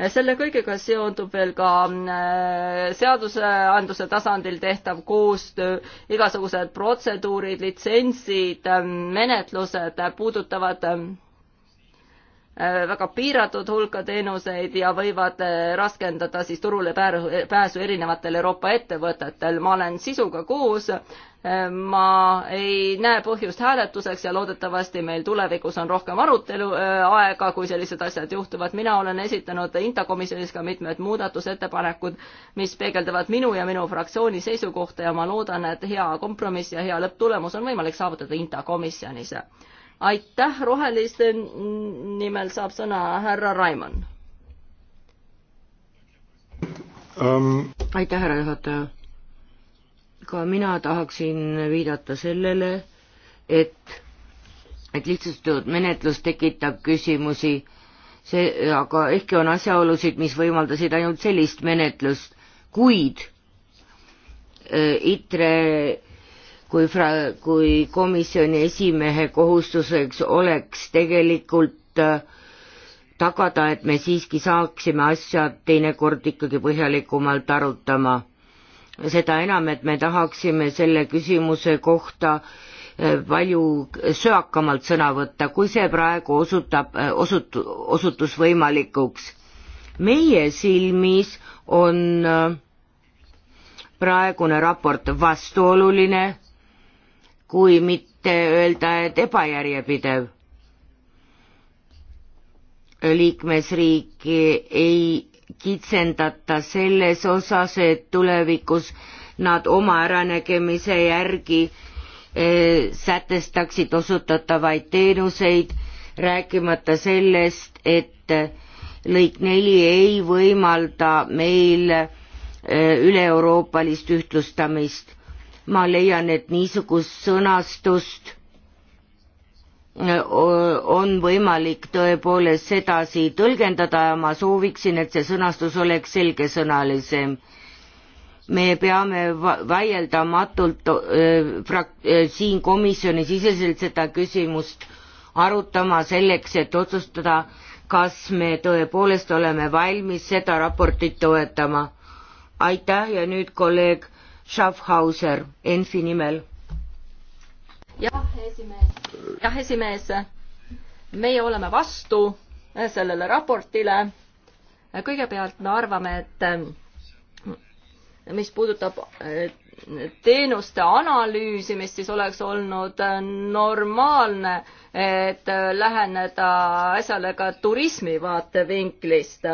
äh, selle kõigega seondub veel ka äh, seadusandluse tasandil tehtav koostöö, igasugused protseduurid, litsentsid, menetlused puudutavad Äh, väga piiratud hulka teenuseid ja võivad äh, raskendada siis turule pääsu erinevatel Euroopa ettevõtetel. ma olen sisuga koos, äh, ma ei näe põhjust hääletuseks ja loodetavasti meil tulevikus on rohkem arutelu aega, kui sellised asjad juhtuvad. mina olen esitanud Inta komisjonis ka mitmed muudatusettepanekud, mis peegeldavad minu ja minu fraktsiooni seisukohta ja ma loodan, et hea kompromiss ja hea lõpptulemus on võimalik saavutada Inta komisjonis aitäh, roheliste nimel saab sõna härra Raimond um.... aitäh, härra juhataja. ka mina tahaksin viidata sellele, et, et lihtsustatud menetlus tekitab küsimusi, see, aga ehkki on asjaolusid, mis võimaldasid ainult sellist menetlust, kuid äh, ITRE kui fra-, kui komisjoni esimehe kohustuseks oleks tegelikult äh, tagada, et me siiski saaksime asja teinekord ikkagi põhjalikumalt arutama. seda enam, et me tahaksime selle küsimuse kohta äh, palju söakamalt sõna võtta, kui see praegu osutab, äh, osut-, osutus võimalikuks. meie silmis on praegune raport vastuoluline kui mitte öelda, et ebajärjepidev. liikmesriiki ei kitsendata selles osas, et tulevikus nad oma äranägemise järgi eh, sätestaksid osutatavaid teenuseid, rääkimata sellest, et eh, lõik neli ei võimalda meil eh, üle-euroopalist ühtlustamist ma leian, et niisugust sõnastust äh, on võimalik tõepoolest sedasi tõlgendada ja ma sooviksin, et see sõnastus oleks selgesõnalisem. me peame vaieldamatult äh, äh, siin komisjoni siseselt seda küsimust arutama selleks, et otsustada, kas me tõepoolest oleme valmis seda raportit toetama. aitäh ja nüüd kolleeg Schaffhauser Enfi nimel. jah, esimees. jah, esimees. meie oleme vastu sellele raportile. kõigepealt me arvame, et mis puudutab eh, teenuste analüüsimist, siis oleks olnud normaalne, et läheneda asjale ka turismi vaatevinklist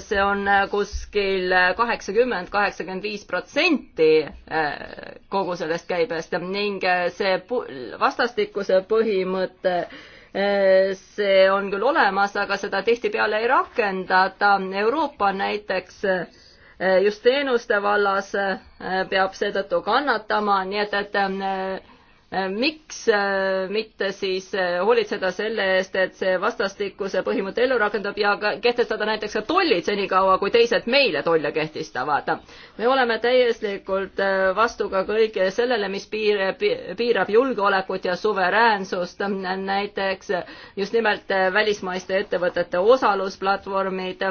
see on äh, kuskil äh, kaheksakümmend, kaheksakümmend viis protsenti äh, kogu sellest käibest ning see vastastikuse põhimõte, see on küll olemas, aga seda tihtipeale ei rakendata. Euroopa näiteks just teenuste vallas peab seetõttu kannatama, nii et, et Äh, miks äh, mitte siis äh, hoolitseda selle eest, et see vastastikuse põhimõte ellu rakendab ja ka kehtestada näiteks ka tollid senikaua, kui teised meile tolle kehtestavad. me oleme täielikult vastu ka kõige sellele, mis piir, piirab julgeolekut ja suveräänsust, näiteks just nimelt välismaiste ettevõtete osalusplatvormid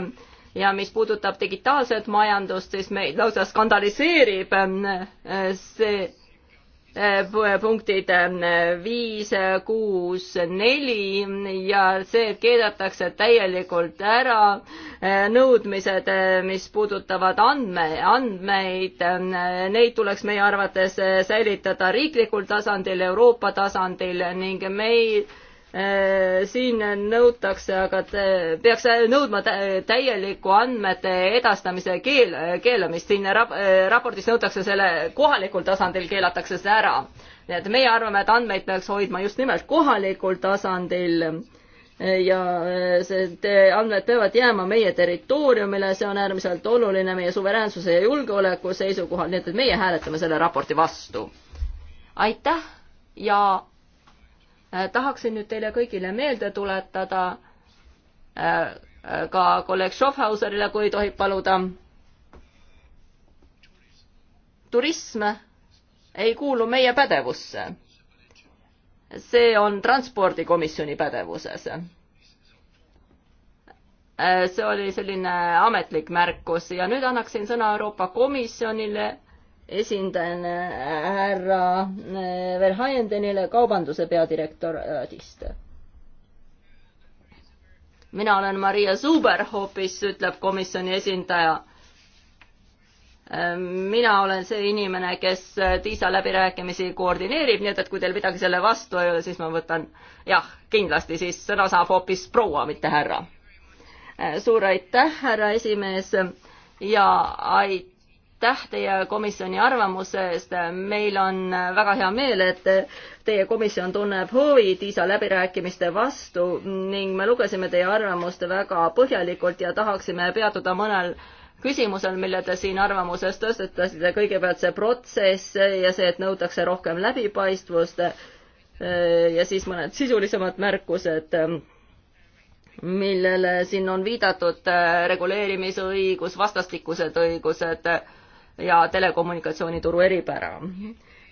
ja mis puudutab digitaalset majandust, siis meid lausa skandaliseerib see Äh, punktid äh, viis, kuus, neli ja see, et keedetakse täielikult ära äh, nõudmised, mis puudutavad andme, andmeid, neid tuleks meie arvates säilitada riiklikul tasandil, Euroopa tasandil ning meil Äh, siin nõutakse, aga peaks nõudma täielikku andmete edastamise keel, keelamist, siin rap-, äh, raportis nõutakse selle, kohalikul tasandil keelatakse see ära. nii et meie arvame, et andmeid peaks hoidma just nimelt kohalikul tasandil äh, ja see te, andmed peavad jääma meie territooriumile, see on äärmiselt oluline meie suveräänsuse ja julgeoleku seisukohalt, nii et meie hääletame selle raporti vastu. aitäh ja Äh, tahaksin nüüd teile kõigile meelde tuletada, äh, äh, ka kolleeg Schaffhauserile, kui tohib paluda. turism ei kuulu meie pädevusse. see on transpordikomisjoni pädevuses. see oli selline ametlik märkus ja nüüd annaksin sõna Euroopa Komisjonile esindan äh, härra äh, Verhaendenile kaubanduse peadirektoraadist. mina olen Maria Zuber hoopis, ütleb komisjoni esindaja. Äh, mina olen see inimene, kes TISA läbirääkimisi koordineerib, nii et, et kui teil midagi selle vastu ei ole, siis ma võtan jah, kindlasti siis sõna saab hoopis proua, mitte härra. suur aitäh, härra esimees ja aitäh aitäh teie komisjoni arvamuse eest, meil on väga hea meel, et teie komisjon tunneb huvi TISA läbirääkimiste vastu ning me lugesime teie arvamust väga põhjalikult ja tahaksime peatuda mõnel küsimusel, mille te siin arvamuses tõstetasite, kõigepealt see protsess ja see, et nõutakse rohkem läbipaistvust ja siis mõned sisulisemad märkused millele siin on viidatud reguleerimisõigus, vastastikused õigused, ja telekommunikatsioonituru eripära.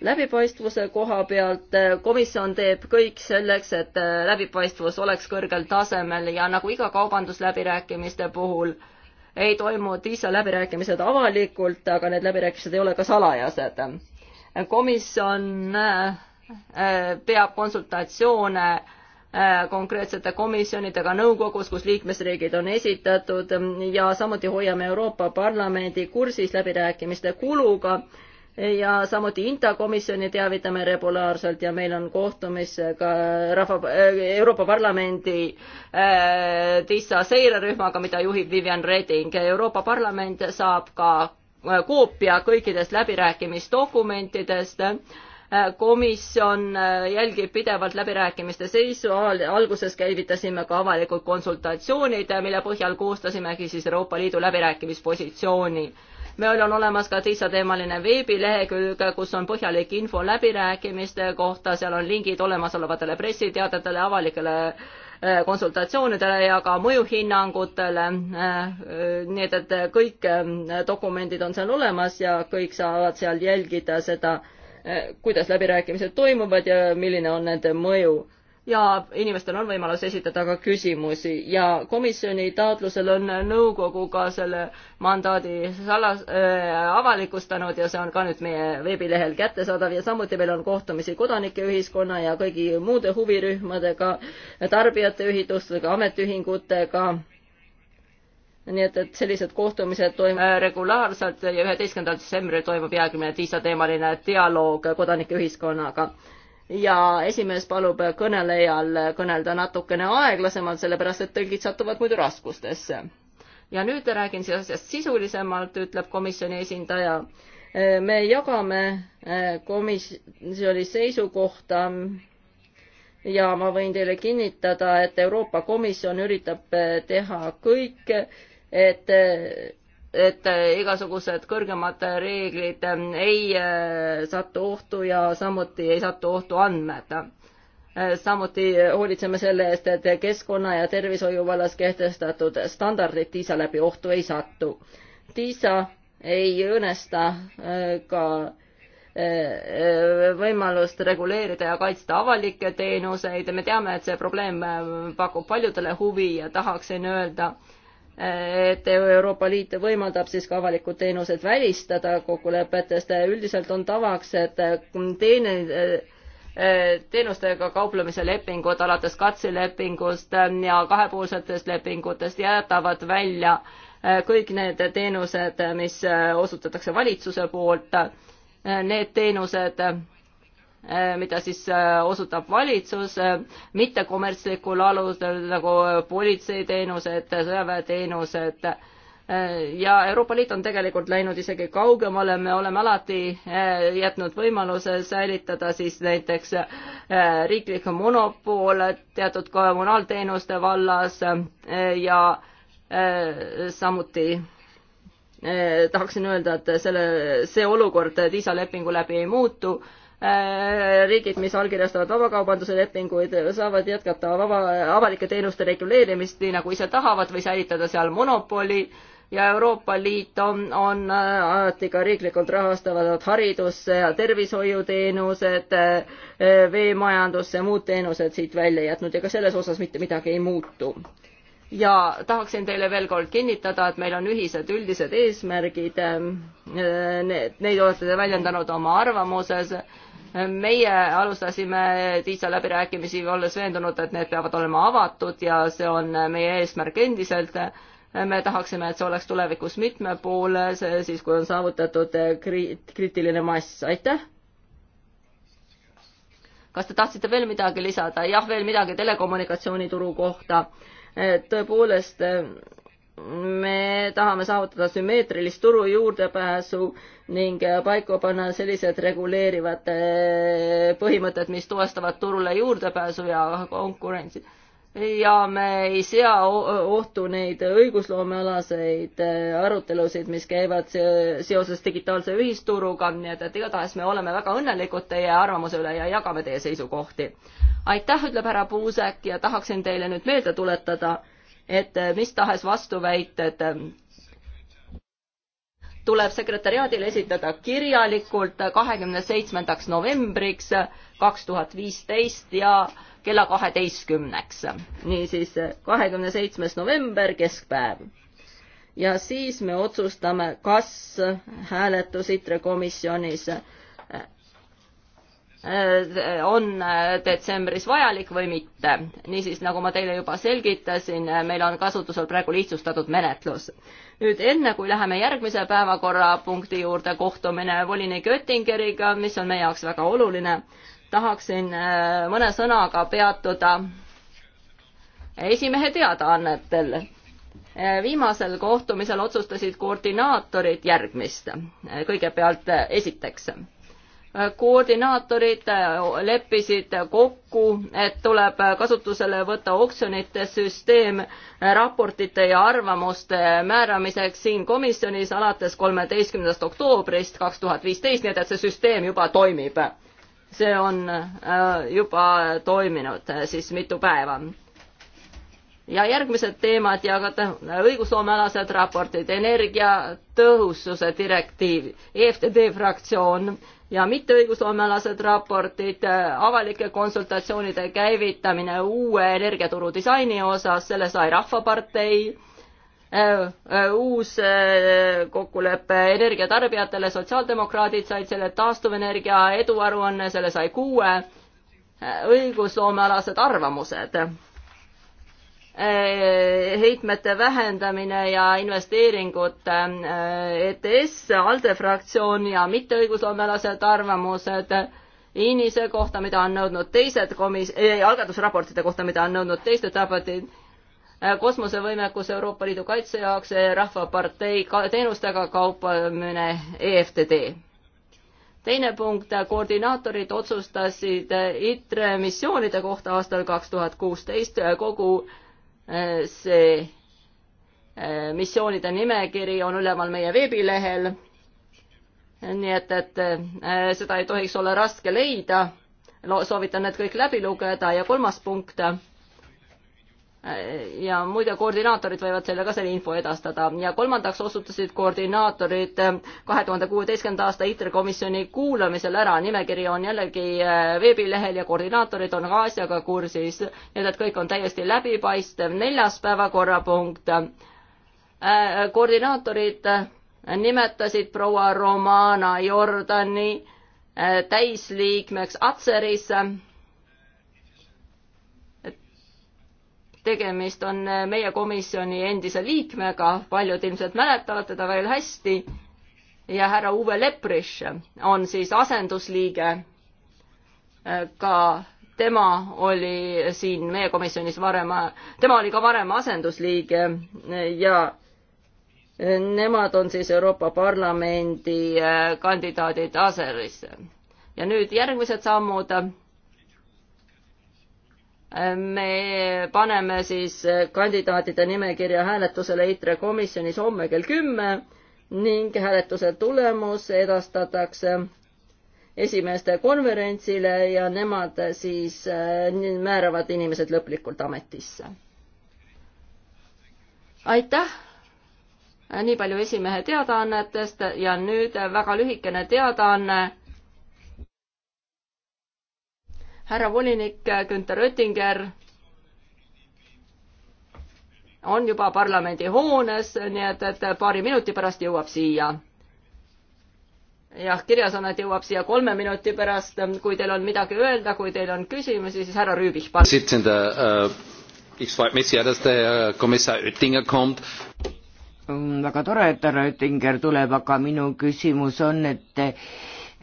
läbipaistvuse koha pealt eh, komisjon teeb kõik selleks, et eh, läbipaistvus oleks kõrgel tasemel ja nagu iga kaubandusläbirääkimiste puhul, ei toimu TISA läbirääkimised avalikult, aga need läbirääkimised ei ole ka salajased. komisjon eh, peab konsultatsioone Äh, konkreetsete komisjonidega nõukogus, kus liikmesriigid on esitatud mm, ja samuti hoiame Euroopa Parlamendi kursis läbirääkimiste kuluga ja samuti INTA komisjoni teavitame regulaarselt ja meil on kohtumis ka rahva, äh, Euroopa Parlamendi äh, TISA seirerühmaga, mida juhib Vivian Reding. Euroopa Parlament saab ka äh, koopia kõikidest läbirääkimisdokumentidest äh, Äh, komisjon äh, jälgib pidevalt läbirääkimiste seisu, alguses käivitasime ka avalikud konsultatsioonid, äh, mille põhjal koostasimegi siis Euroopa Liidu läbirääkimispositsiooni. meil on olemas ka TISA-teemaline veebilehekülg, kus on põhjalik info läbirääkimiste kohta, seal on lingid olemasolevatele pressiteadetele, avalikele konsultatsioonidele ja ka mõjuhinnangutele. nii et, et kõik dokumendid on seal olemas ja kõik saavad seal jälgida seda Eh, kuidas läbirääkimised toimuvad ja milline on nende mõju. ja inimestel on võimalus esitada ka küsimusi ja komisjoni taotlusel on nõukogu ka selle mandaadi salas äh,, avalikustanud ja see on ka nüüd meie veebilehel kättesaadav ja samuti meil on kohtumisi kodanikeühiskonna ja kõigi muude huvirühmadega, tarbijate ühitustega, ametiühingutega nii et, et sellised kohtumised toimuvad äh, regulaarselt ja üheteistkümnendal detsembril toimub jääkümne Tiisa teemaline dialoog kodanike ühiskonnaga. ja esimees palub kõnelejal kõnelda natukene aeglasemalt, sellepärast et tõlgid satuvad muidu raskustesse. ja nüüd räägin siis asjast sisulisemalt, ütleb komisjoni esindaja. Äh, me jagame äh, komisjoni seisukohta ja ma võin teile kinnitada, et Euroopa Komisjon üritab teha kõik et et igasugused kõrgemad reeglid ei äh, satu ohtu ja samuti ei satu ohtu andmed. Äh, samuti hoolitseme selle eest, et keskkonna ja tervishoiu vallas kehtestatud standardid TISA läbi ohtu ei satu. TISA ei õõnesta äh, ka võimalust reguleerida ja kaitsta avalikke teenuseid ja me teame, et see probleem pakub paljudele huvi ja tahaksin öelda, et Euroopa Liit võimaldab siis ka avalikud teenused välistada kokkulepetest. üldiselt on tavaks, et teine, eh, teenustega kauplemise lepingud alates katselepingust ja kahepoolsetest lepingutest jätavad välja eh, kõik need teenused, mis eh, osutatakse valitsuse poolt. Need teenused Äh, mida siis äh, osutab valitsus äh, mittekommertslikul alusel nagu politseiteenused, sõjaväeteenused ja Euroopa Liit on tegelikult läinud isegi kaugemale, me oleme alati jätnud võimaluse säilitada siis näiteks riiklikku monopol teatud kommunaalteenuste vallas ja samuti tahaksin öelda, et selle, see olukord viisalepingu läbi ei muutu Äh, riigid, mis allkirjastavad vabakaubanduse lepinguid, saavad jätkata vaba, avalike teenuste reguleerimist nii, nagu ise tahavad või säilitada seal monopoli ja Euroopa Liit on, on äh, alati ka riiklikult rahastavad haridus- ja tervishoiuteenused, äh, veemajandus ja muud teenused siit välja jätnud ja ka selles osas mitte midagi ei muutu. ja tahaksin teile veel kord kinnitada, et meil on ühised üldised eesmärgid, need, neid olete te väljendanud oma arvamuses meie alustasime TISA läbirääkimisi, olles veendunud, et need peavad olema avatud ja see on meie eesmärk endiselt. me tahaksime, et see oleks tulevikus mitmepoolne, see siis, kui on saavutatud kri-, kriitiline mass, aitäh! kas te tahtsite veel midagi lisada? jah, veel midagi telekommunikatsioonituru kohta. tõepoolest me tahame saavutada sümmeetrilist turu juurdepääsu ning paika panna sellised reguleerivad eh, põhimõtted, mis toestavad turule juurdepääsu ja konkurentsi. ja me ei sea ohtu neid õigusloomealaseid eh, arutelusid, mis käivad seoses digitaalse ühisturuga, nii et, et igatahes me oleme väga õnnelikud teie arvamuse üle ja jagame teie seisukohti. aitäh, ütleb härra Puusek ja tahaksin teile nüüd meelde tuletada et äh, mis tahes vastuväited äh, tuleb sekretäriaadile esitada kirjalikult kahekümne seitsmendaks novembriks kaks tuhat viisteist ja kella kaheteistkümneks. niisiis kahekümne seitsmes november, keskpäev. ja siis me otsustame, kas hääletus ITRE komisjonis Äh, on äh, detsembris vajalik või mitte. niisiis, nagu ma teile juba selgitasin, äh, meil on kasutusel praegu lihtsustatud menetlus. nüüd enne, kui läheme järgmise päevakorrapunkti juurde, kohtumine volinik Oettingeriga, mis on meie jaoks väga oluline, tahaksin mõne sõnaga peatuda esimehe teadaannetel. viimasel kohtumisel otsustasid koordinaatorid järgmist. kõigepealt esiteks koordinaatorid leppisid kokku, et tuleb kasutusele võtta oksjonite süsteem raportite ja arvamuste määramiseks siin komisjonis alates kolmeteistkümnendast oktoobrist kaks tuhat viisteist, nii et, et see süsteem juba toimib. see on äh, juba toiminud äh, siis mitu päeva ja järgmised teemad ja ka õigusloomealased raportid, energiatõhususe direktiiv, EFTD fraktsioon ja mitteõigusloomealased raportid, avalike konsultatsioonide käivitamine uue energiaturu disaini osas, selle sai Rahvapartei, äh, äh, uus äh, kokkulepe energiatarbijatele, sotsiaaldemokraadid said selle taastuvenergia eduaruanne, selle sai kuue, õigusloomealased arvamused Äh, heitmete vähendamine ja investeeringud äh, ETS, ALDE fraktsioon ja mitteõigusloomealased arvamused Inise kohta, mida on nõudnud teised komis-, eh, algatusraportide kohta, mida on nõudnud teised raportid, kosmosevõimekus Euroopa Liidu kaitse jaoks, Rahvapartei ka, teenustega kaupamine, EFTD teine punkt, koordinaatorid otsustasid ITRE missioonide kohta aastal kaks tuhat kuusteist kogu Eh, see eh, missioonide nimekiri on üleval meie veebilehel. nii et, et eh, seda ei tohiks olla raske leida. soovitan need kõik läbi lugeda ja kolmas punkt ja muide, koordinaatorid võivad selle ka selle info edastada ja kolmandaks osutusid koordinaatorid eh, kahe tuhande kuueteistkümnenda aasta ITRE komisjoni kuulamisel ära, nimekiri on jällegi eh, veebilehel ja koordinaatorid on ka asjaga kursis, nii et kõik on täiesti läbipaistev. neljas päevakorrapunkt, eh, koordinaatorid nimetasid proua Romana Jordani täisliikmeks Atserisse tegemist on eh, meie komisjoni endise liikmega, paljud ilmselt mäletavad teda veel hästi, ja härra Uwe Leprich on siis asendusliige, eh, ka tema oli siin meie komisjonis varem, tema oli ka varem asendusliige eh, ja nemad on siis Euroopa Parlamendi kandidaadid Aserisse. ja nüüd järgmised sammud me paneme siis kandidaatide nimekirja hääletusele ITRE komisjonis homme kell kümme ning hääletuse tulemus edastatakse esimeeste konverentsile ja nemad siis äh, määravad inimesed lõplikult ametisse. aitäh! nii palju esimehe teadaannetest ja nüüd väga lühikene teadaanne härra volinik Günther Oettinger on juba parlamendi hoones, nii et, et paari minuti pärast jõuab siia. jah, kirjas on, et jõuab siia kolme minuti pärast, kui teil on midagi öelda, kui teil on küsimusi, siis härra Rüübich, palun. Äh, ich freue mich sehr, dass der Kommissar Oettinger kommt väga tore, et härra Oettinger tuleb, aga minu küsimus on, et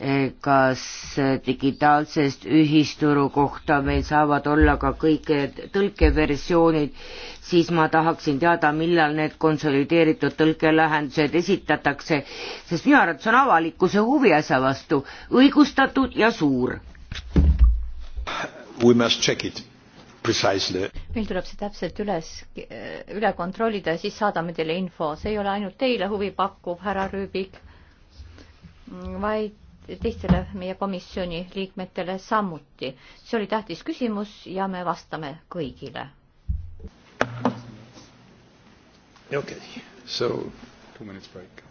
Eh, kas eh, digitaalsest ühisturu kohta meil saavad olla ka kõik tõlkeversioonid, siis ma tahaksin teada, millal need konsolideeritud tõlkelahendused esitatakse, sest minu arvates on avalikkuse huvi asja vastu õigustatud ja suur. We must check it precisely. meil tuleb see täpselt üles, eh, üle kontrollida ja siis saadame teile info, see ei ole ainult teile huvipakkuv, härra Rüübik, vaid teistele meie komisjoni liikmetele samuti. see oli tähtis küsimus ja me vastame kõigile. okei okay., so two minutes break.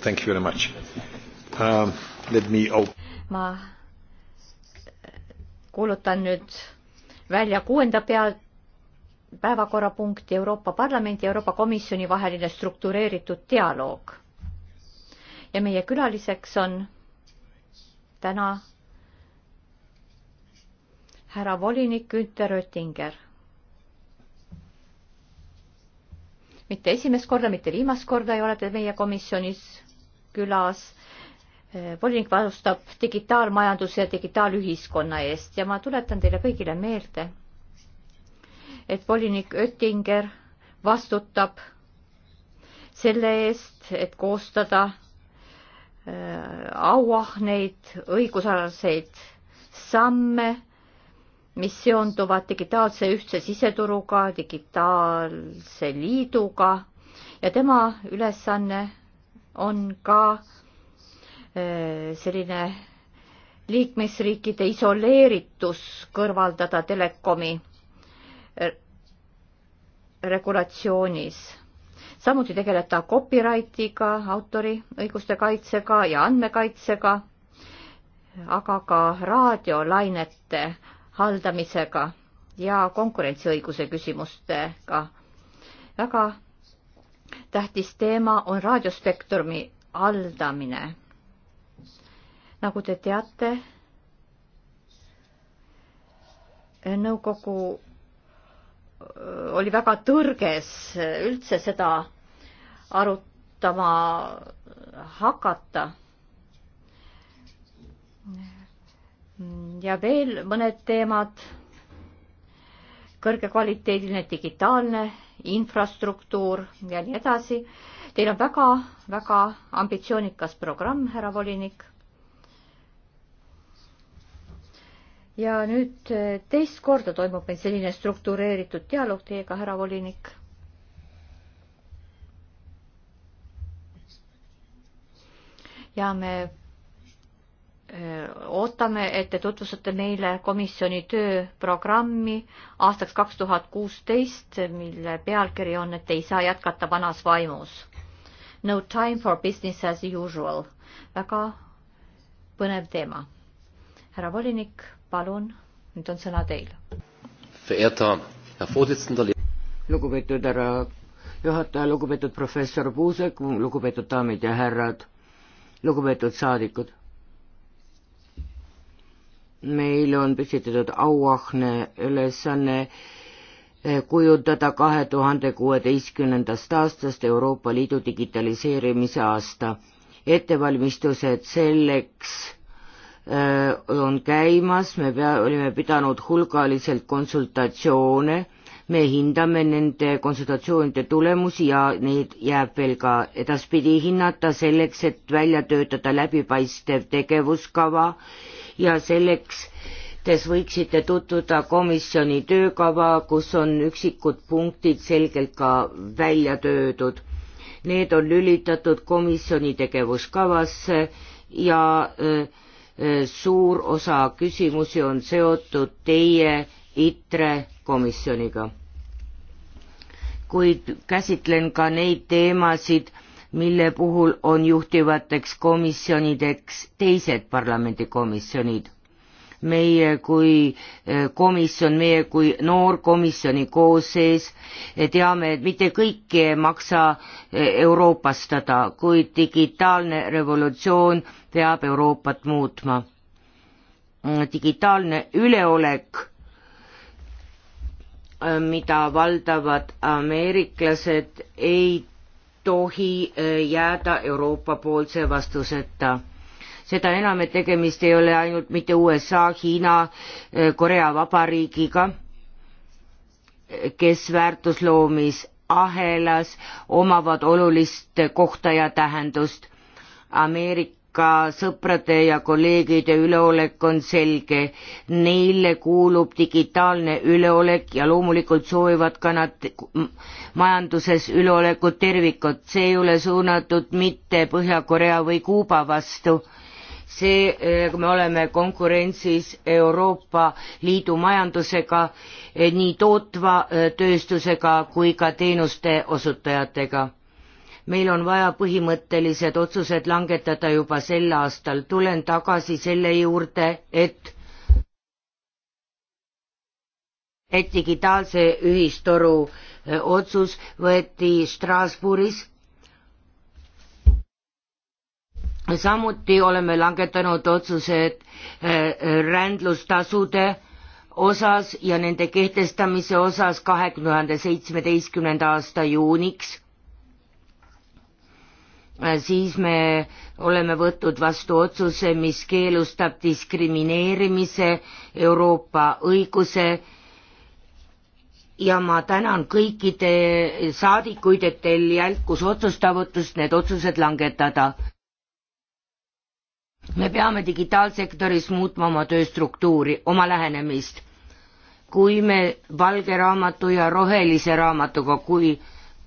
thank you very much um,. Let me open. ma kuulutan nüüd välja kuuenda pea, päevakorrapunkti Euroopa Parlamendi ja Euroopa Komisjoni vaheline struktureeritud dialoog. ja meie külaliseks on täna härra volinik Günter Oettinger mitte esimest korda, mitte viimast korda ei ole te meie komisjonis külas. volinik vastustab digitaalmajanduse ja digitaalühiskonna eest ja ma tuletan teile kõigile meelde, et volinik Oettinger vastutab selle eest, et koostada äh, auahneid õigusalaseid samme mis seonduvad digitaalse ühtse siseturuga, digitaalse liiduga ja tema ülesanne on ka äh, selline liikmesriikide isoleeritus kõrvaldada telekomi äh, regulatsioonis. samuti tegeleb ta copyrightiga, autoriõiguste kaitsega ja andmekaitsega, aga ka raadiolainete haldamisega ja konkurentsiõiguse küsimustega. väga tähtis teema on raadiospektrumi haldamine. nagu te teate, nõukogu oli väga tõrges üldse seda arutama hakata ja veel mõned teemad. kõrgekvaliteediline digitaalne infrastruktuur ja nii edasi. Teil on väga-väga ambitsioonikas programm, härra volinik. ja nüüd eh, teist korda toimub meil selline struktureeritud dialoog teiega, härra volinik. ja me ootame, et te tutvustate meile komisjoni tööprogrammi aastaks kaks tuhat kuusteist, mille pealkiri on, et ei saa jätkata vanas vaimus. No time for business as usual. väga põnev teema. härra volinik, palun, nüüd on sõna teil. lugupeetud härra juhataja, lugupeetud professor Puusek, lugupeetud daamid ja härrad, lugupeetud saadikud meile on püstitatud auahne ülesanne eh, kujundada kahe tuhande kuueteistkümnendast aastast Euroopa Liidu digitaliseerimise aasta. ettevalmistused selleks eh, on käimas, me pea, olime pidanud hulgaliselt konsultatsioone, me hindame nende konsultatsioonide tulemusi ja neid jääb veel ka edaspidi hinnata selleks, et välja töötada läbipaistev tegevuskava äh, ja sellekstes võiksite tutvuda komisjoni töökava, kus on üksikud punktid selgelt ka välja töödud. Need on lülitatud komisjoni tegevuskavasse ja äh, äh, suur osa küsimusi on seotud teie ITRE komisjoniga. kuid käsitlen ka neid teemasid mille puhul on juhtivateks komisjonideks teised parlamendikomisjonid. meie kui e, komisjon, meie kui noor komisjoni koosseis e, teame, et mitte kõiki ei maksa e, Euroopastada, kuid digitaalne revolutsioon peab Euroopat muutma. digitaalne üleolek mida valdavad ameeriklased, ei tohi eh, jääda Euroopa poolse vastuseta. seda enam, et tegemist ei ole ainult mitte USA, Hiina, eh, Korea Vabariigiga, eh, kes väärtusloomis ahelas omavad olulist kohta ja tähendust. Ameerika ka sõprade ja kolleegide üleolek on selge. Neile kuulub digitaalne üleolek ja loomulikult soovivad ka nad majanduses üleolekut tervikut. see ei ole suunatud mitte Põhja-Korea või Kuuba vastu. see, eh, me oleme konkurentsis Euroopa Liidu majandusega, eh, nii tootva eh, tööstusega kui ka teenuste osutajatega meil on vaja põhimõttelised otsused langetada juba sel aastal. tulen tagasi selle juurde, et et digitaalse ühistoru eh, otsus võeti Strasbourgis samuti oleme langetanud otsused eh, rändlustasude osas ja nende kehtestamise osas kahe tuhande seitsmeteistkümnenda aasta juuniks. Äh, siis me oleme võtnud vastu otsuse, mis keelustab diskrimineerimise Euroopa õiguse ja ma tänan kõikide saadikuid, et teil jälkus otsustavutust need otsused langetada. me peame digitaalsektoris muutma oma tööstruktuuri, oma lähenemist. kui me valge raamatu ja rohelise raamatuga, kui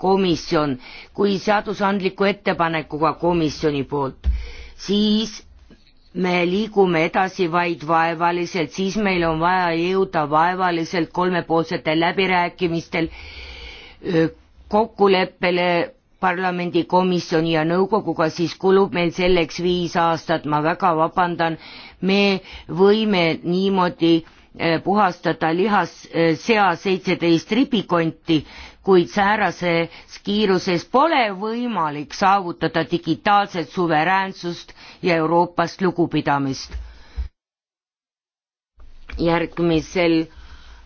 komisjon kui seadusandliku ettepanekuga komisjoni poolt, siis me liigume edasi vaid vaevaliselt, siis meil on vaja jõuda vaevaliselt kolmepoolsetel läbirääkimistel kokkuleppele parlamendi komisjoni ja nõukoguga, siis kulub meil selleks viis aastat, ma väga vabandan, me võime niimoodi puhastada lihas sea seitseteist ribikonti, kuid säärases kiiruses pole võimalik saavutada digitaalset suveräänsust ja Euroopast lugupidamist. järgmisel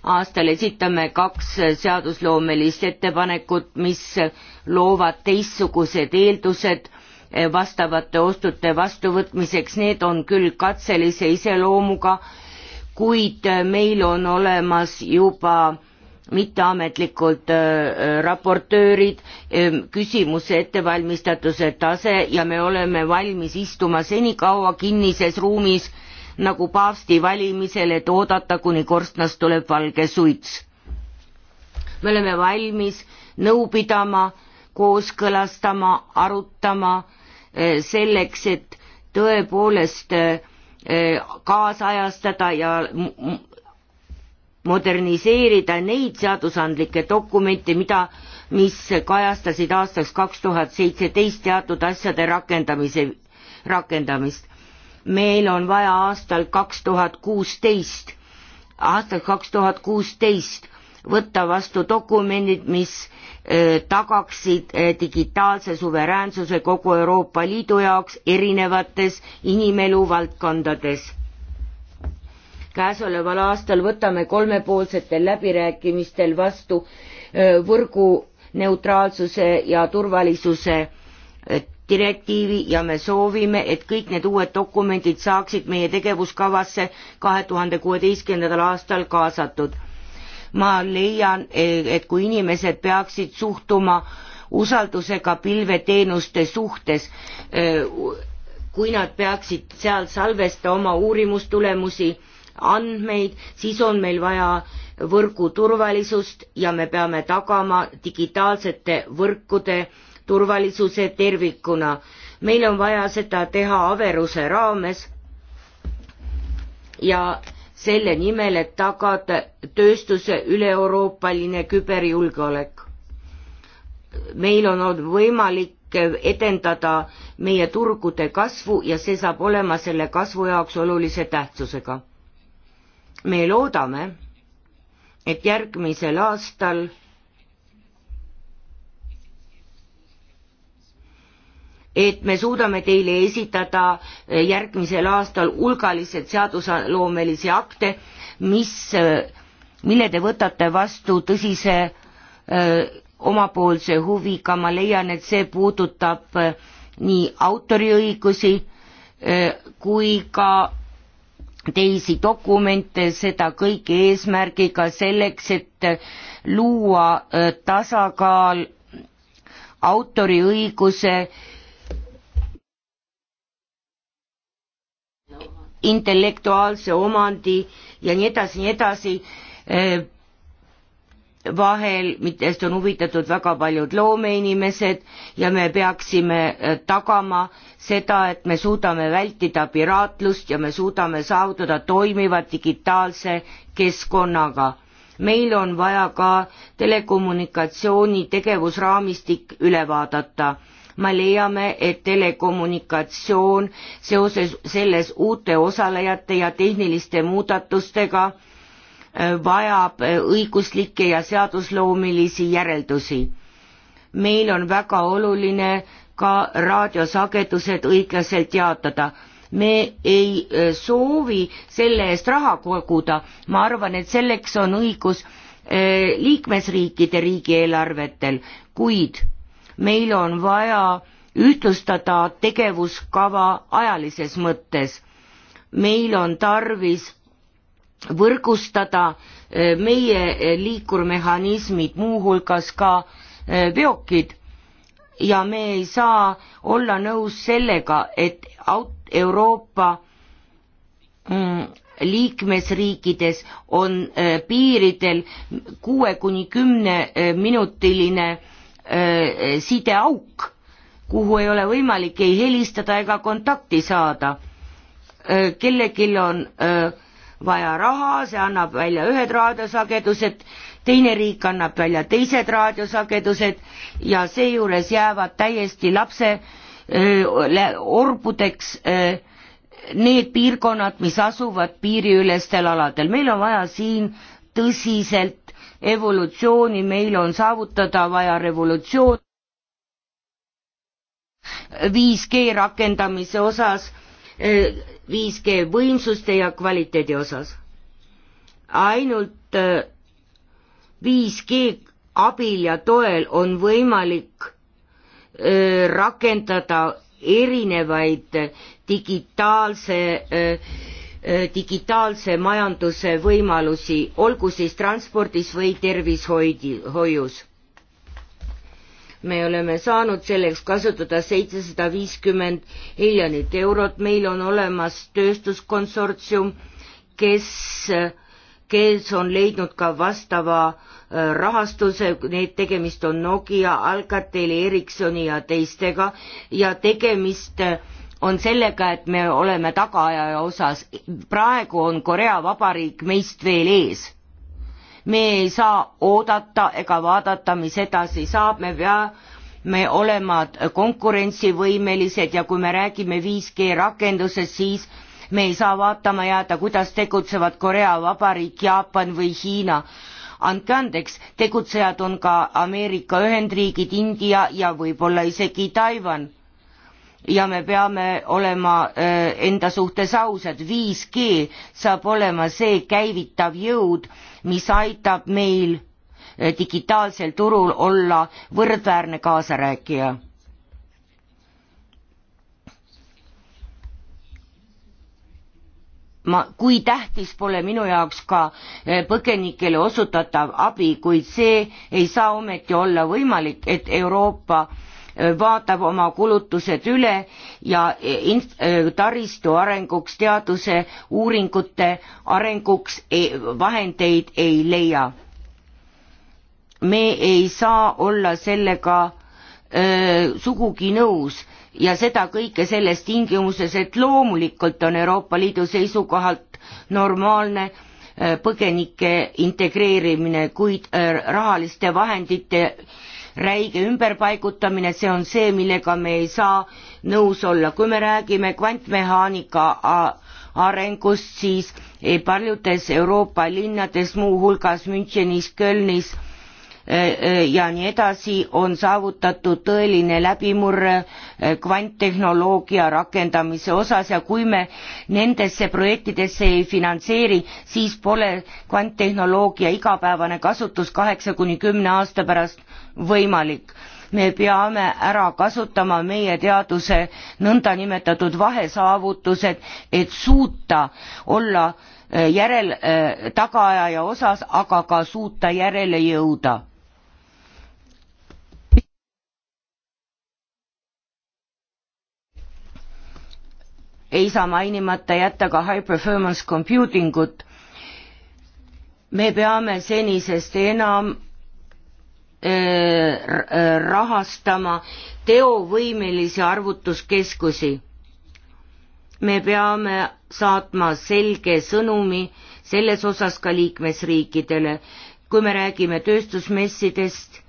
aastal esitame kaks seadusloomelist ettepanekut, mis loovad teistsugused eeldused vastavate ostute vastuvõtmiseks, need on küll katselise iseloomuga, kuid meil on olemas juba mitteametlikult äh, äh, raportöörid, ähm, küsimuse ettevalmistatuse tase ja me oleme valmis istuma senikaua kinnises ruumis nagu paavsti valimisel, et oodata, kuni korstnast tuleb valge suits. me oleme valmis nõu pidama, kooskõlastama, arutama äh, selleks, et tõepoolest kaasajastada ja moderniseerida neid seadusandlikke dokumente, mida, mis kajastasid aastaks kaks tuhat seitseteist teatud asjade rakendamise, rakendamist. meil on vaja aastal kaks tuhat kuusteist, aastal kaks tuhat kuusteist võtta vastu dokumendid, mis tagaksid digitaalse suveräänsuse kogu Euroopa Liidu jaoks erinevates inimelu valdkondades käesoleval aastal võtame kolmepoolsetel läbirääkimistel vastu võrguneutraalsuse ja turvalisuse direktiivi ja me soovime, et kõik need uued dokumendid saaksid meie tegevuskavasse kahe tuhande kuueteistkümnendal aastal kaasatud. ma leian, e, et kui inimesed peaksid suhtuma usaldusega pilveteenuste suhtes, kui nad peaksid seal salvesta oma uurimustulemusi andmeid, siis on meil vaja võrgu turvalisust ja me peame tagama digitaalsete võrkude turvalisuse tervikuna. meil on vaja seda teha averuse raames ja selle nimel, et tagada tööstuse üle-euroopaline küberjulgeolek. meil on olnud võimalik edendada meie turgude kasvu ja see saab olema selle kasvu jaoks olulise tähtsusega me loodame, et järgmisel aastal et me suudame teile esitada järgmisel aastal hulgaliselt seadusloomelisi akte, mis, mille te võtate vastu tõsise omapoolse huviga, ma leian, et see puudutab äh, nii autoriõigusi äh, kui ka teisi dokumente, seda kõike eesmärgiga selleks, et luua äh, tasakaal autoriõiguse intellektuaalse omandi ja nii edasi, nii edasi äh, vahel, millest on huvitatud väga paljud loomeinimesed ja me peaksime äh, tagama seda, et me suudame vältida piraatlust ja me suudame saavutada toimiva digitaalse keskkonnaga. meil on vaja ka telekommunikatsiooni tegevusraamistik üle vaadata me leiame, et telekommunikatsioon seoses selles uute osalejate ja tehniliste muudatustega vajab äh, õiguslikke ja seadusloomilisi järeldusi. meil on väga oluline ka raadiosagedused õiglaselt jaotada me ei äh, soovi selle eest raha koguda, ma arvan, et selleks on õigus äh, liikmesriikide riigieelarvetel, kuid meil on vaja ühtlustada tegevuskava ajalises mõttes. meil on tarvis võrgustada e, meie e, liikurmehhanismid, muuhulgas ka e, veokid ja me ei saa olla nõus sellega, et aut-, Euroopa mm, liikmesriikides on piiridel kuue kuni kümne minutiline sideauk, kuhu ei ole võimalik ei helistada ega kontakti saada. kellelgi on öö, vaja raha, see annab välja ühed raadiosagedused, teine riik annab välja teised raadiosagedused ja seejuures jäävad täiesti lapse öö, orbudeks öö, need piirkonnad, mis asuvad piiriülestel aladel. meil on vaja siin tõsiselt evolutsiooni, meil on saavutada vaja revolutsioon 5G rakendamise osas 5G võimsuste ja kvaliteedi osas. ainult 5G äh, abil ja toel on võimalik äh, rakendada erinevaid digitaalse, äh, digitaalse majanduse võimalusi, olgu siis transpordis või tervishoidi, hoius me oleme saanud selleks kasutada seitsesada viiskümmend miljonit eurot, meil on olemas tööstuskonsortsium, kes, kes on leidnud ka vastava äh, rahastuse, need tegemist on Nokia, Alcateli, Ericssoni ja teistega ja tegemist äh, on sellega, et me oleme tagaajaja osas, praegu on Korea Vabariik meist veel ees me ei saa oodata ega vaadata, mis edasi saab, me peame olema konkurentsivõimelised ja kui me räägime 5G rakendusest, siis me ei saa vaatama jääda, kuidas tegutsevad Korea Vabariik, Jaapan või Hiina. andke andeks, tegutsejad on ka Ameerika Ühendriigid, India ja võib-olla isegi Taiwan ja me peame olema äh, enda suhtes ausad, 5G saab olema see käivitav jõud, mis aitab meil äh, digitaalsel turul olla võrdväärne kaasarääkija. ma, kui tähtis pole minu jaoks ka äh, põgenikele osutatav abi, kuid see ei saa ometi olla võimalik, et Euroopa äh, vaatab oma kulutused üle ja inst-, eh, taristu arenguks, teaduse uuringute arenguks vahendeid ei leia. me ei saa olla sellega öö, eh, sugugi nõus ja seda kõike selles tingimuses, et loomulikult on Euroopa Liidu seisukohalt normaalne eh, põgenike integreerimine, kuid rahaliste vahendite räige ümberpaigutamine, see on see, millega me ei saa nõus olla. kui me räägime kvantmehaanika arengust, siis paljudes Euroopa linnades, muuhulgas Münchenis, Kölnis e, e, ja nii edasi, on saavutatud tõeline läbimurre e, kvanttehnoloogia rakendamise osas ja kui me nendesse projektidesse ei finantseeri, siis pole kvanttehnoloogia igapäevane kasutus kaheksa kuni kümne aasta pärast võimalik. me peame ära kasutama meie teaduse nõndanimetatud vahesaavutused, et suuta olla eh, järel äh, tagaajaja osas, aga ka suuta järele jõuda ei saa mainimata jätta ka high performance computing ut. me peame senisest enam Äh, äh, rahastama teovõimelisi arvutuskeskusi. me peame saatma selge sõnumi selles osas ka liikmesriikidele. kui me räägime tööstusmessidest,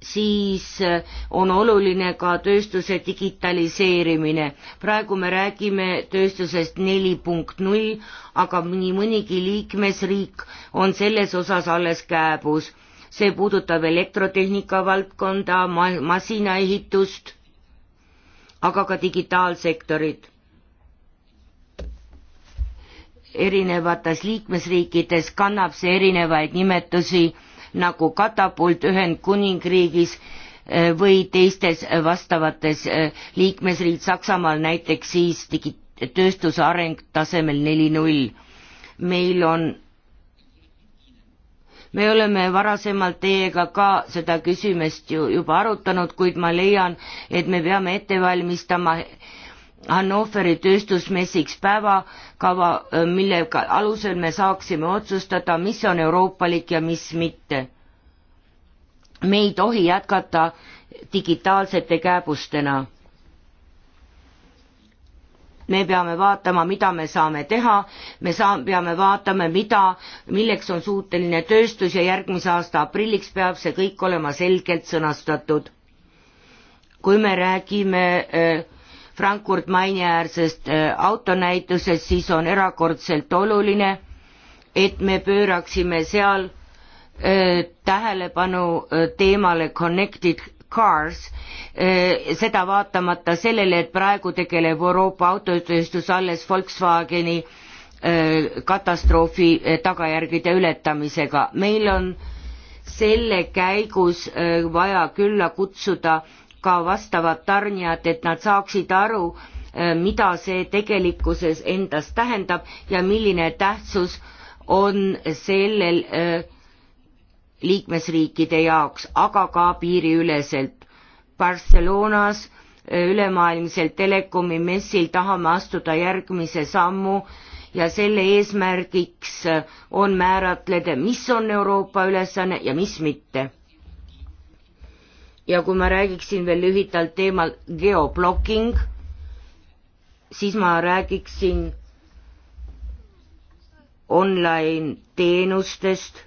siis äh, on oluline ka tööstuse digitaliseerimine. praegu me räägime tööstusest neli punkt null, aga nii mõnigi liikmesriik on selles osas alles kääbus see puudutab elektrotehnika valdkonda, masinaehitust, aga ka digitaalsektorit. erinevates liikmesriikides kannab see erinevaid nimetusi nagu katapult Ühendkuningriigis eh, või teistes eh, vastavates eh, liikmesriik, Saksamaal näiteks siis digi-, tööstuse areng tasemel neli null. meil on me oleme varasemalt teiega ka seda küsimust ju juba arutanud, kuid ma leian, et me peame ette valmistama Hannoveri tööstusmessiks päevakava, mille alusel me saaksime otsustada, mis on euroopalik ja mis mitte. me ei tohi jätkata digitaalsete kääbustena me peame vaatama, mida me saame teha, me saa-, peame vaatama, mida, milleks on suuteline tööstus ja järgmise aasta aprilliks peab see kõik olema selgelt sõnastatud. kui me räägime äh, Frankfurt Maini äärsest äh, autonäitusest, siis on erakordselt oluline, et me pööraksime seal äh, tähelepanu teemale Connected Cars, eh, seda vaatamata sellele, et praegu tegeleb Euroopa autotööstus alles Volkswageni eh, katastroofi eh, tagajärgede ületamisega. meil on selle käigus vaja külla kutsuda ka vastavad tarnijad, et nad saaksid aru, mida see tegelikkuses endast tähendab ja milline tähtsus on sellel äh, liikmesriikide jaoks, aga ka piiriüleselt. Barcelonas äh, ülemaailmsel telekomi messil tahame astuda järgmise sammu ja selle eesmärgiks äh, on määratleda, mis on Euroopa ülesanne ja mis mitte. ja kui ma räägiksin veel lühidalt teemal geoblocking, siis ma räägiksin online teenustest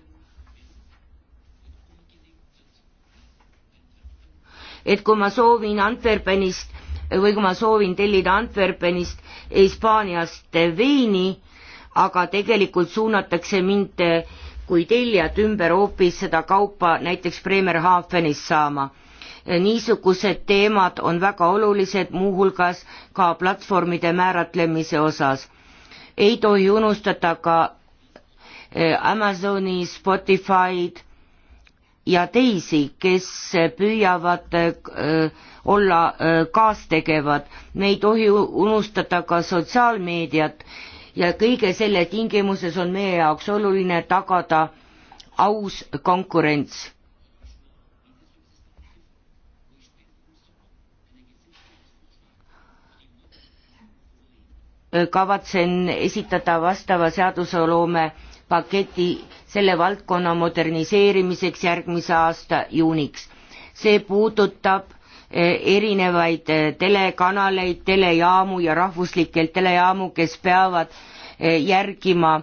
et kui ma soovin Antwerpenist või kui ma soovin tellida Antwerpenist Hispaaniast veini, aga tegelikult suunatakse mind kui tellijat ümber hoopis seda kaupa näiteks Bremerhavenist saama. niisugused teemad on väga olulised, muuhulgas ka platvormide määratlemise osas. ei tohi unustada ka eh, Amazoni, Spotify'd ja teisi, kes püüavad äh, olla äh, kaastegevad. me ei tohi unustada ka sotsiaalmeediat ja kõige selle tingimuses on meie jaoks oluline tagada aus konkurents kavatsen esitada vastava seadusloome paketi selle valdkonna moderniseerimiseks järgmise aasta juuniks. see puudutab eh, erinevaid eh, telekanaleid, telejaamu ja rahvuslikel telejaamu, kes peavad eh, järgima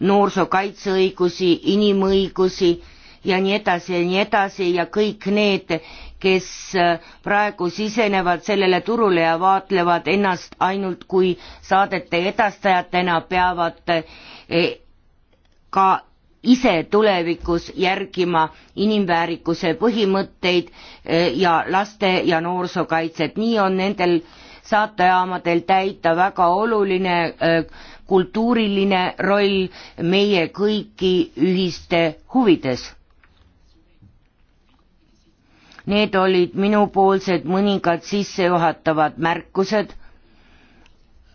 noorsookaitseõigusi, inimõigusi ja nii edasi ja nii edasi ja kõik need, kes praegu sisenevad sellele turule ja vaatlevad ennast ainult kui saadete edastajatena, peavad ka ise tulevikus järgima inimväärikuse põhimõtteid e, ja laste ja noorsookaitset. nii on nendel saatejaamadel täita väga oluline e, kultuuriline roll meie kõiki ühiste huvides. Need olid minupoolsed mõningad sissejuhatavad märkused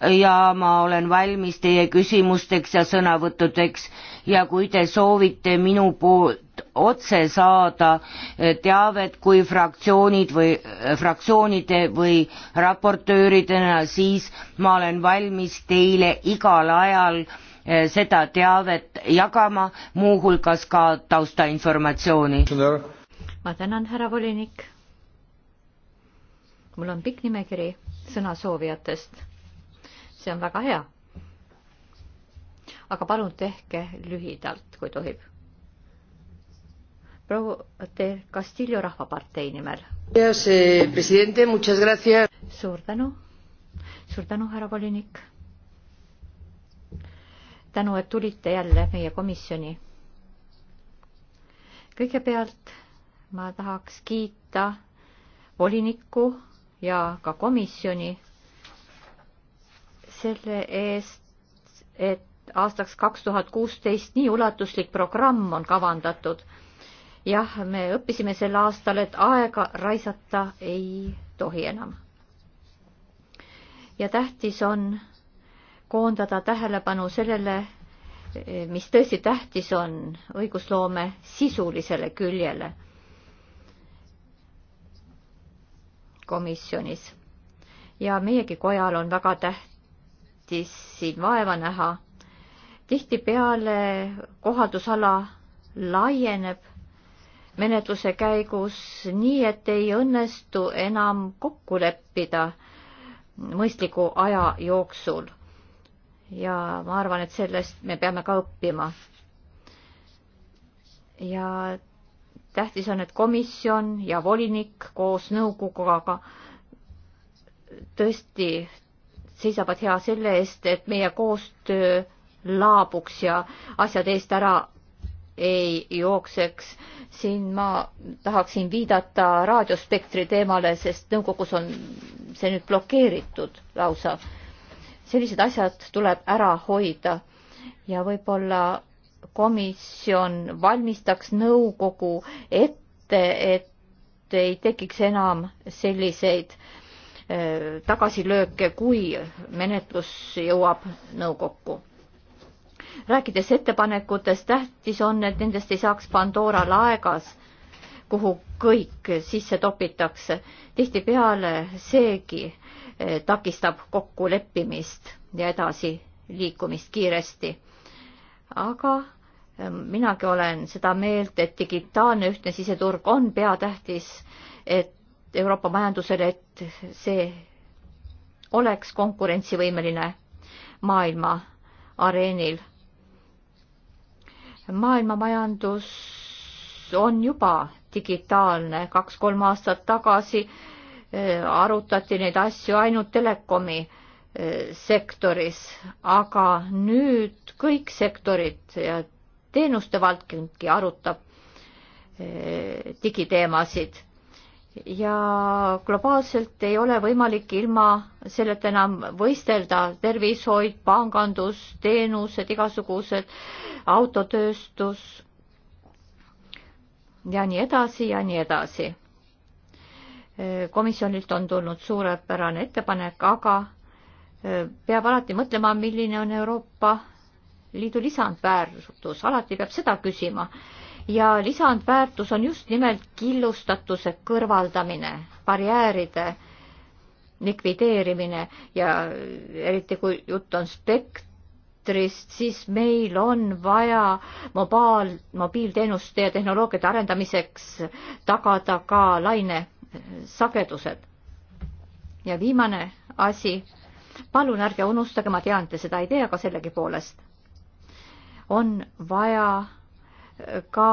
ja ma olen valmis teie küsimusteks ja sõnavõttudeks ja kui te soovite minu poolt otse saada eh, teavet kui fraktsioonid või eh, fraktsioonide või raportööridena, siis ma olen valmis teile igal ajal eh, seda teavet jagama, muuhulgas ka taustainformatsiooni. ma tänan, härra volinik. mul on pikk nimekiri sõnasoovijatest see on väga hea. aga palun tehke lühidalt, kui tohib. proua De Castillo Rahvapartei nimel. Eh, suur tänu, suur tänu, härra volinik. tänu, et tulite jälle meie komisjoni. kõigepealt ma tahaks kiita volinikku ja ka komisjoni selle eest, et aastaks kaks tuhat kuusteist nii ulatuslik programm on kavandatud. jah, me õppisime sel aastal, et aega raisata ei tohi enam. ja tähtis on koondada tähelepanu sellele, mis tõesti tähtis on õigusloome sisulisele küljele komisjonis. ja meiegi kojal on väga tähtis tähtis siin vaeva näha. tihtipeale kohaldusala laieneb menetluse käigus nii, et ei õnnestu enam kokku leppida mõistliku aja jooksul. ja ma arvan, et sellest me peame ka õppima. ja tähtis on, et komisjon ja volinik koos nõukoguga tõesti seisavad hea selle eest, et meie koostöö laabuks ja asjad eest ära ei jookseks. siin ma tahaksin viidata raadiospektri teemale, sest nõukogus on see nüüd blokeeritud lausa. sellised asjad tuleb ära hoida ja võib-olla komisjon valmistaks nõukogu ette, et ei tekiks enam selliseid tagasilööke, kui menetlus jõuab nõukokku. rääkides ettepanekutest, tähtis on, et nendest ei saaks Pandora laegas, kuhu kõik sisse topitakse. tihtipeale seegi eh, takistab kokkuleppimist ja edasiliikumist kiiresti. aga eh, minagi olen seda meelt, et digitaalne ühtne siseturg on peatähtis, et Euroopa majandusele, et see oleks konkurentsivõimeline maailma areenil. maailma majandus on juba digitaalne, kaks-kolm aastat tagasi eh, arutati neid asju ainult telekomi eh, sektoris, aga nüüd kõik sektorid ja teenuste valdkondki arutab eh, digiteemasid ja globaalselt ei ole võimalik ilma selleta enam võistelda, tervishoid, pangandus, teenused, igasugused, autotööstus ja nii edasi ja nii edasi. komisjonilt on tulnud suurepärane ettepanek, aga e, peab alati mõtlema, milline on Euroopa Liidu lisandväärtus, alati peab seda küsima ja lisandväärtus on just nimelt killustatuse kõrvaldamine, barjääride likvideerimine ja eriti kui jutt on spektrist, siis meil on vaja mobaal, mobiilteenuste ja tehnoloogiate arendamiseks tagada ka lainesagedused. ja viimane asi, palun ärge unustage, ma tean, te seda ei tee, aga sellegipoolest on vaja ka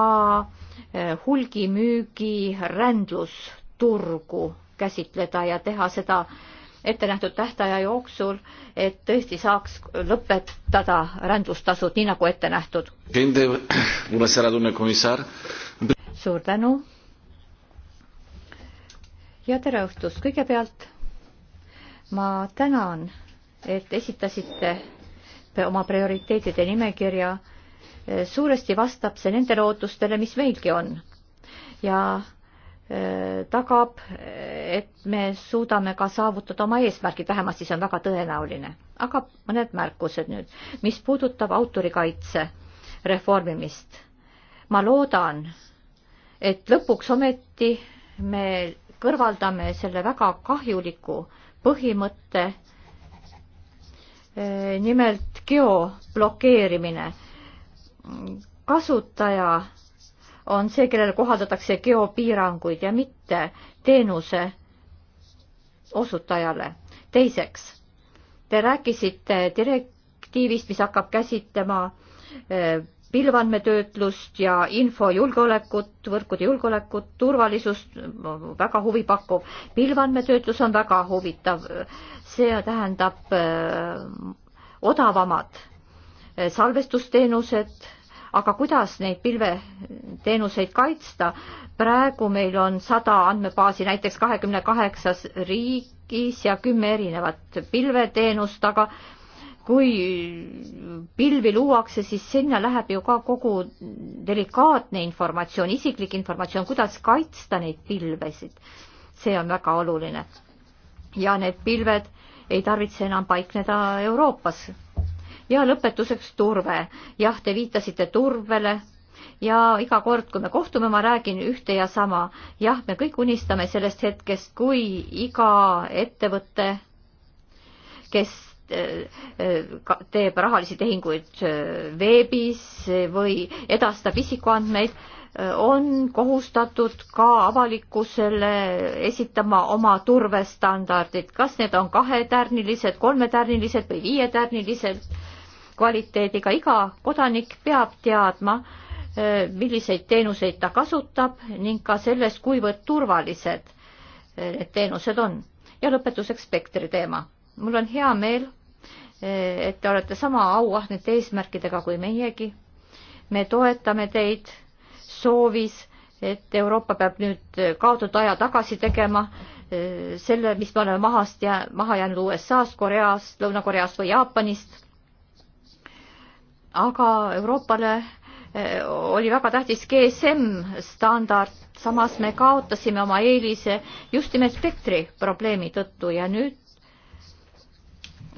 eh, hulgimüügi rändlusturgu käsitleda ja teha seda ettenähtud tähtaja jooksul, et tõesti saaks lõpetada rändlustasud nii nagu ette nähtud. suur tänu. ja tere õhtust. kõigepealt ma tänan, et esitasite oma prioriteetide nimekirja suuresti vastab see nendele ootustele, mis meilgi on. ja e, tagab, e, et me suudame ka saavutada oma eesmärgid, vähemasti see on väga tõenäoline. aga mõned märkused nüüd, mis puudutab autorikaitse reformimist. ma loodan, et lõpuks ometi me kõrvaldame selle väga kahjuliku põhimõtte, e, nimelt geoblokeerimine kasutaja on see, kellele kohaldatakse geopiiranguid ja mitte teenuse osutajale. teiseks, te rääkisite direktiivist, mis hakkab käsitlema eh, pilvandmetöötlust ja infojulgeolekut, võrkude julgeolekut, turvalisust, väga huvipakkuv. pilvandmetöötlus on väga huvitav, see tähendab eh, odavamat Eh, salvestusteenused, aga kuidas neid pilveteenuseid kaitsta, praegu meil on sada andmebaasi näiteks kahekümne kaheksas riigis ja kümme erinevat pilveteenust, aga kui pilvi luuakse, siis sinna läheb ju ka kogu delikaatne informatsioon, isiklik informatsioon, kuidas kaitsta neid pilvesid. see on väga oluline. ja need pilved ei tarvitse enam paikneda Euroopas ja lõpetuseks turve. jah, te viitasite turvele ja iga kord, kui me kohtume, ma räägin ühte ja sama. jah, me kõik unistame sellest hetkest, kui iga ettevõte, kes äh, äh, teeb rahalisi tehinguid äh, veebis või edastab isikuandmeid, on kohustatud ka avalikkusele esitama oma turvestandardid, kas need on kahetärnilised, kolmetärnilised või viietärnilised kvaliteediga, iga kodanik peab teadma, eh, milliseid teenuseid ta kasutab ning ka sellest, kuivõrd turvalised eh, need teenused on. ja lõpetuseks spektri teema. mul on hea meel, eh, et te olete sama auahnete eesmärkidega kui meiegi. me toetame teid soovis, et Euroopa peab nüüd kaotatud aja tagasi tegema selle, mis me oleme mahast ja maha jäänud USA-st, Koreast, Lõuna-Koreast või Jaapanist aga Euroopale eh, oli väga tähtis GSM standard, samas me kaotasime oma eelise just nimelt spektri probleemi tõttu ja nüüd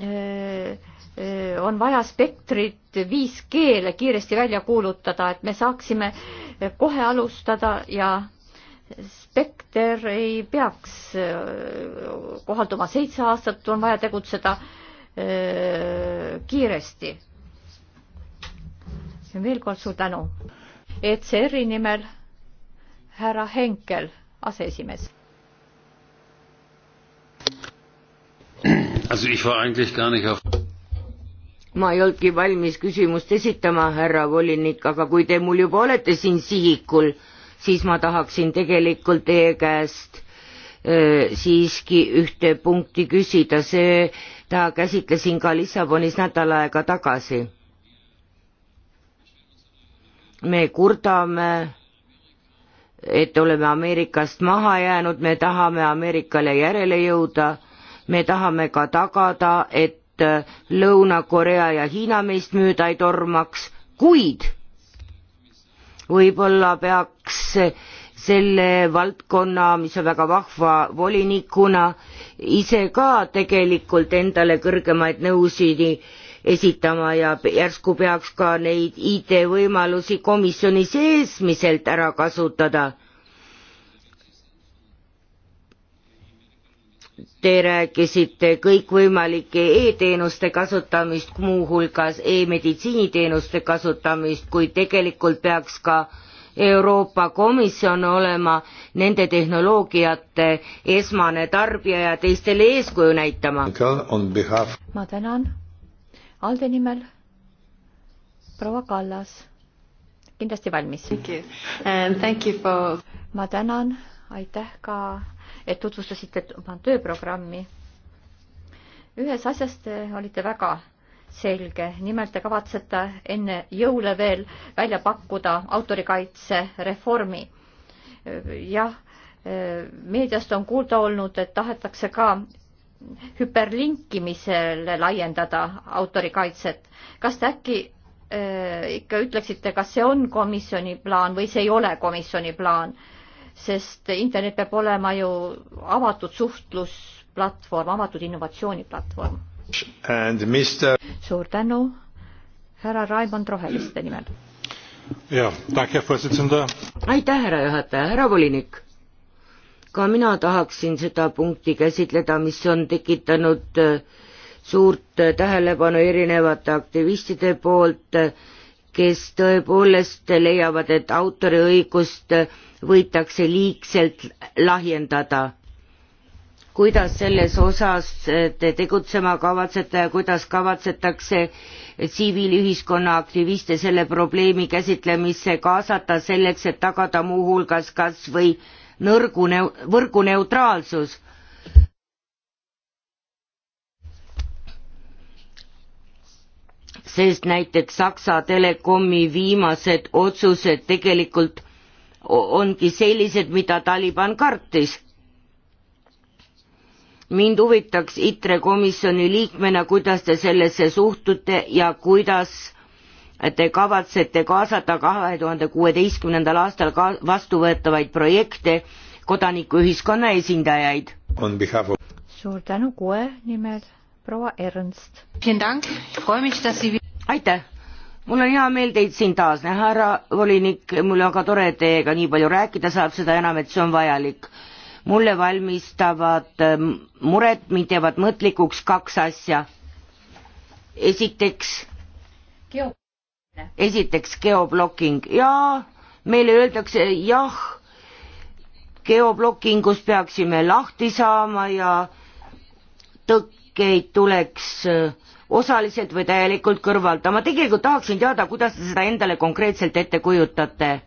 eh, eh, on vaja spektrit 5G-le kiiresti välja kuulutada, et me saaksime kohe alustada ja spekter ei peaks kohalduma seitse aastat, on vaja tegutseda kiiresti veel kord suur tänu. ECR-i nimel härra Henkel, aseesimees. ma ei olnudki valmis küsimust esitama, härra volinik, aga kui te mul juba olete siin sihikul, siis ma tahaksin tegelikult teie käest öö, siiski ühte punkti küsida, see, ta käsitlesin ka Lissabonis nädal aega tagasi me kurdame, et oleme Ameerikast maha jäänud, me tahame Ameerikale järele jõuda, me tahame ka tagada, et Lõuna-Korea ja Hiina meist mööda ei tormaks, kuid võib-olla peaks selle valdkonna, mis on väga vahva volinikuna, ise ka tegelikult endale kõrgemaid nõusid esitama ja järsku peaks ka neid IT-võimalusi komisjoni seesmiselt ära kasutada. Te rääkisite kõikvõimalike e-teenuste kasutamist, muuhulgas e-meditsiiniteenuste kasutamist, kuid tegelikult peaks ka Euroopa Komisjon olema nende tehnoloogiate esmane tarbija ja teistele eeskuju näitama. ma tänan ALDE nimel proua Kallas, kindlasti valmis. For... ma tänan, aitäh ka, et tutvustasite oma tööprogrammi. ühes asjas te olite väga selge, nimelt te kavatsete enne jõule veel välja pakkuda autorikaitsereformi. jah, meediast on kuulda olnud, et tahetakse ka hüperlinkimisele laiendada autorikaitset. kas te äkki äh, ikka ütleksite, kas see on komisjoni plaan või see ei ole komisjoni plaan? sest internet peab olema ju avatud suhtlusplatvorm, avatud innovatsiooniplatvorm. Mister... suur tänu, härra Raimond Roheliste nimel. aitäh, härra juhataja, härra volinik ka mina tahaksin seda punkti käsitleda, mis on tekitanud äh, suurt äh, tähelepanu erinevate aktivistide poolt, äh, kes tõepoolest leiavad, et autoriõigust võidakse liigselt lahjendada. kuidas selles osas te tegutsema kavatsete ja kuidas kavatsetakse tsiviilühiskonna aktiviste selle probleemi käsitlemisse kaasata selleks, et tagada muuhulgas kas või äh, nõrgu neu-, võrguneutraalsus. sest näiteks Saksa Telekomi viimased otsused tegelikult ongi sellised, mida Taliban kartis mind huvitaks ITRE komisjoni liikmena, kuidas te sellesse suhtute ja kuidas te kavatsete kaasata kahe tuhande kuueteistkümnendal aastal ka vastuvõetavaid projekte kodanikuühiskonna esindajaid. Of... suur tänu koe nimel proua Ernst. aitäh, mul on hea meel teid siin taas näha, härra volinik, mul on ka tore, et teiega nii palju rääkida saab, seda enam, et see on vajalik. mulle valmistavad ähm, muret, mind teevad mõtlikuks kaks asja. esiteks Kio esiteks geoblocking ja meile öeldakse jah, geoblocking-ust peaksime lahti saama ja tõkkeid tuleks äh, osaliselt või täielikult kõrvalda. ma tegelikult tahaksin teada, kuidas te seda endale konkreetselt ette kujutate.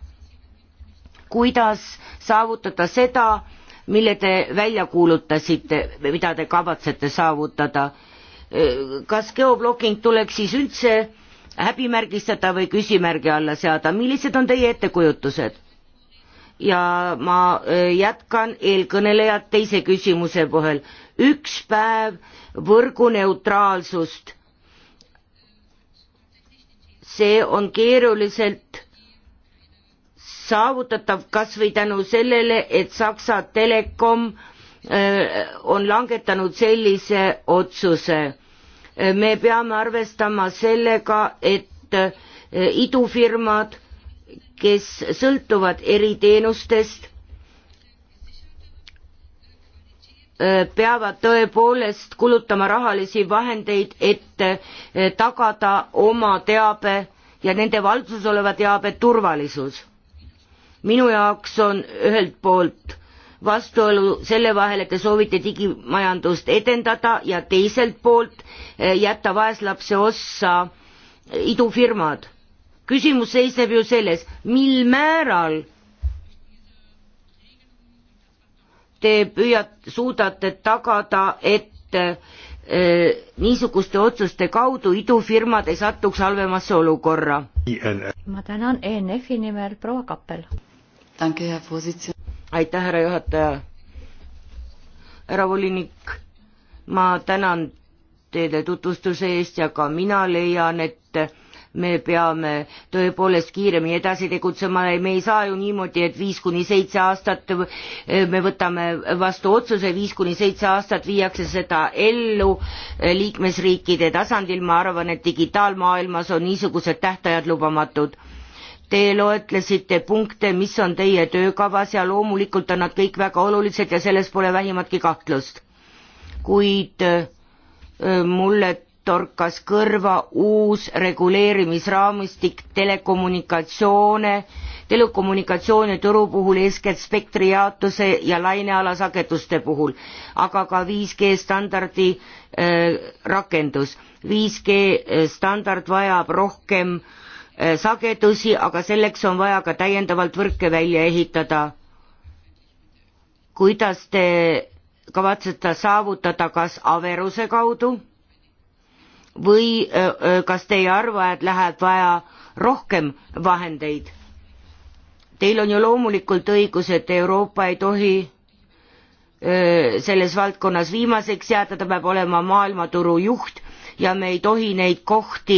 kuidas saavutada seda, mille te välja kuulutasite, mida te kavatsete saavutada? Äh, kas geoblocking tuleks siis üldse häbimärgistada või küsimärgi alla seada, millised on teie ettekujutused? ja ma e, jätkan eelkõnelejad teise küsimuse põhjal. üks päev võrguneutraalsust. see on keeruliselt saavutatav kas või tänu sellele, et Saksa Telekom e, on langetanud sellise otsuse me peame arvestama sellega, et e, idufirmad, kes sõltuvad eriteenustest, e, peavad tõepoolest kulutama rahalisi vahendeid, et e, tagada oma teabe ja nende valduses oleva teabe turvalisus. minu jaoks on ühelt poolt vastuolu selle vahel, et te soovite digimajandust edendada ja teiselt poolt eh, jätta vaeslapse ossa idufirmad. küsimus seisneb ju selles, mil määral te püüate, suudate tagada, et äh, niisuguste otsuste kaudu idufirmad ei satuks halvemasse olukorra. ma tänan ENF-i nimel proua Kappel aitäh, härra juhataja. härra volinik, ma tänan teile tutvustuse eest ja ka mina leian, et me peame tõepoolest kiiremini edasi tegutsema, me ei saa ju niimoodi, et viis kuni seitse aastat me võtame vastu otsuse, viis kuni seitse aastat viiakse seda ellu liikmesriikide tasandil, ma arvan, et digitaalmaailmas on niisugused tähtajad lubamatud Te loetlesite punkte, mis on teie töökavas ja loomulikult on nad kõik väga olulised ja selles pole vähimatki kahtlust. kuid mulle torkas kõrva uus reguleerimisraamistik telekommunikatsioone, telekommunikatsioonituru puhul eeskätt spektrijaotuse ja laineala sageduste puhul, aga ka 5G standardi äh, rakendus. 5G standard vajab rohkem äh, Äh, sagedusi, aga selleks on vaja ka täiendavalt võrke välja ehitada. kuidas te kavatsete saavutada, kas averuse kaudu või äh, äh, kas te ei arva, et läheb vaja rohkem vahendeid? Teil on ju loomulikult õigus, et Euroopa ei tohi selles valdkonnas viimaseks jääda, ta peab olema maailmaturu juht ja me ei tohi neid kohti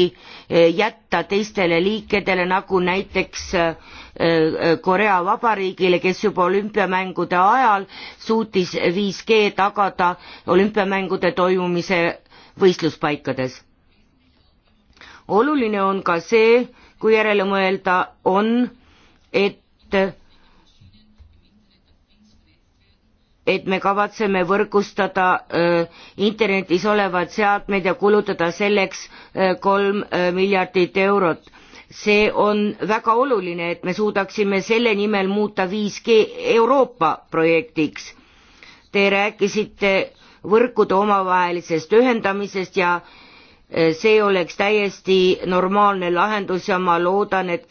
eh, jätta teistele liikidele, nagu näiteks eh, eh, Korea Vabariigile, kes juba olümpiamängude ajal suutis 5G tagada olümpiamängude toimumise võistluspaikades. oluline on ka see, kui järele mõelda, on, et et me kavatseme võrgustada äh, internetis olevad seadmed ja kulutada selleks äh, kolm äh, miljardit eurot. see on väga oluline, et me suudaksime selle nimel muuta 5G Euroopa projektiks. Te rääkisite võrkude omavahelisest ühendamisest ja see oleks täiesti normaalne lahendus ja ma loodan, et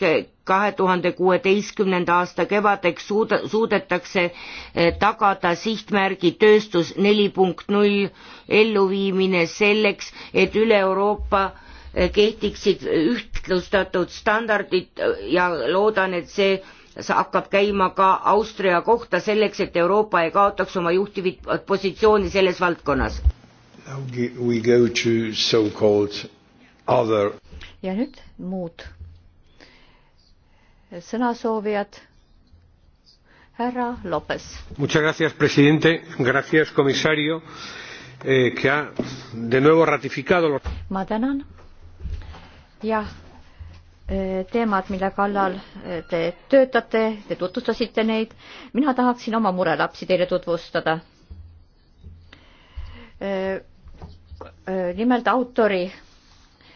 kahe tuhande kuueteistkümnenda aasta kevadeks suuda, suudetakse eh, tagada sihtmärgi tööstus neli punkt null elluviimine selleks, et üle Euroopa eh, kehtiksid ühtlustatud standardid eh, ja loodan, et see hakkab käima ka Austria kohta selleks, et Euroopa ei kaotaks oma juhtivit positsiooni selles valdkonnas. ja nüüd muud sõnasoovijad. härra Lopes. Muchas gracias, presidente, gracias, komissario eh,, que ha de nuevo ratificado. ma tänan. jah, eh, teemad, mille kallal eh, te töötate, te tutvustasite neid. mina tahaksin oma murelapsi teile tutvustada eh, nimelt autori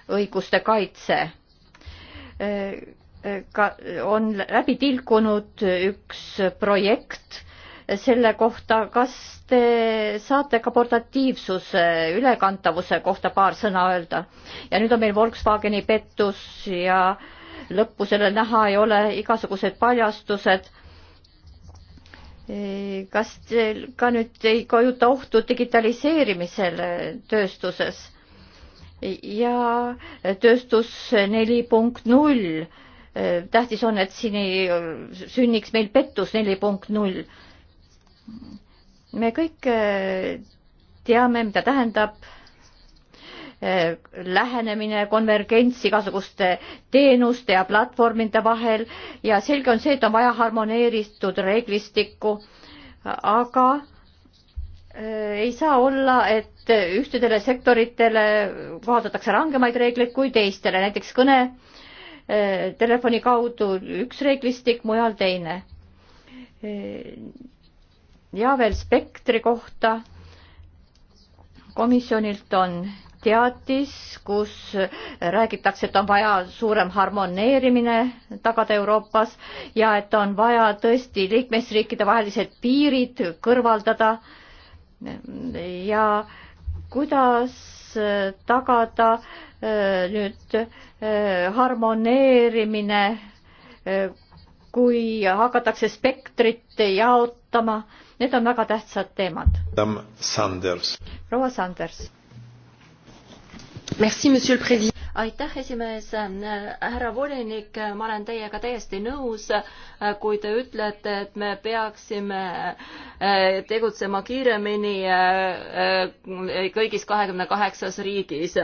õiguste kaitse ka on läbi tilkunud üks projekt selle kohta, kas te saate ka portatiivsuse, ülekantavuse kohta paar sõna öelda? ja nüüd on meil Volkswageni pettus ja lõppu sellel näha ei ole, igasugused paljastused. kas teil ka nüüd ei kujuta ohtu digitaliseerimisele tööstuses? ja tööstus neli punkt null Äh, tähtis on, et siin ei sünniks meil pettus neli punkt null. me kõik äh, teame, mida tähendab äh, lähenemine, konvergents igasuguste teenuste ja platvormide vahel ja selge on see, et on vaja harmoneeritud reeglistikku, aga ei saa olla, et ühtedele sektoritele kohaldatakse rangemaid reegleid kui teistele, näiteks kõne Eh, telefoni kaudu üks reeglistik, mujal teine. Eh, ja veel spektri kohta. komisjonilt on teatis, kus räägitakse, et on vaja suurem harmoneerimine tagada Euroopas ja et on vaja tõesti liikmesriikide vahelised piirid kõrvaldada. ja kuidas tagada eh, nüüd eh, harmoneerimine, eh, kui hakatakse spektrit jaotama. Need on väga tähtsad teemad. proua Sanders. Merci, monsieur le president aitäh, esimees, härra volinik, ma olen teiega täiesti nõus, kui te ütlete, et me peaksime eh, tegutsema kiiremini eh, eh, kõigis kahekümne kaheksas riigis.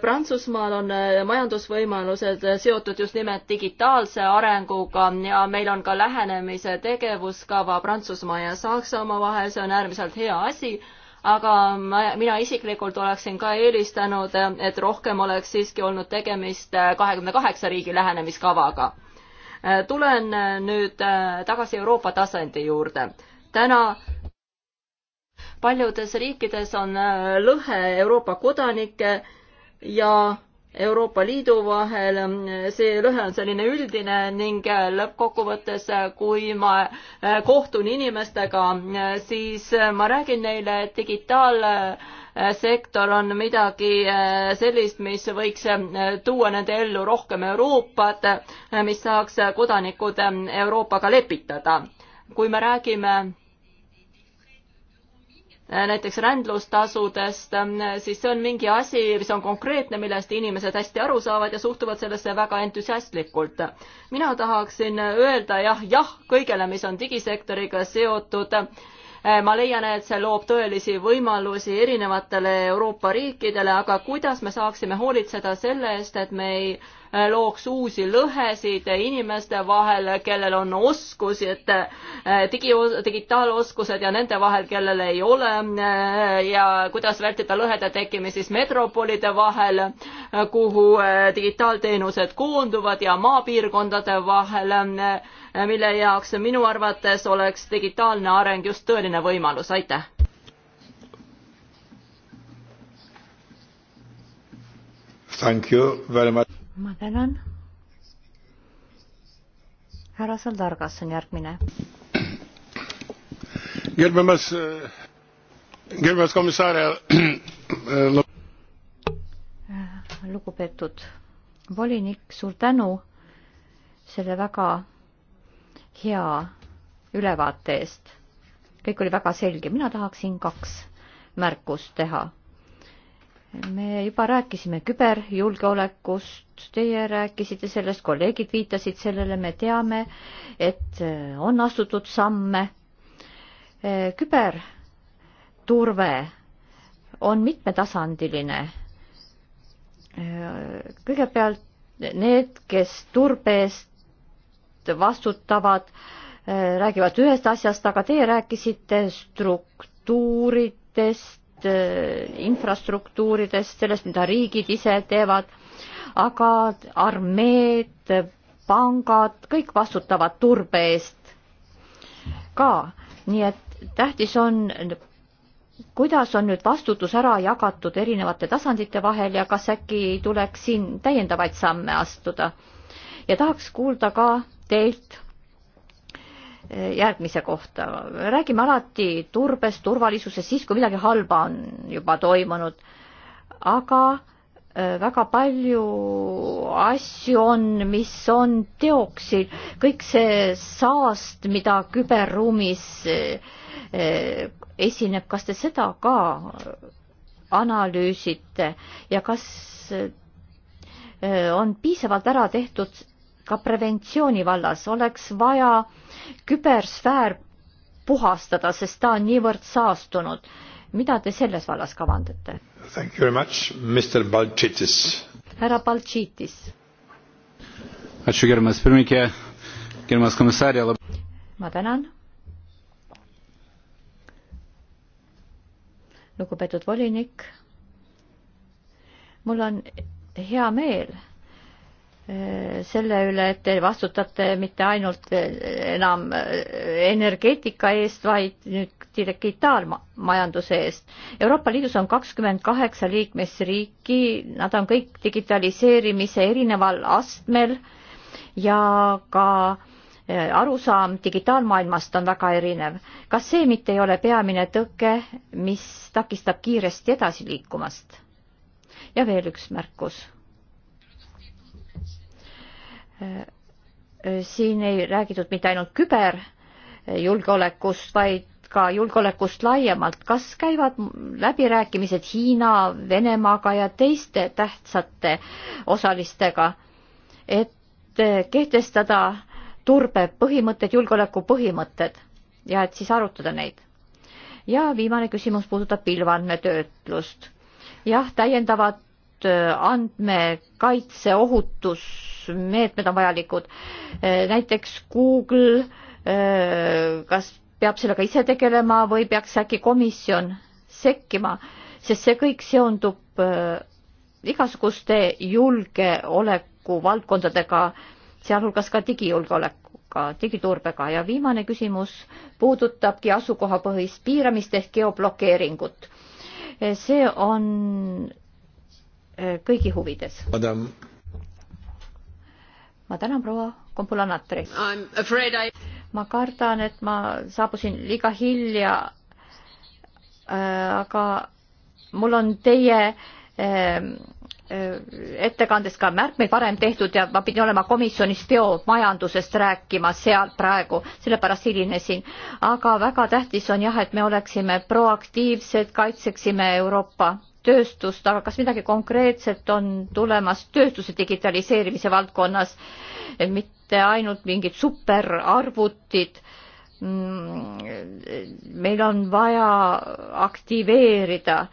Prantsusmaal on majandusvõimalused seotud just nimelt digitaalse arenguga ja meil on ka lähenemise tegevuskava Prantsusmaa ja Saksamaa vahel, see on äärmiselt hea asi aga ma, mina isiklikult oleksin ka eelistanud, et rohkem oleks siiski olnud tegemist äh, kahekümne kaheksa riigi lähenemiskavaga. Äh, tulen äh, nüüd tagasi Euroopa tasandi juurde. täna paljudes riikides on lõhe Euroopa kodanike ja Euroopa Liidu vahel, see lõhe on selline üldine ning lõppkokkuvõttes, kui ma äh, kohtun inimestega, äh, siis äh, ma räägin neile, et digitaalsektor on midagi sellist, mis võiks tuua nende ellu rohkem Euroopat, mis saaks kodanikud Euroopaga lepitada. kui me räägime Äh, näiteks rändlustasudest, äh, siis see on mingi asi, mis on konkreetne, millest inimesed hästi aru saavad ja suhtuvad sellesse väga entusiastlikult. mina tahaksin öelda jah, jah kõigele, mis on digisektoriga seotud Äh, ma leian, et see loob tõelisi võimalusi erinevatele Euroopa riikidele, aga kuidas me saaksime hoolitseda selle eest, et me ei äh, looks uusi lõhesid inimeste vahel, kellel on oskusi, et äh, digi, digitaaloskused ja nende vahel, kellel ei ole ja kuidas vältida lõhede tekkimist siis metropolide vahel, kuhu digitaalteenused koonduvad ja maapiirkondade vahel mille jaoks minu arvates oleks digitaalne areng just tõeline võimalus, aitäh! ma tänan. härra Saldargas on järgmine. gerbiamas, gerbiamas komissar äh, lugupeetud volinik, suur tänu selle väga hea ülevaate eest. kõik oli väga selge, mina tahaksin kaks märkust teha. me juba rääkisime küberjulgeolekust, teie rääkisite sellest, kolleegid viitasid sellele, me teame, et äh, on astutud samme. Äh, küberturve on mitmetasandiline. Äh, kõigepealt need, kes turbe eest vastutavad, äh, räägivad ühest asjast, aga teie rääkisite struktuuridest, äh, infrastruktuuridest, sellest, mida riigid ise teevad, aga armeed, pangad, kõik vastutavad turbe eest ka. nii et tähtis on kuidas on nüüd vastutus ära jagatud erinevate tasandite vahel ja kas äkki tuleks siin täiendavaid samme astuda? ja tahaks kuulda ka teilt järgmise kohta. räägime alati turbest, turvalisusest siis, kui midagi halba on juba toimunud. aga äh, väga palju asju on, mis on teoksil. kõik see saast, mida küberruumis äh, äh, esineb, kas te seda ka analüüsite ja kas on piisavalt ära tehtud ka preventsiooni vallas oleks vaja kübersfäär puhastada, sest ta on niivõrd saastunud. mida te selles vallas kavandate? härra Baltšiitis. ma tänan. lugupeetud volinik, mul on hea meel Äh, selle üle, et te vastutate mitte ainult äh, enam äh, energeetika eest, vaid nüüd digitaalmajanduse eest. Euroopa Liidus on kakskümmend kaheksa liikmesriiki, nad on kõik digitaliseerimise erineval astmel ja ka arusaam digitaalmaailmast on väga erinev. kas see mitte ei ole peamine tõke, mis takistab kiiresti edasi liikumast? ja veel üks märkus Äh, äh, siin ei räägitud mitte ainult küberjulgeolekust, vaid ka julgeolekust laiemalt. kas käivad läbirääkimised Hiina, Venemaaga ja teiste tähtsate osalistega, et äh, kehtestada turbepõhimõtted, julgeoleku põhimõtted ja et siis arutada neid? ja viimane küsimus puudutab pilveandmetöötlust. jah, täiendavad Äh, andmekaitse ohutusmeetmed on vajalikud. Äh, näiteks Google, äh, kas peab sellega ise tegelema või peaks äkki komisjon sekkima, sest see kõik seondub igasuguste julgeoleku valdkondadega, sealhulgas ka digijulgeolekuga, digiturbega ja viimane küsimus puudutabki asukohapõhist piiramist ehk geoblokeeringut. see on Äh, kõigi huvides. ma tänan, proua Kompulanatri. I... ma kardan, et ma saabusin liiga hilja äh,, aga mul on teie ähm, äh, ettekandest ka märkmeid varem tehtud ja ma pidin olema komisjonis biomajandusest rääkima seal praegu, sellepärast hilinesin. aga väga tähtis on jah, et me oleksime proaktiivsed, kaitseksime Euroopa tööstust, aga kas midagi konkreetset on tulemas tööstuse digitaliseerimise valdkonnas, mitte ainult mingid superarvutid? Mm, meil on vaja aktiveerida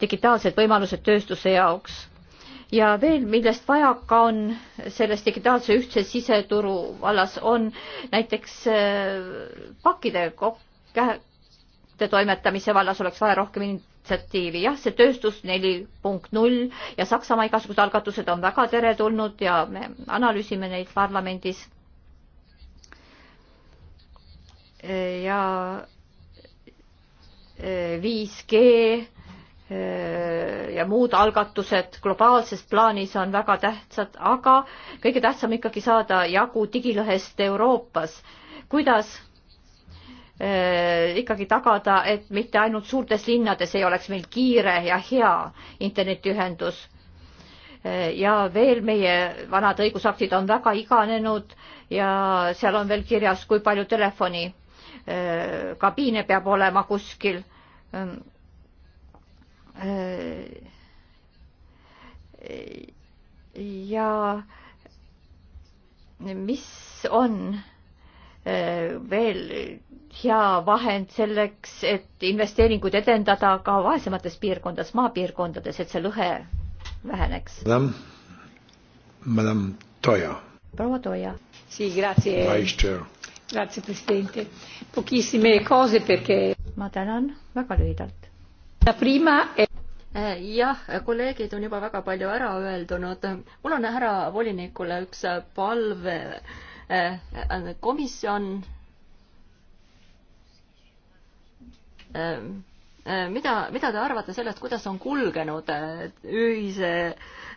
digitaalsed võimalused tööstuse jaoks ja veel, millest vajaka on selles digitaalse ühtse siseturu vallas, on näiteks äh, pakkide kätte toimetamise vallas oleks vaja rohkem initsiatiivi. jah, see tööstus neli punkt null ja Saksamaa igasugused algatused on väga teretulnud ja me analüüsime neid parlamendis. ja 5G e, e, ja muud algatused globaalses plaanis on väga tähtsad, aga kõige tähtsam ikkagi saada jagu digilõhest Euroopas. kuidas Äh, ikkagi tagada, et mitte ainult suurtes linnades ei oleks meil kiire ja hea internetiühendus. Äh, ja veel meie vanad õigusaktid on väga iganenud ja seal on veel kirjas, kui palju telefoni äh, kabiine peab olema kuskil. Ähm, ja mis on veel hea vahend selleks, et investeeringuid edendada ka vaesemates piirkondades, maapiirkondades, et see lõhe väheneks. Madame Toia. proua Toia. ma tänan väga lühidalt. Eh, jah, kolleegid on juba väga palju ära öeldunud. mul on härra volinikule üks palve. Eh, komisjon Ähm, äh, mida, mida te arvate sellest, kuidas on kulgenud äh, ühise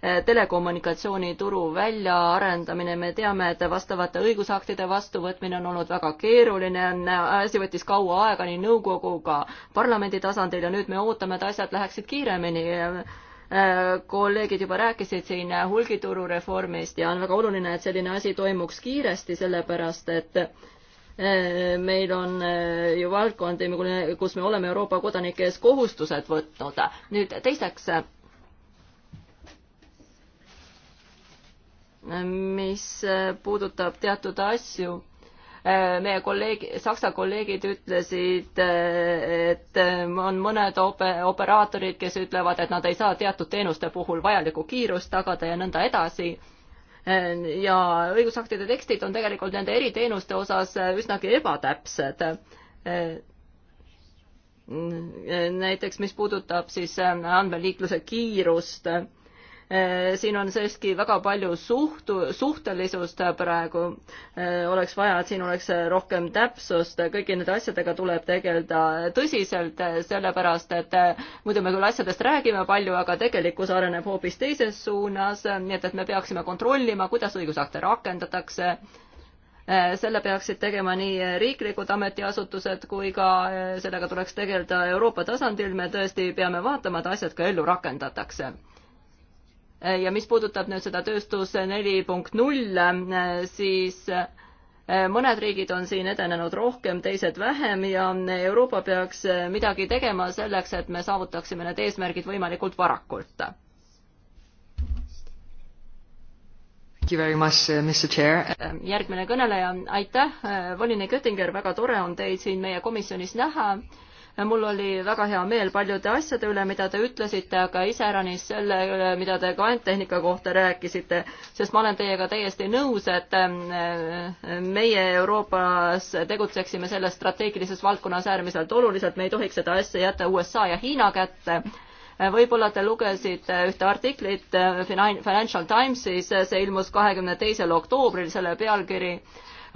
äh, telekommunikatsioonituru väljaarendamine, me teame, et vastavate õigusaktide vastuvõtmine on olnud väga keeruline, asi võttis kaua aega nii nõukoguga, parlamendi tasandil ja nüüd me ootame, et asjad läheksid kiiremini kolleegid juba rääkisid siin hulgituru reformist ja on väga oluline, et selline asi toimuks kiiresti, sellepärast et Eh, meil on eh, ju valdkondi, kus me oleme Euroopa kodanike ees kohustused võtnud. nüüd teiseks, eh, mis puudutab teatud asju, meie kolleeg, Saksa kolleegid ütlesid, et on mõned operaatorid, kes ütlevad, et nad ei saa teatud teenuste puhul vajalikku kiirust tagada ja nõnda edasi ja õigusaktide tekstid on tegelikult nende eriteenuste osas üsnagi ebatäpsed. näiteks, mis puudutab siis andmeliikluse kiirust Eh, siin on siiski väga palju suht-, suhtelisust praegu. Eh, oleks vaja, et siin oleks rohkem täpsust, kõigi nende asjadega tuleb tegeleda tõsiselt, eh, sellepärast et muidu me küll asjadest räägime palju, aga tegelikkus areneb hoopis teises suunas, nii et, et me peaksime kontrollima, kuidas õigusakte rakendatakse selle peaksid tegema nii riiklikud ametiasutused kui ka sellega tuleks tegeleda Euroopa tasandil, me tõesti peame vaatama, et asjad ka ellu rakendatakse ja mis puudutab nüüd seda tööstus neli punkt null, siis eh, mõned riigid on siin edenenud rohkem, teised vähem ja Euroopa peaks eh, midagi tegema selleks, et me saavutaksime need eesmärgid võimalikult varakult. Eh, järgmine kõneleja, aitäh, volinik Oettinger, väga tore on teid siin meie komisjonis näha mul oli väga hea meel paljude asjade üle, mida te ütlesite, aga iseäranis selle üle, mida te kvanttehnika kohta rääkisite, sest ma olen teiega täiesti nõus, et ähm, äh, meie Euroopas tegutseksime selles strateegilises valdkonnas äärmiselt oluliselt, me ei tohiks seda asja jätta USA ja Hiina kätte võib-olla te lugesite ühte artiklit äh, Financial Timesis, see ilmus kahekümne teisel oktoobril, selle pealkiri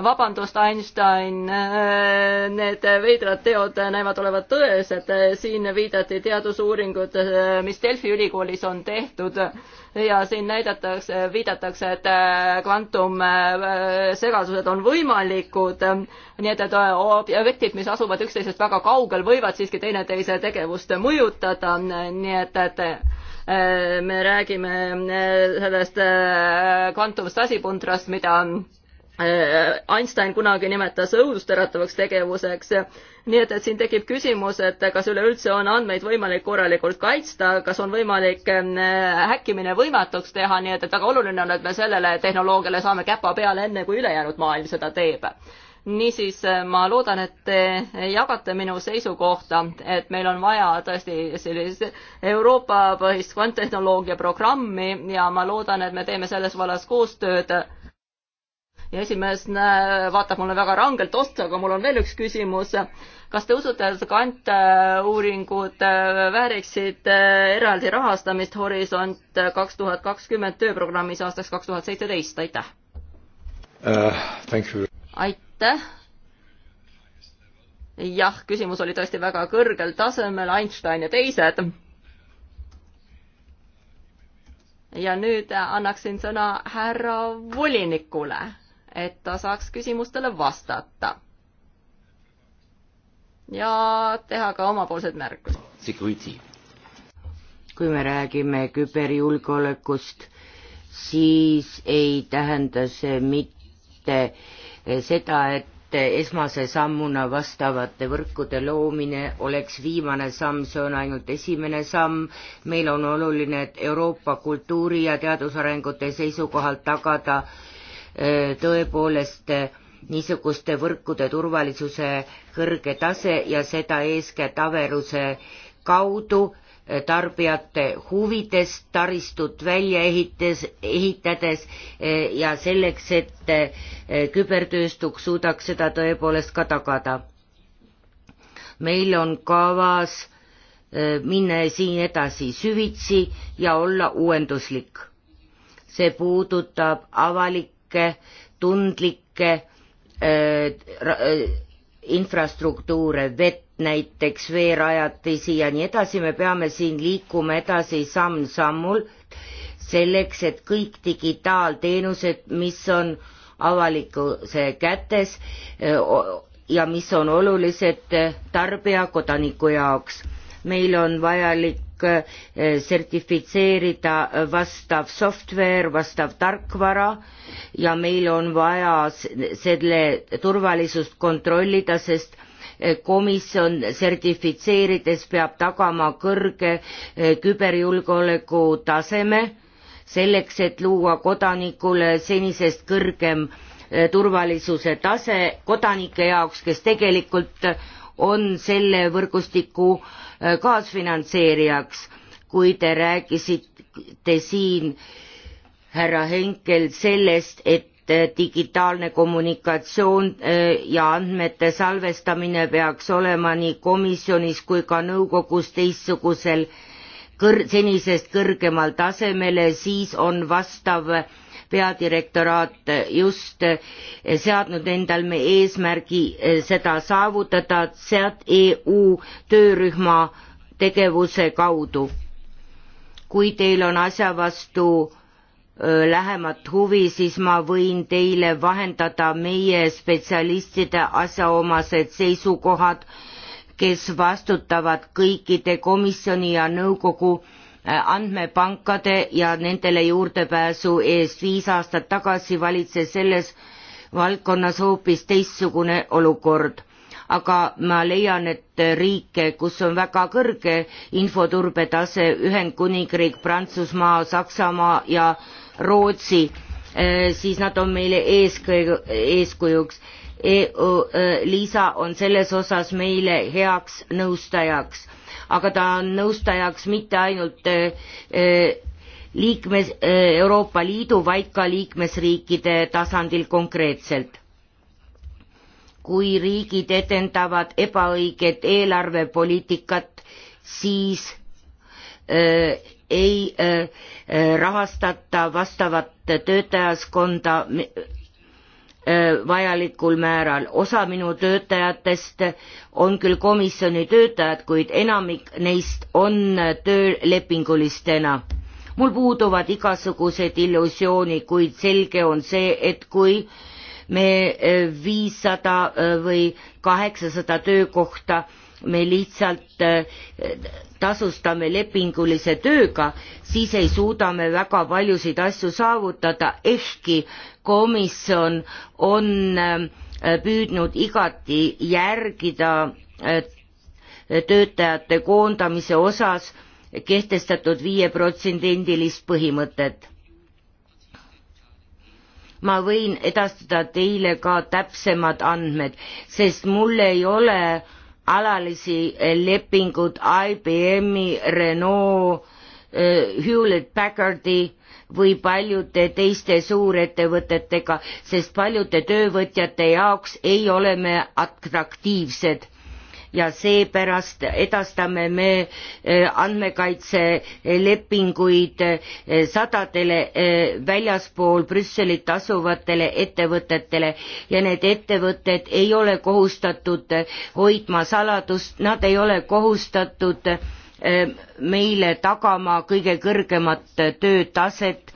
vabandust, Einstein, äh, need veidrad teod näivad olevat tõesed, siin viidati teadusuuringud, äh, mis Delfi ülikoolis on tehtud ja siin näidatakse, viidatakse, et äh, kvantumsegadused on võimalikud, nii et, et objektid, mis asuvad üksteisest väga kaugel, võivad siiski teineteise tegevust mõjutada, nii et, et me räägime sellest kvantumstasipundrast, mida Äh, Einstein kunagi nimetas õudustäratavaks tegevuseks. nii et, et siin tekib küsimus, et kas üleüldse on andmeid võimalik korralikult kaitsta, kas on võimalik äh, häkkimine võimatuks teha, nii et, et väga oluline on, et me sellele tehnoloogiale saame käpa peale, enne kui ülejäänud maailm seda teeb niisiis äh, ma loodan, et te jagate minu seisukohta, et meil on vaja tõesti sellist Euroopa-põhist kvanttehnoloogia programmi ja ma loodan, et me teeme selles vallas koostööd ja esimees vaatab mulle väga rangelt otsa, aga mul on veel üks küsimus. kas te usute, et kanteuuringud vääriksid eh, eraldi rahastamist Horisont kaks tuhat kakskümmend tööprogrammis aastaks kaks tuhat seitseteist, aitäh uh,! aitäh! jah, küsimus oli tõesti väga kõrgel tasemel, Einstein ja teised ja nüüd annaksin sõna härra volinikule et ta saaks küsimustele vastata ja teha ka omapoolsed märkused. kui me räägime küberjulgeolekust, siis ei tähenda see mitte seda, et esmase sammuna vastavate võrkude loomine oleks viimane samm, see on ainult esimene samm. meil on oluline, et Euroopa kultuuri ja teadusarengute seisukohalt tagada äh, tõepoolest niisuguste võrkude turvalisuse kõrge tase ja seda eeskätt averuse kaudu tarbijate huvidest taristut välja ehites, ehitades ja selleks, et kübertööstuk suudaks seda tõepoolest ka tagada. meil on kavas minna siin edasi süvitsi ja olla uuenduslik. see puudutab avalik riiklikke tundlikke äh, äh, infrastruktuure, vett näiteks, veerajatisi ja nii edasi, me peame siin liikuma edasi samm-sammult selleks, et kõik digitaalteenused, mis on avalikkuse kätes äh, ja mis on olulised tarbija, kodaniku jaoks meil on vajalik eh, sertifitseerida vastav software, vastav tarkvara ja meil on vaja selle turvalisust kontrollida, sest eh, komisjon sertifitseerides peab tagama kõrge eh, küberjulgeoleku taseme selleks, et luua kodanikule senisest kõrgem turvalisuse tase kodanike jaoks, kes tegelikult on selle võrgustiku Äh, kaasfinantseerijaks, kui te rääkisite siin, härra Henkel, sellest, et äh, digitaalne kommunikatsioon äh, ja andmete salvestamine peaks olema nii komisjonis kui ka nõukogus teistsugusel kõr-, senisest kõrgemal tasemel, siis on vastav äh, peadirektoraat just seadnud endale eesmärgi eh, seda saavutada sealt EU töörühma tegevuse kaudu. kui teil on asja vastu eh, lähemat huvi, siis ma võin teile vahendada meie spetsialistide asjaomased seisukohad, kes vastutavad kõikide komisjoni ja nõukogu andmepankade ja nendele juurdepääsu eest. viis aastat tagasi valitses selles valdkonnas hoopis teistsugune olukord aga ma leian, et riike, kus on väga kõrge infoturbetase, Ühendkuningriik, Prantsusmaa, Saksamaa ja Rootsi, eh, siis nad on meile eeskujuks E äh, Liisa on selles osas meile heaks nõustajaks, aga ta on nõustajaks mitte ainult äh, äh, liikmes, Euroopa Liidu, vaid ka liikmesriikide tasandil konkreetselt. kui riigid edendavad ebaõiget eelarvepoliitikat, siis öö, ei öö, rahastata vastavat töötajaskonda vajalikul määral. osa minu töötajatest on küll komisjoni töötajad, kuid enamik neist on töölepingulistena. mul puuduvad igasugused illusioonid, kuid selge on see, et kui me viissada või kaheksasada töökohta me lihtsalt tasustame lepingulise tööga, siis ei suuda me väga paljusid asju saavutada, ehkki komisjon on ähm, püüdnud igati järgida äh, töötajate koondamise osas kehtestatud viieprotsendilist põhimõtet. ma võin edastada teile ka täpsemad andmed, sest mul ei ole alalisi lepingud IBM-i, Renault, äh, Hewlett Packardi või paljude teiste suurettevõtetega, sest paljude töövõtjate jaoks ei ole me atraktiivsed ja seepärast edastame me eh, andmekaitselepinguid eh, sadadele eh, väljaspool Brüsselit asuvatele ettevõtetele ja need ettevõtted ei ole kohustatud hoidma saladust, nad ei ole kohustatud äh, Eh, meile tagama kõige kõrgemat töötaset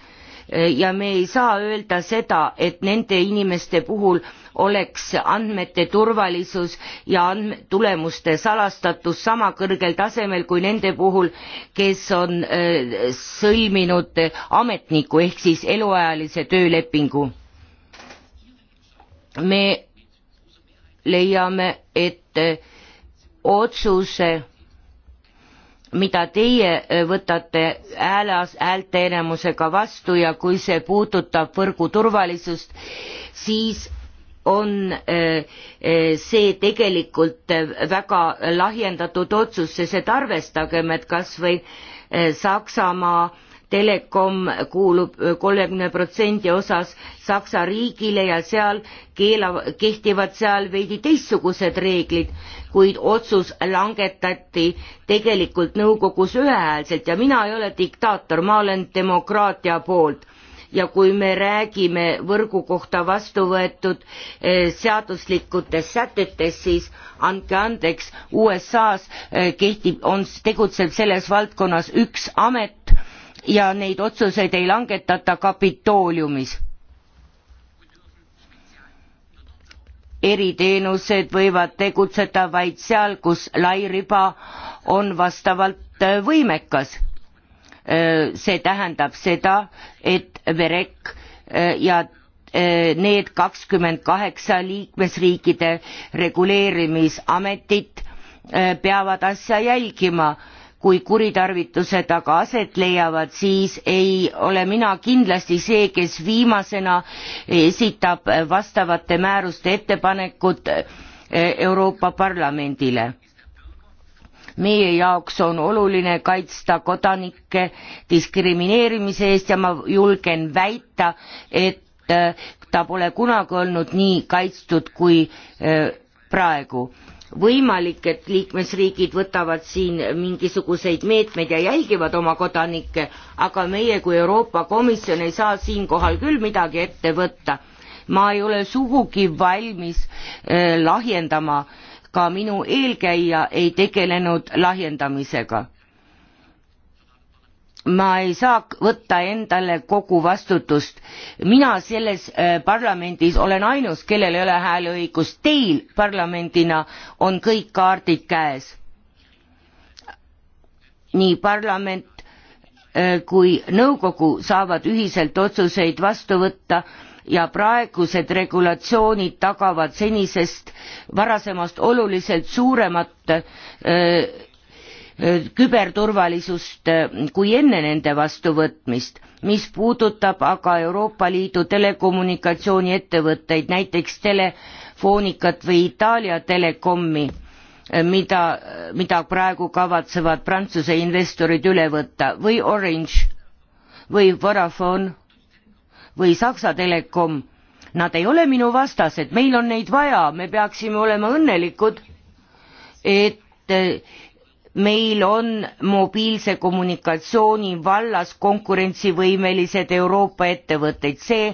eh, ja me ei saa öelda seda, et nende inimeste puhul oleks andmete turvalisus ja andme, tulemuste salastatus sama kõrgel tasemel kui nende puhul, kes on äh, sõlminud ametniku ehk siis eluajalise töölepingu. me leiame, et otsuse äh, mida teie eh, võtate häälas häälte enamusega vastu ja kui see puudutab võrgu turvalisust, siis on eh, eh, see tegelikult väga lahjendatud otsus, sest arvestagem, et kas või Saksamaa Telekom kuulub kolmekümne protsendi osas Saksa riigile ja seal keela, kehtivad seal veidi teistsugused reeglid, kuid otsus langetati tegelikult nõukogus ühehäälselt ja mina ei ole diktaator, ma olen demokraatia poolt ja kui me räägime võrgu kohta vastu võetud seaduslikutest sätetest, siis andke andeks, USA-s kehtib, on, tegutseb selles valdkonnas üks amet, ja neid otsuseid ei langetata kapitooliumis. eriteenused võivad tegutseda vaid seal, kus lairiba on vastavalt äh, võimekas. Äh, see tähendab seda, et VEREK äh, ja need kakskümmend kaheksa liikmesriikide reguleerimisametit peavad asja jälgima kui kuritarvitused aga aset leiavad, siis ei ole mina kindlasti see, kes viimasena esitab vastavate määruste ettepanekud e, Euroopa Parlamendile meie jaoks on oluline kaitsta kodanikke diskrimineerimise eest ja ma julgen väita, et e, ta pole kunagi olnud nii kaitstud kui e, praegu võimalik, et liikmesriigid võtavad siin mingisuguseid meetmeid ja jälgivad oma kodanikke, aga meie kui Euroopa Komisjon ei saa siinkohal küll midagi ette võtta. ma ei ole sugugi valmis äh, lahjendama, ka minu eelkäija ei tegelenud lahjendamisega ma ei saa võtta endale kogu vastutust. mina selles äh, parlamendis olen ainus, kellel ei ole hääleõigust, teil parlamendina on kõik kaardid käes. nii parlament äh, kui nõukogu saavad ühiselt otsuseid vastu võtta ja praegused regulatsioonid tagavad senisest varasemast oluliselt suuremat öö, äh, küberturvalisust kui enne nende vastuvõtmist, mis puudutab aga Euroopa Liidu telekommunikatsiooniettevõtteid, näiteks Telefonikat või Itaalia Telekomi, mida, mida praegu kavatsevad Prantsuse investorid üle võtta või Orange või Vodafone või Saksa Telekom. Nad ei ole minu vastased, meil on neid vaja, me peaksime olema õnnelikud, et meil on mobiilse kommunikatsiooni vallas konkurentsivõimelised Euroopa ettevõtteid, see,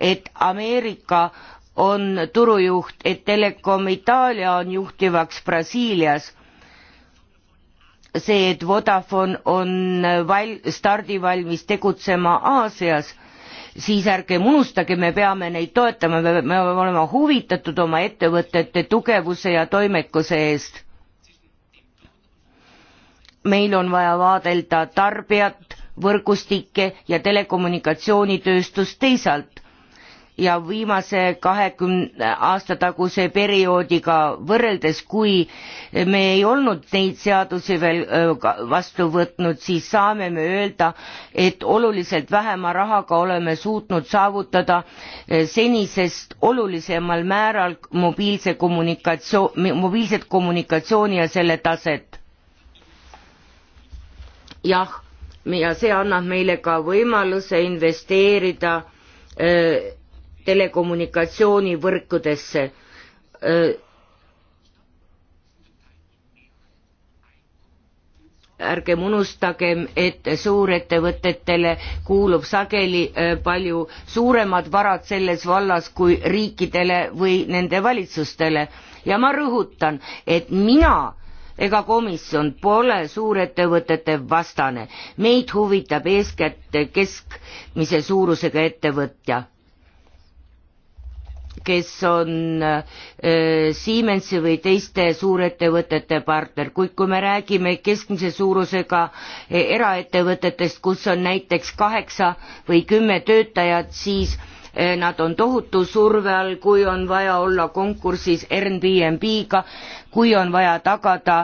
et Ameerika on turujuht, et Telekom Itaalia on juhtivaks Brasiilias, see, et Vodafone on val-, stardivalmis tegutsema Aasias, siis ärgem unustage, me peame neid toetama, me peame olema huvitatud oma ettevõtete tugevuse ja toimekuse eest meil on vaja vaadelda tarbijat, võrgustikke ja telekommunikatsioonitööstust teisalt ja viimase kahekümne aasta taguse perioodiga võrreldes, kui me ei olnud neid seadusi veel vastu võtnud, siis saame me öelda, et oluliselt vähema rahaga oleme suutnud saavutada senisest olulisemal määral mobiilse kommunikatsioon, mobiilset kommunikatsiooni ja selle taset jah, ja see annab meile ka võimaluse investeerida öö, telekommunikatsioonivõrkudesse. ärgem unustagem, et suurettevõtetele kuulub sageli palju suuremad varad selles vallas kui riikidele või nende valitsustele ja ma rõhutan, et mina ega komisjon pole suurettevõtete vastane. meid huvitab eeskätt keskmise suurusega ettevõtja, kes on äh, Siemensi või teiste suurettevõtete partner, kuid kui me räägime keskmise suurusega äh, eraettevõtetest, kus on näiteks kaheksa või kümme töötajat, siis äh, Eh, nad on tohutu surve all, kui on vaja olla konkursis Airbnb-ga, kui on vaja tagada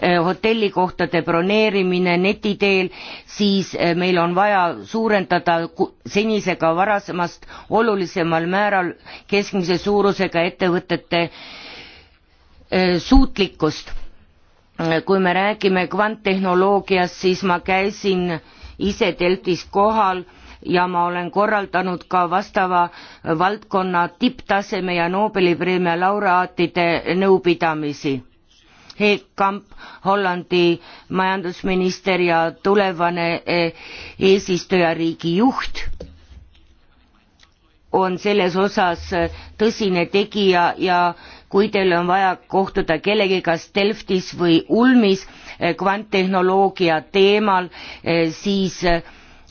eh, hotellikohtade broneerimine neti teel, siis eh, meil on vaja suurendada senisega varasemast olulisemal määral keskmise suurusega ettevõtete suutlikkust. kui me räägime kvanttehnoloogiast, siis ma käisin ise Deltis kohal ja ma olen korraldanud ka vastava valdkonna tipptaseme ja Nobeli preemia laureaatide nõupidamisi. Heek Kamp, Hollandi majandusminister ja tulevane eh, eesistujariigi juht on selles osas eh, tõsine tegija ja kui teil on vaja kohtuda kellegiga Delftis või Ulmis eh, kvanttehnoloogia teemal, siis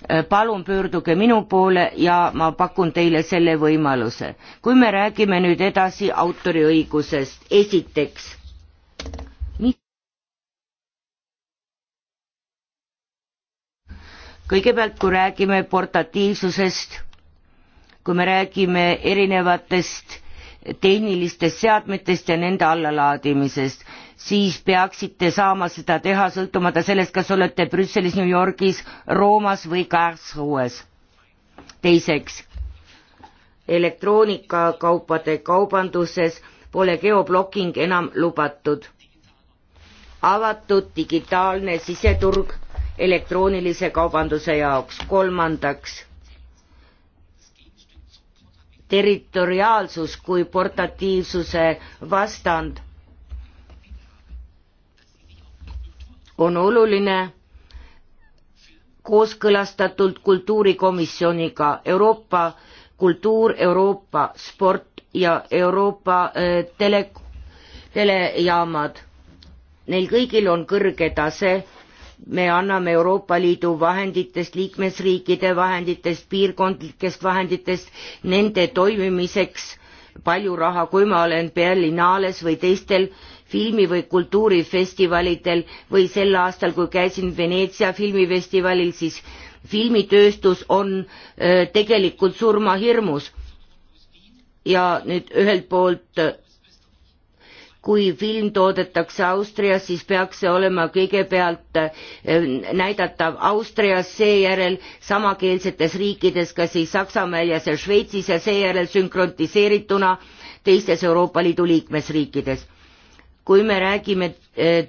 Äh, palun pöörduge minu poole ja ma pakun teile selle võimaluse. kui me räägime nüüd edasi autoriõigusest, esiteks kõigepealt, kui räägime portatiivsusest, kui me räägime erinevatest tehnilistest seadmetest ja nende allalaadimisest, siis peaksite saama seda teha sõltumata sellest, kas olete Brüsselis, New Yorgis, Roomas või Karlsruhes. teiseks, elektroonikakaupade kaubanduses pole geoblocking enam lubatud. avatud digitaalne siseturg elektroonilise kaubanduse jaoks, kolmandaks territoriaalsus kui portatiivsuse vastand on oluline kooskõlastatult kultuurikomisjoniga Euroopa kultuur, Euroopa sport ja Euroopa äh, tele, telejaamad. Neil kõigil on kõrge tase, me anname Euroopa Liidu vahenditest, liikmesriikide vahenditest, piirkondlikest vahenditest nende toimimiseks palju raha, kui ma olen Berlinales või teistel äh, filmi- või kultuurifestivalidel või sel aastal, kui käisin Veneetsia filmifestivalil, siis filmitööstus on öö, tegelikult surmahirmus. ja nüüd ühelt poolt kui film toodetakse Austrias, siis peaks see olema kõigepealt näidatav Austrias, seejärel samakeelsetes riikides, kas siis Saksamaal ja seal Šveitsis ja seejärel sünkrotiseerituna teistes Euroopa Liidu liikmesriikides kui me räägime eh,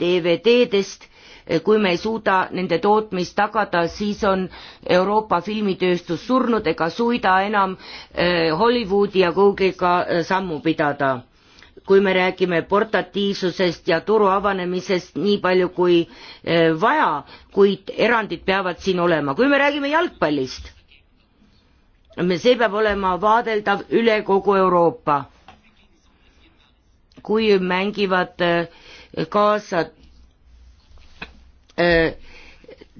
DVD-dest, eh, kui me ei suuda nende tootmist tagada, siis on Euroopa filmitööstus surnud ega suuda enam eh, Hollywoodi ja Google'iga sammu pidada. kui me räägime portatiivsusest ja turu avanemisest nii palju kui vaja, kuid erandid peavad siin olema, kui me räägime jalgpallist, see peab olema vaadeldav üle kogu Euroopa kui mängivad äh, kaasa äh,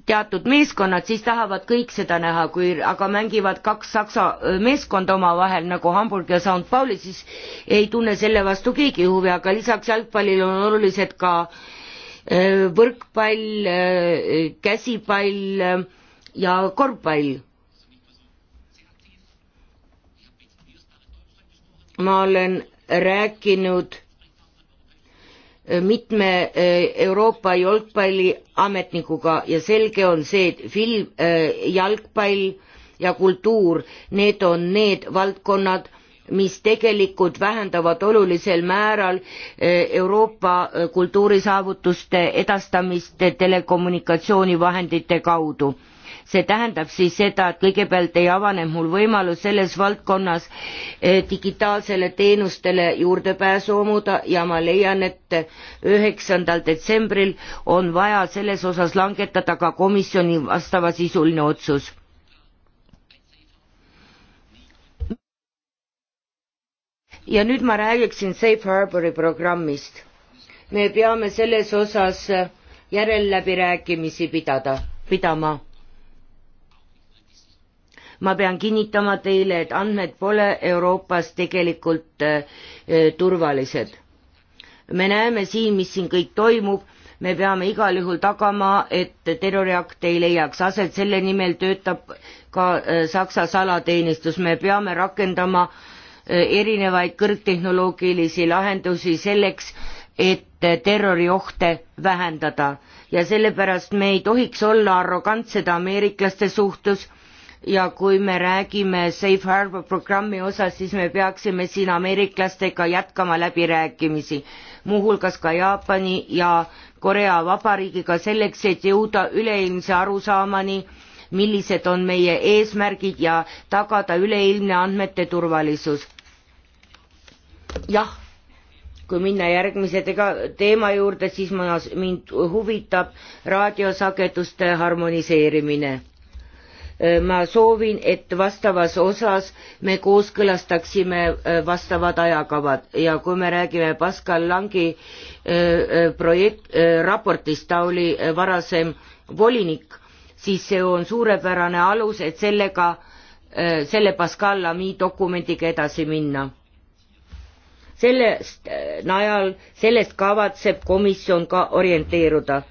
teatud meeskonnad, siis tahavad kõik seda näha, kui aga mängivad kaks saksa äh, meeskonda omavahel nagu Hamburg ja St Pauli, siis ei tunne selle vastu keegi huvi, aga lisaks jalgpallile on olulised ka võrkpall, käsipall ja korvpall ma olen rääkinud mitme e, Euroopa jalgpalliametnikuga ja selge on see, et film, e, jalgpall ja kultuur, need on need valdkonnad, mis tegelikult vähendavad olulisel määral e, Euroopa kultuurisaavutuste edastamist telekommunikatsioonivahendite kaudu see tähendab siis seda, et kõigepealt ei avane mul võimalus selles valdkonnas eh, digitaalsele teenustele juurdepääsu omuda ja ma leian, et üheksandal detsembril on vaja selles osas langetada ka komisjoni vastavasisuline otsus ja nüüd ma räägiksin Safe Harbori programmist. me peame selles osas järelläbirääkimisi pidada, pidama ma pean kinnitama teile, et andmed pole Euroopas tegelikult äh, äh, turvalised. me näeme siin, mis siin kõik toimub, me peame igal juhul tagama, et terroriakt ei leiaks aset, selle nimel töötab ka äh, Saksa salateenistus, me peame rakendama erinevaid kõrgtehnoloogilisi lahendusi selleks, et terroriohte vähendada ja sellepärast me ei tohiks olla arrogantsed ameeriklaste suhtes ja kui me räägime Safe Harbor programmi osas, siis me peaksime siin ameeriklastega jätkama läbirääkimisi, muuhulgas ka Jaapani ja Korea Vabariigiga selleks, et jõuda üleilmse arusaamani, millised on meie eesmärgid ja tagada üleilmne andmete turvalisus. jah kui minna järgmise tega, teema juurde, siis ma, mind huvitab raadiosageduste harmoniseerimine. Äh, ma soovin, et vastavas osas me kooskõlastaksime äh, vastavad ajakavad ja kui me räägime Pascal Langi äh, projekt, raportist, ta oli varasem volinik, siis see on suurepärane alus, et sellega, selle Pascal Lamy dokumendiga edasi minna sellest najal, sellest kavatseb komisjon ka orienteeruda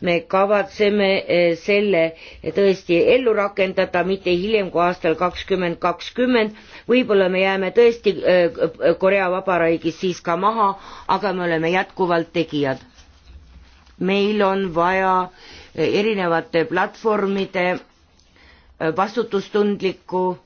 me kavatseme eh, selle eh, tõesti ellu rakendada, mitte hiljem kui aastal kakskümmend kakskümmend. võib-olla me jääme tõesti eh, Korea Vabariigis siis ka maha, aga me oleme jätkuvalt tegijad. meil on vaja erinevate platvormide vastutustundlikku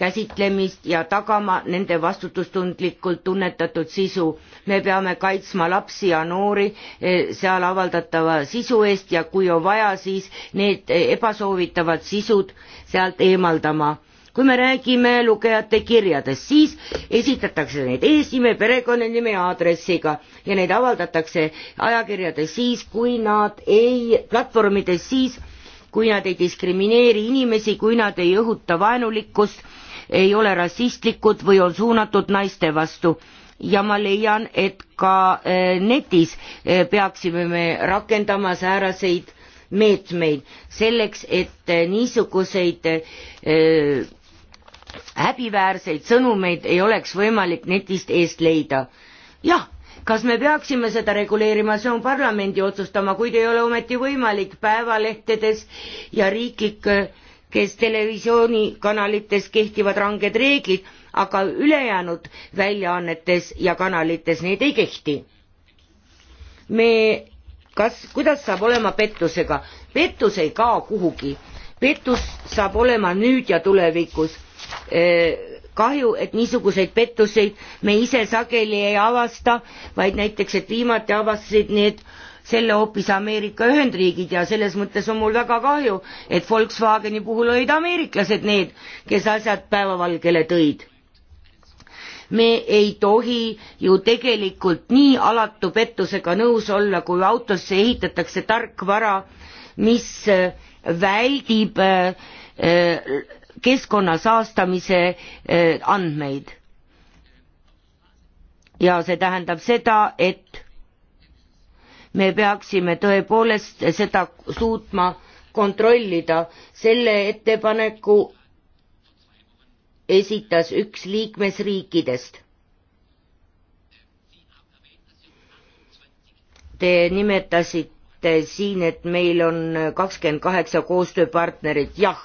käsitlemist ja tagama nende vastutustundlikult tunnetatud sisu. me peame kaitsma lapsi ja noori eh, seal avaldatava sisu eest ja kui on vaja, siis need eh, ebasoovitavad sisud sealt eemaldama kui me räägime lugejate kirjadest, siis esitatakse neid eesnime, perekonnanime ja aadressiga ja neid avaldatakse ajakirjades siis, kui nad ei, platvormides siis, kui nad ei diskrimineeri inimesi, kui nad ei õhuta vaenulikkust ei ole rassistlikud või on suunatud naiste vastu ja ma leian, et ka eh, netis eh, peaksime me rakendama sääraseid meetmeid selleks, et eh, niisuguseid häbiväärseid sõnumeid ei oleks võimalik netist eest leida. jah, kas me peaksime seda reguleerima, see on parlamendi otsustama, kuid ei ole ometi võimalik päevalehtedes ja riiklik äh, kes televisioonikanalites kehtivad ranged reeglid, aga ülejäänud väljaannetes ja kanalites need ei kehti. me, kas, kuidas saab olema pettusega? pettus ei kao kuhugi, pettus saab olema nüüd ja tulevikus kahju, et niisuguseid pettuseid me ise sageli ei avasta, vaid näiteks, et viimati avastasid need selle hoopis Ameerika Ühendriigid ja selles mõttes on mul väga kahju, et Volkswageni puhul olid ameeriklased need, kes asjad päevavalgele tõid. me ei tohi ju tegelikult nii alatu pettusega nõus olla, kui autosse ehitatakse tarkvara, mis äh, väldib äh, äh, keskkonna saastamise andmeid. ja see tähendab seda, et me peaksime tõepoolest seda suutma kontrollida. selle ettepaneku esitas üks liikmesriikidest. Te nimetasite siin, et meil on kakskümmend kaheksa koostööpartnerit, jah,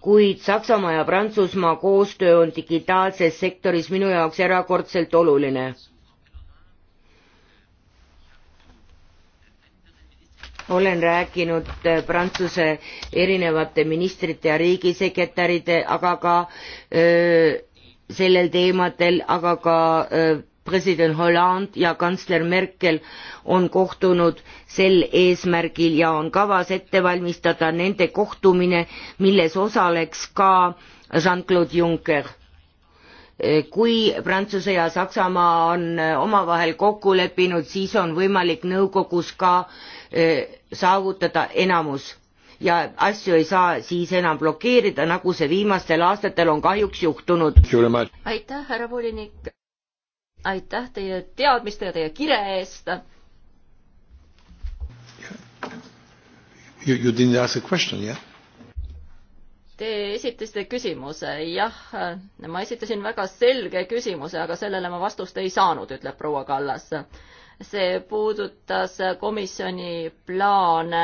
kuid Saksamaa ja Prantsusmaa koostöö on digitaalses sektoris minu jaoks erakordselt oluline olen rääkinud äh, Prantsuse erinevate ministrite ja riigisekretäride, aga ka öö, äh, sellel teemadel, aga ka öö, äh, president Hollande ja kantsler Merkel on kohtunud sel eesmärgil ja on kavas ette valmistada nende kohtumine, milles osaleks ka Jean-Claude Juncker kui Prantsuse ja Saksamaa on omavahel kokku leppinud, siis on võimalik nõukogus ka eh, saavutada enamus ja asju ei saa siis enam blokeerida, nagu see viimastel aastatel on kahjuks juhtunud. aitäh, härra volinik. aitäh teie teadmiste ja teie kire eest. You, you didn't ask a question, yeah? Te esitasite küsimuse, jah, ma esitasin väga selge küsimuse, aga sellele ma vastust ei saanud, ütleb proua Kallas see puudutas komisjoni plaane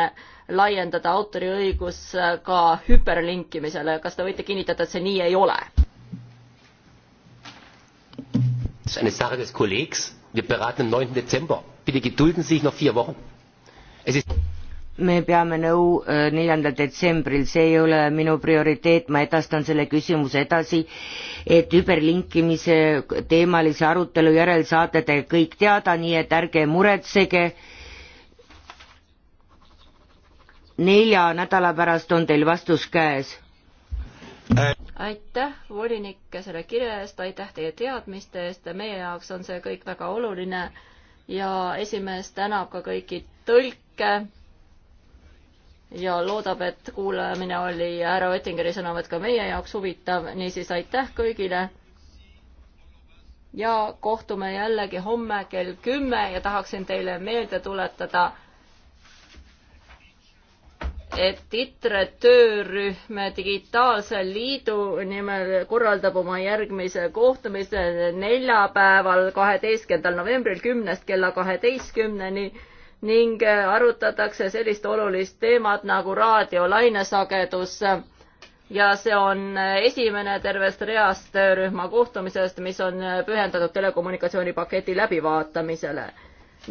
laiendada autoriõigus ka hüperlinkimisele. kas te võite kinnitada, et see nii ei ole? Das ist eine Sache des Kollegs. Wir beraten am 9. Dezember. Bitte gedulden Sie sich noch vier Wochen. Es ist me peame nõu äh, neljandal detsembril, see ei ole minu prioriteet, ma edastan selle küsimuse edasi, et überlinkimise teemalise arutelu järel saate te kõik teada, nii et ärge muretsege. nelja nädala pärast on teil vastus käes. aitäh, volinik, selle kirja eest, aitäh teie teadmiste eest, meie jaoks on see kõik väga oluline ja esimees tänab ka kõiki tõlke ja loodab, et kuulamine oli härra Oettingeri sõnavõtt ka meie jaoks huvitav, niisiis aitäh kõigile. ja kohtume jällegi homme kell kümme ja tahaksin teile meelde tuletada, et ITRE töörühm Digitaalse Liidu nimel korraldab oma järgmise kohtumise neljapäeval, kaheteistkümnendal novembril kümnest kella kaheteistkümneni ning äh, arutatakse sellist olulist teemat nagu raadio lainesagedus ja see on äh, esimene tervest reast töörühma kohtumisest, mis on äh, pühendatud telekommunikatsioonipaketi läbivaatamisele.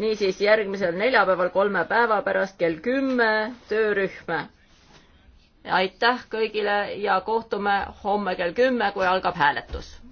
niisiis järgmisel neljapäeval kolme päeva pärast kell kümme töörühm. aitäh kõigile ja kohtume homme kell kümme, kui algab hääletus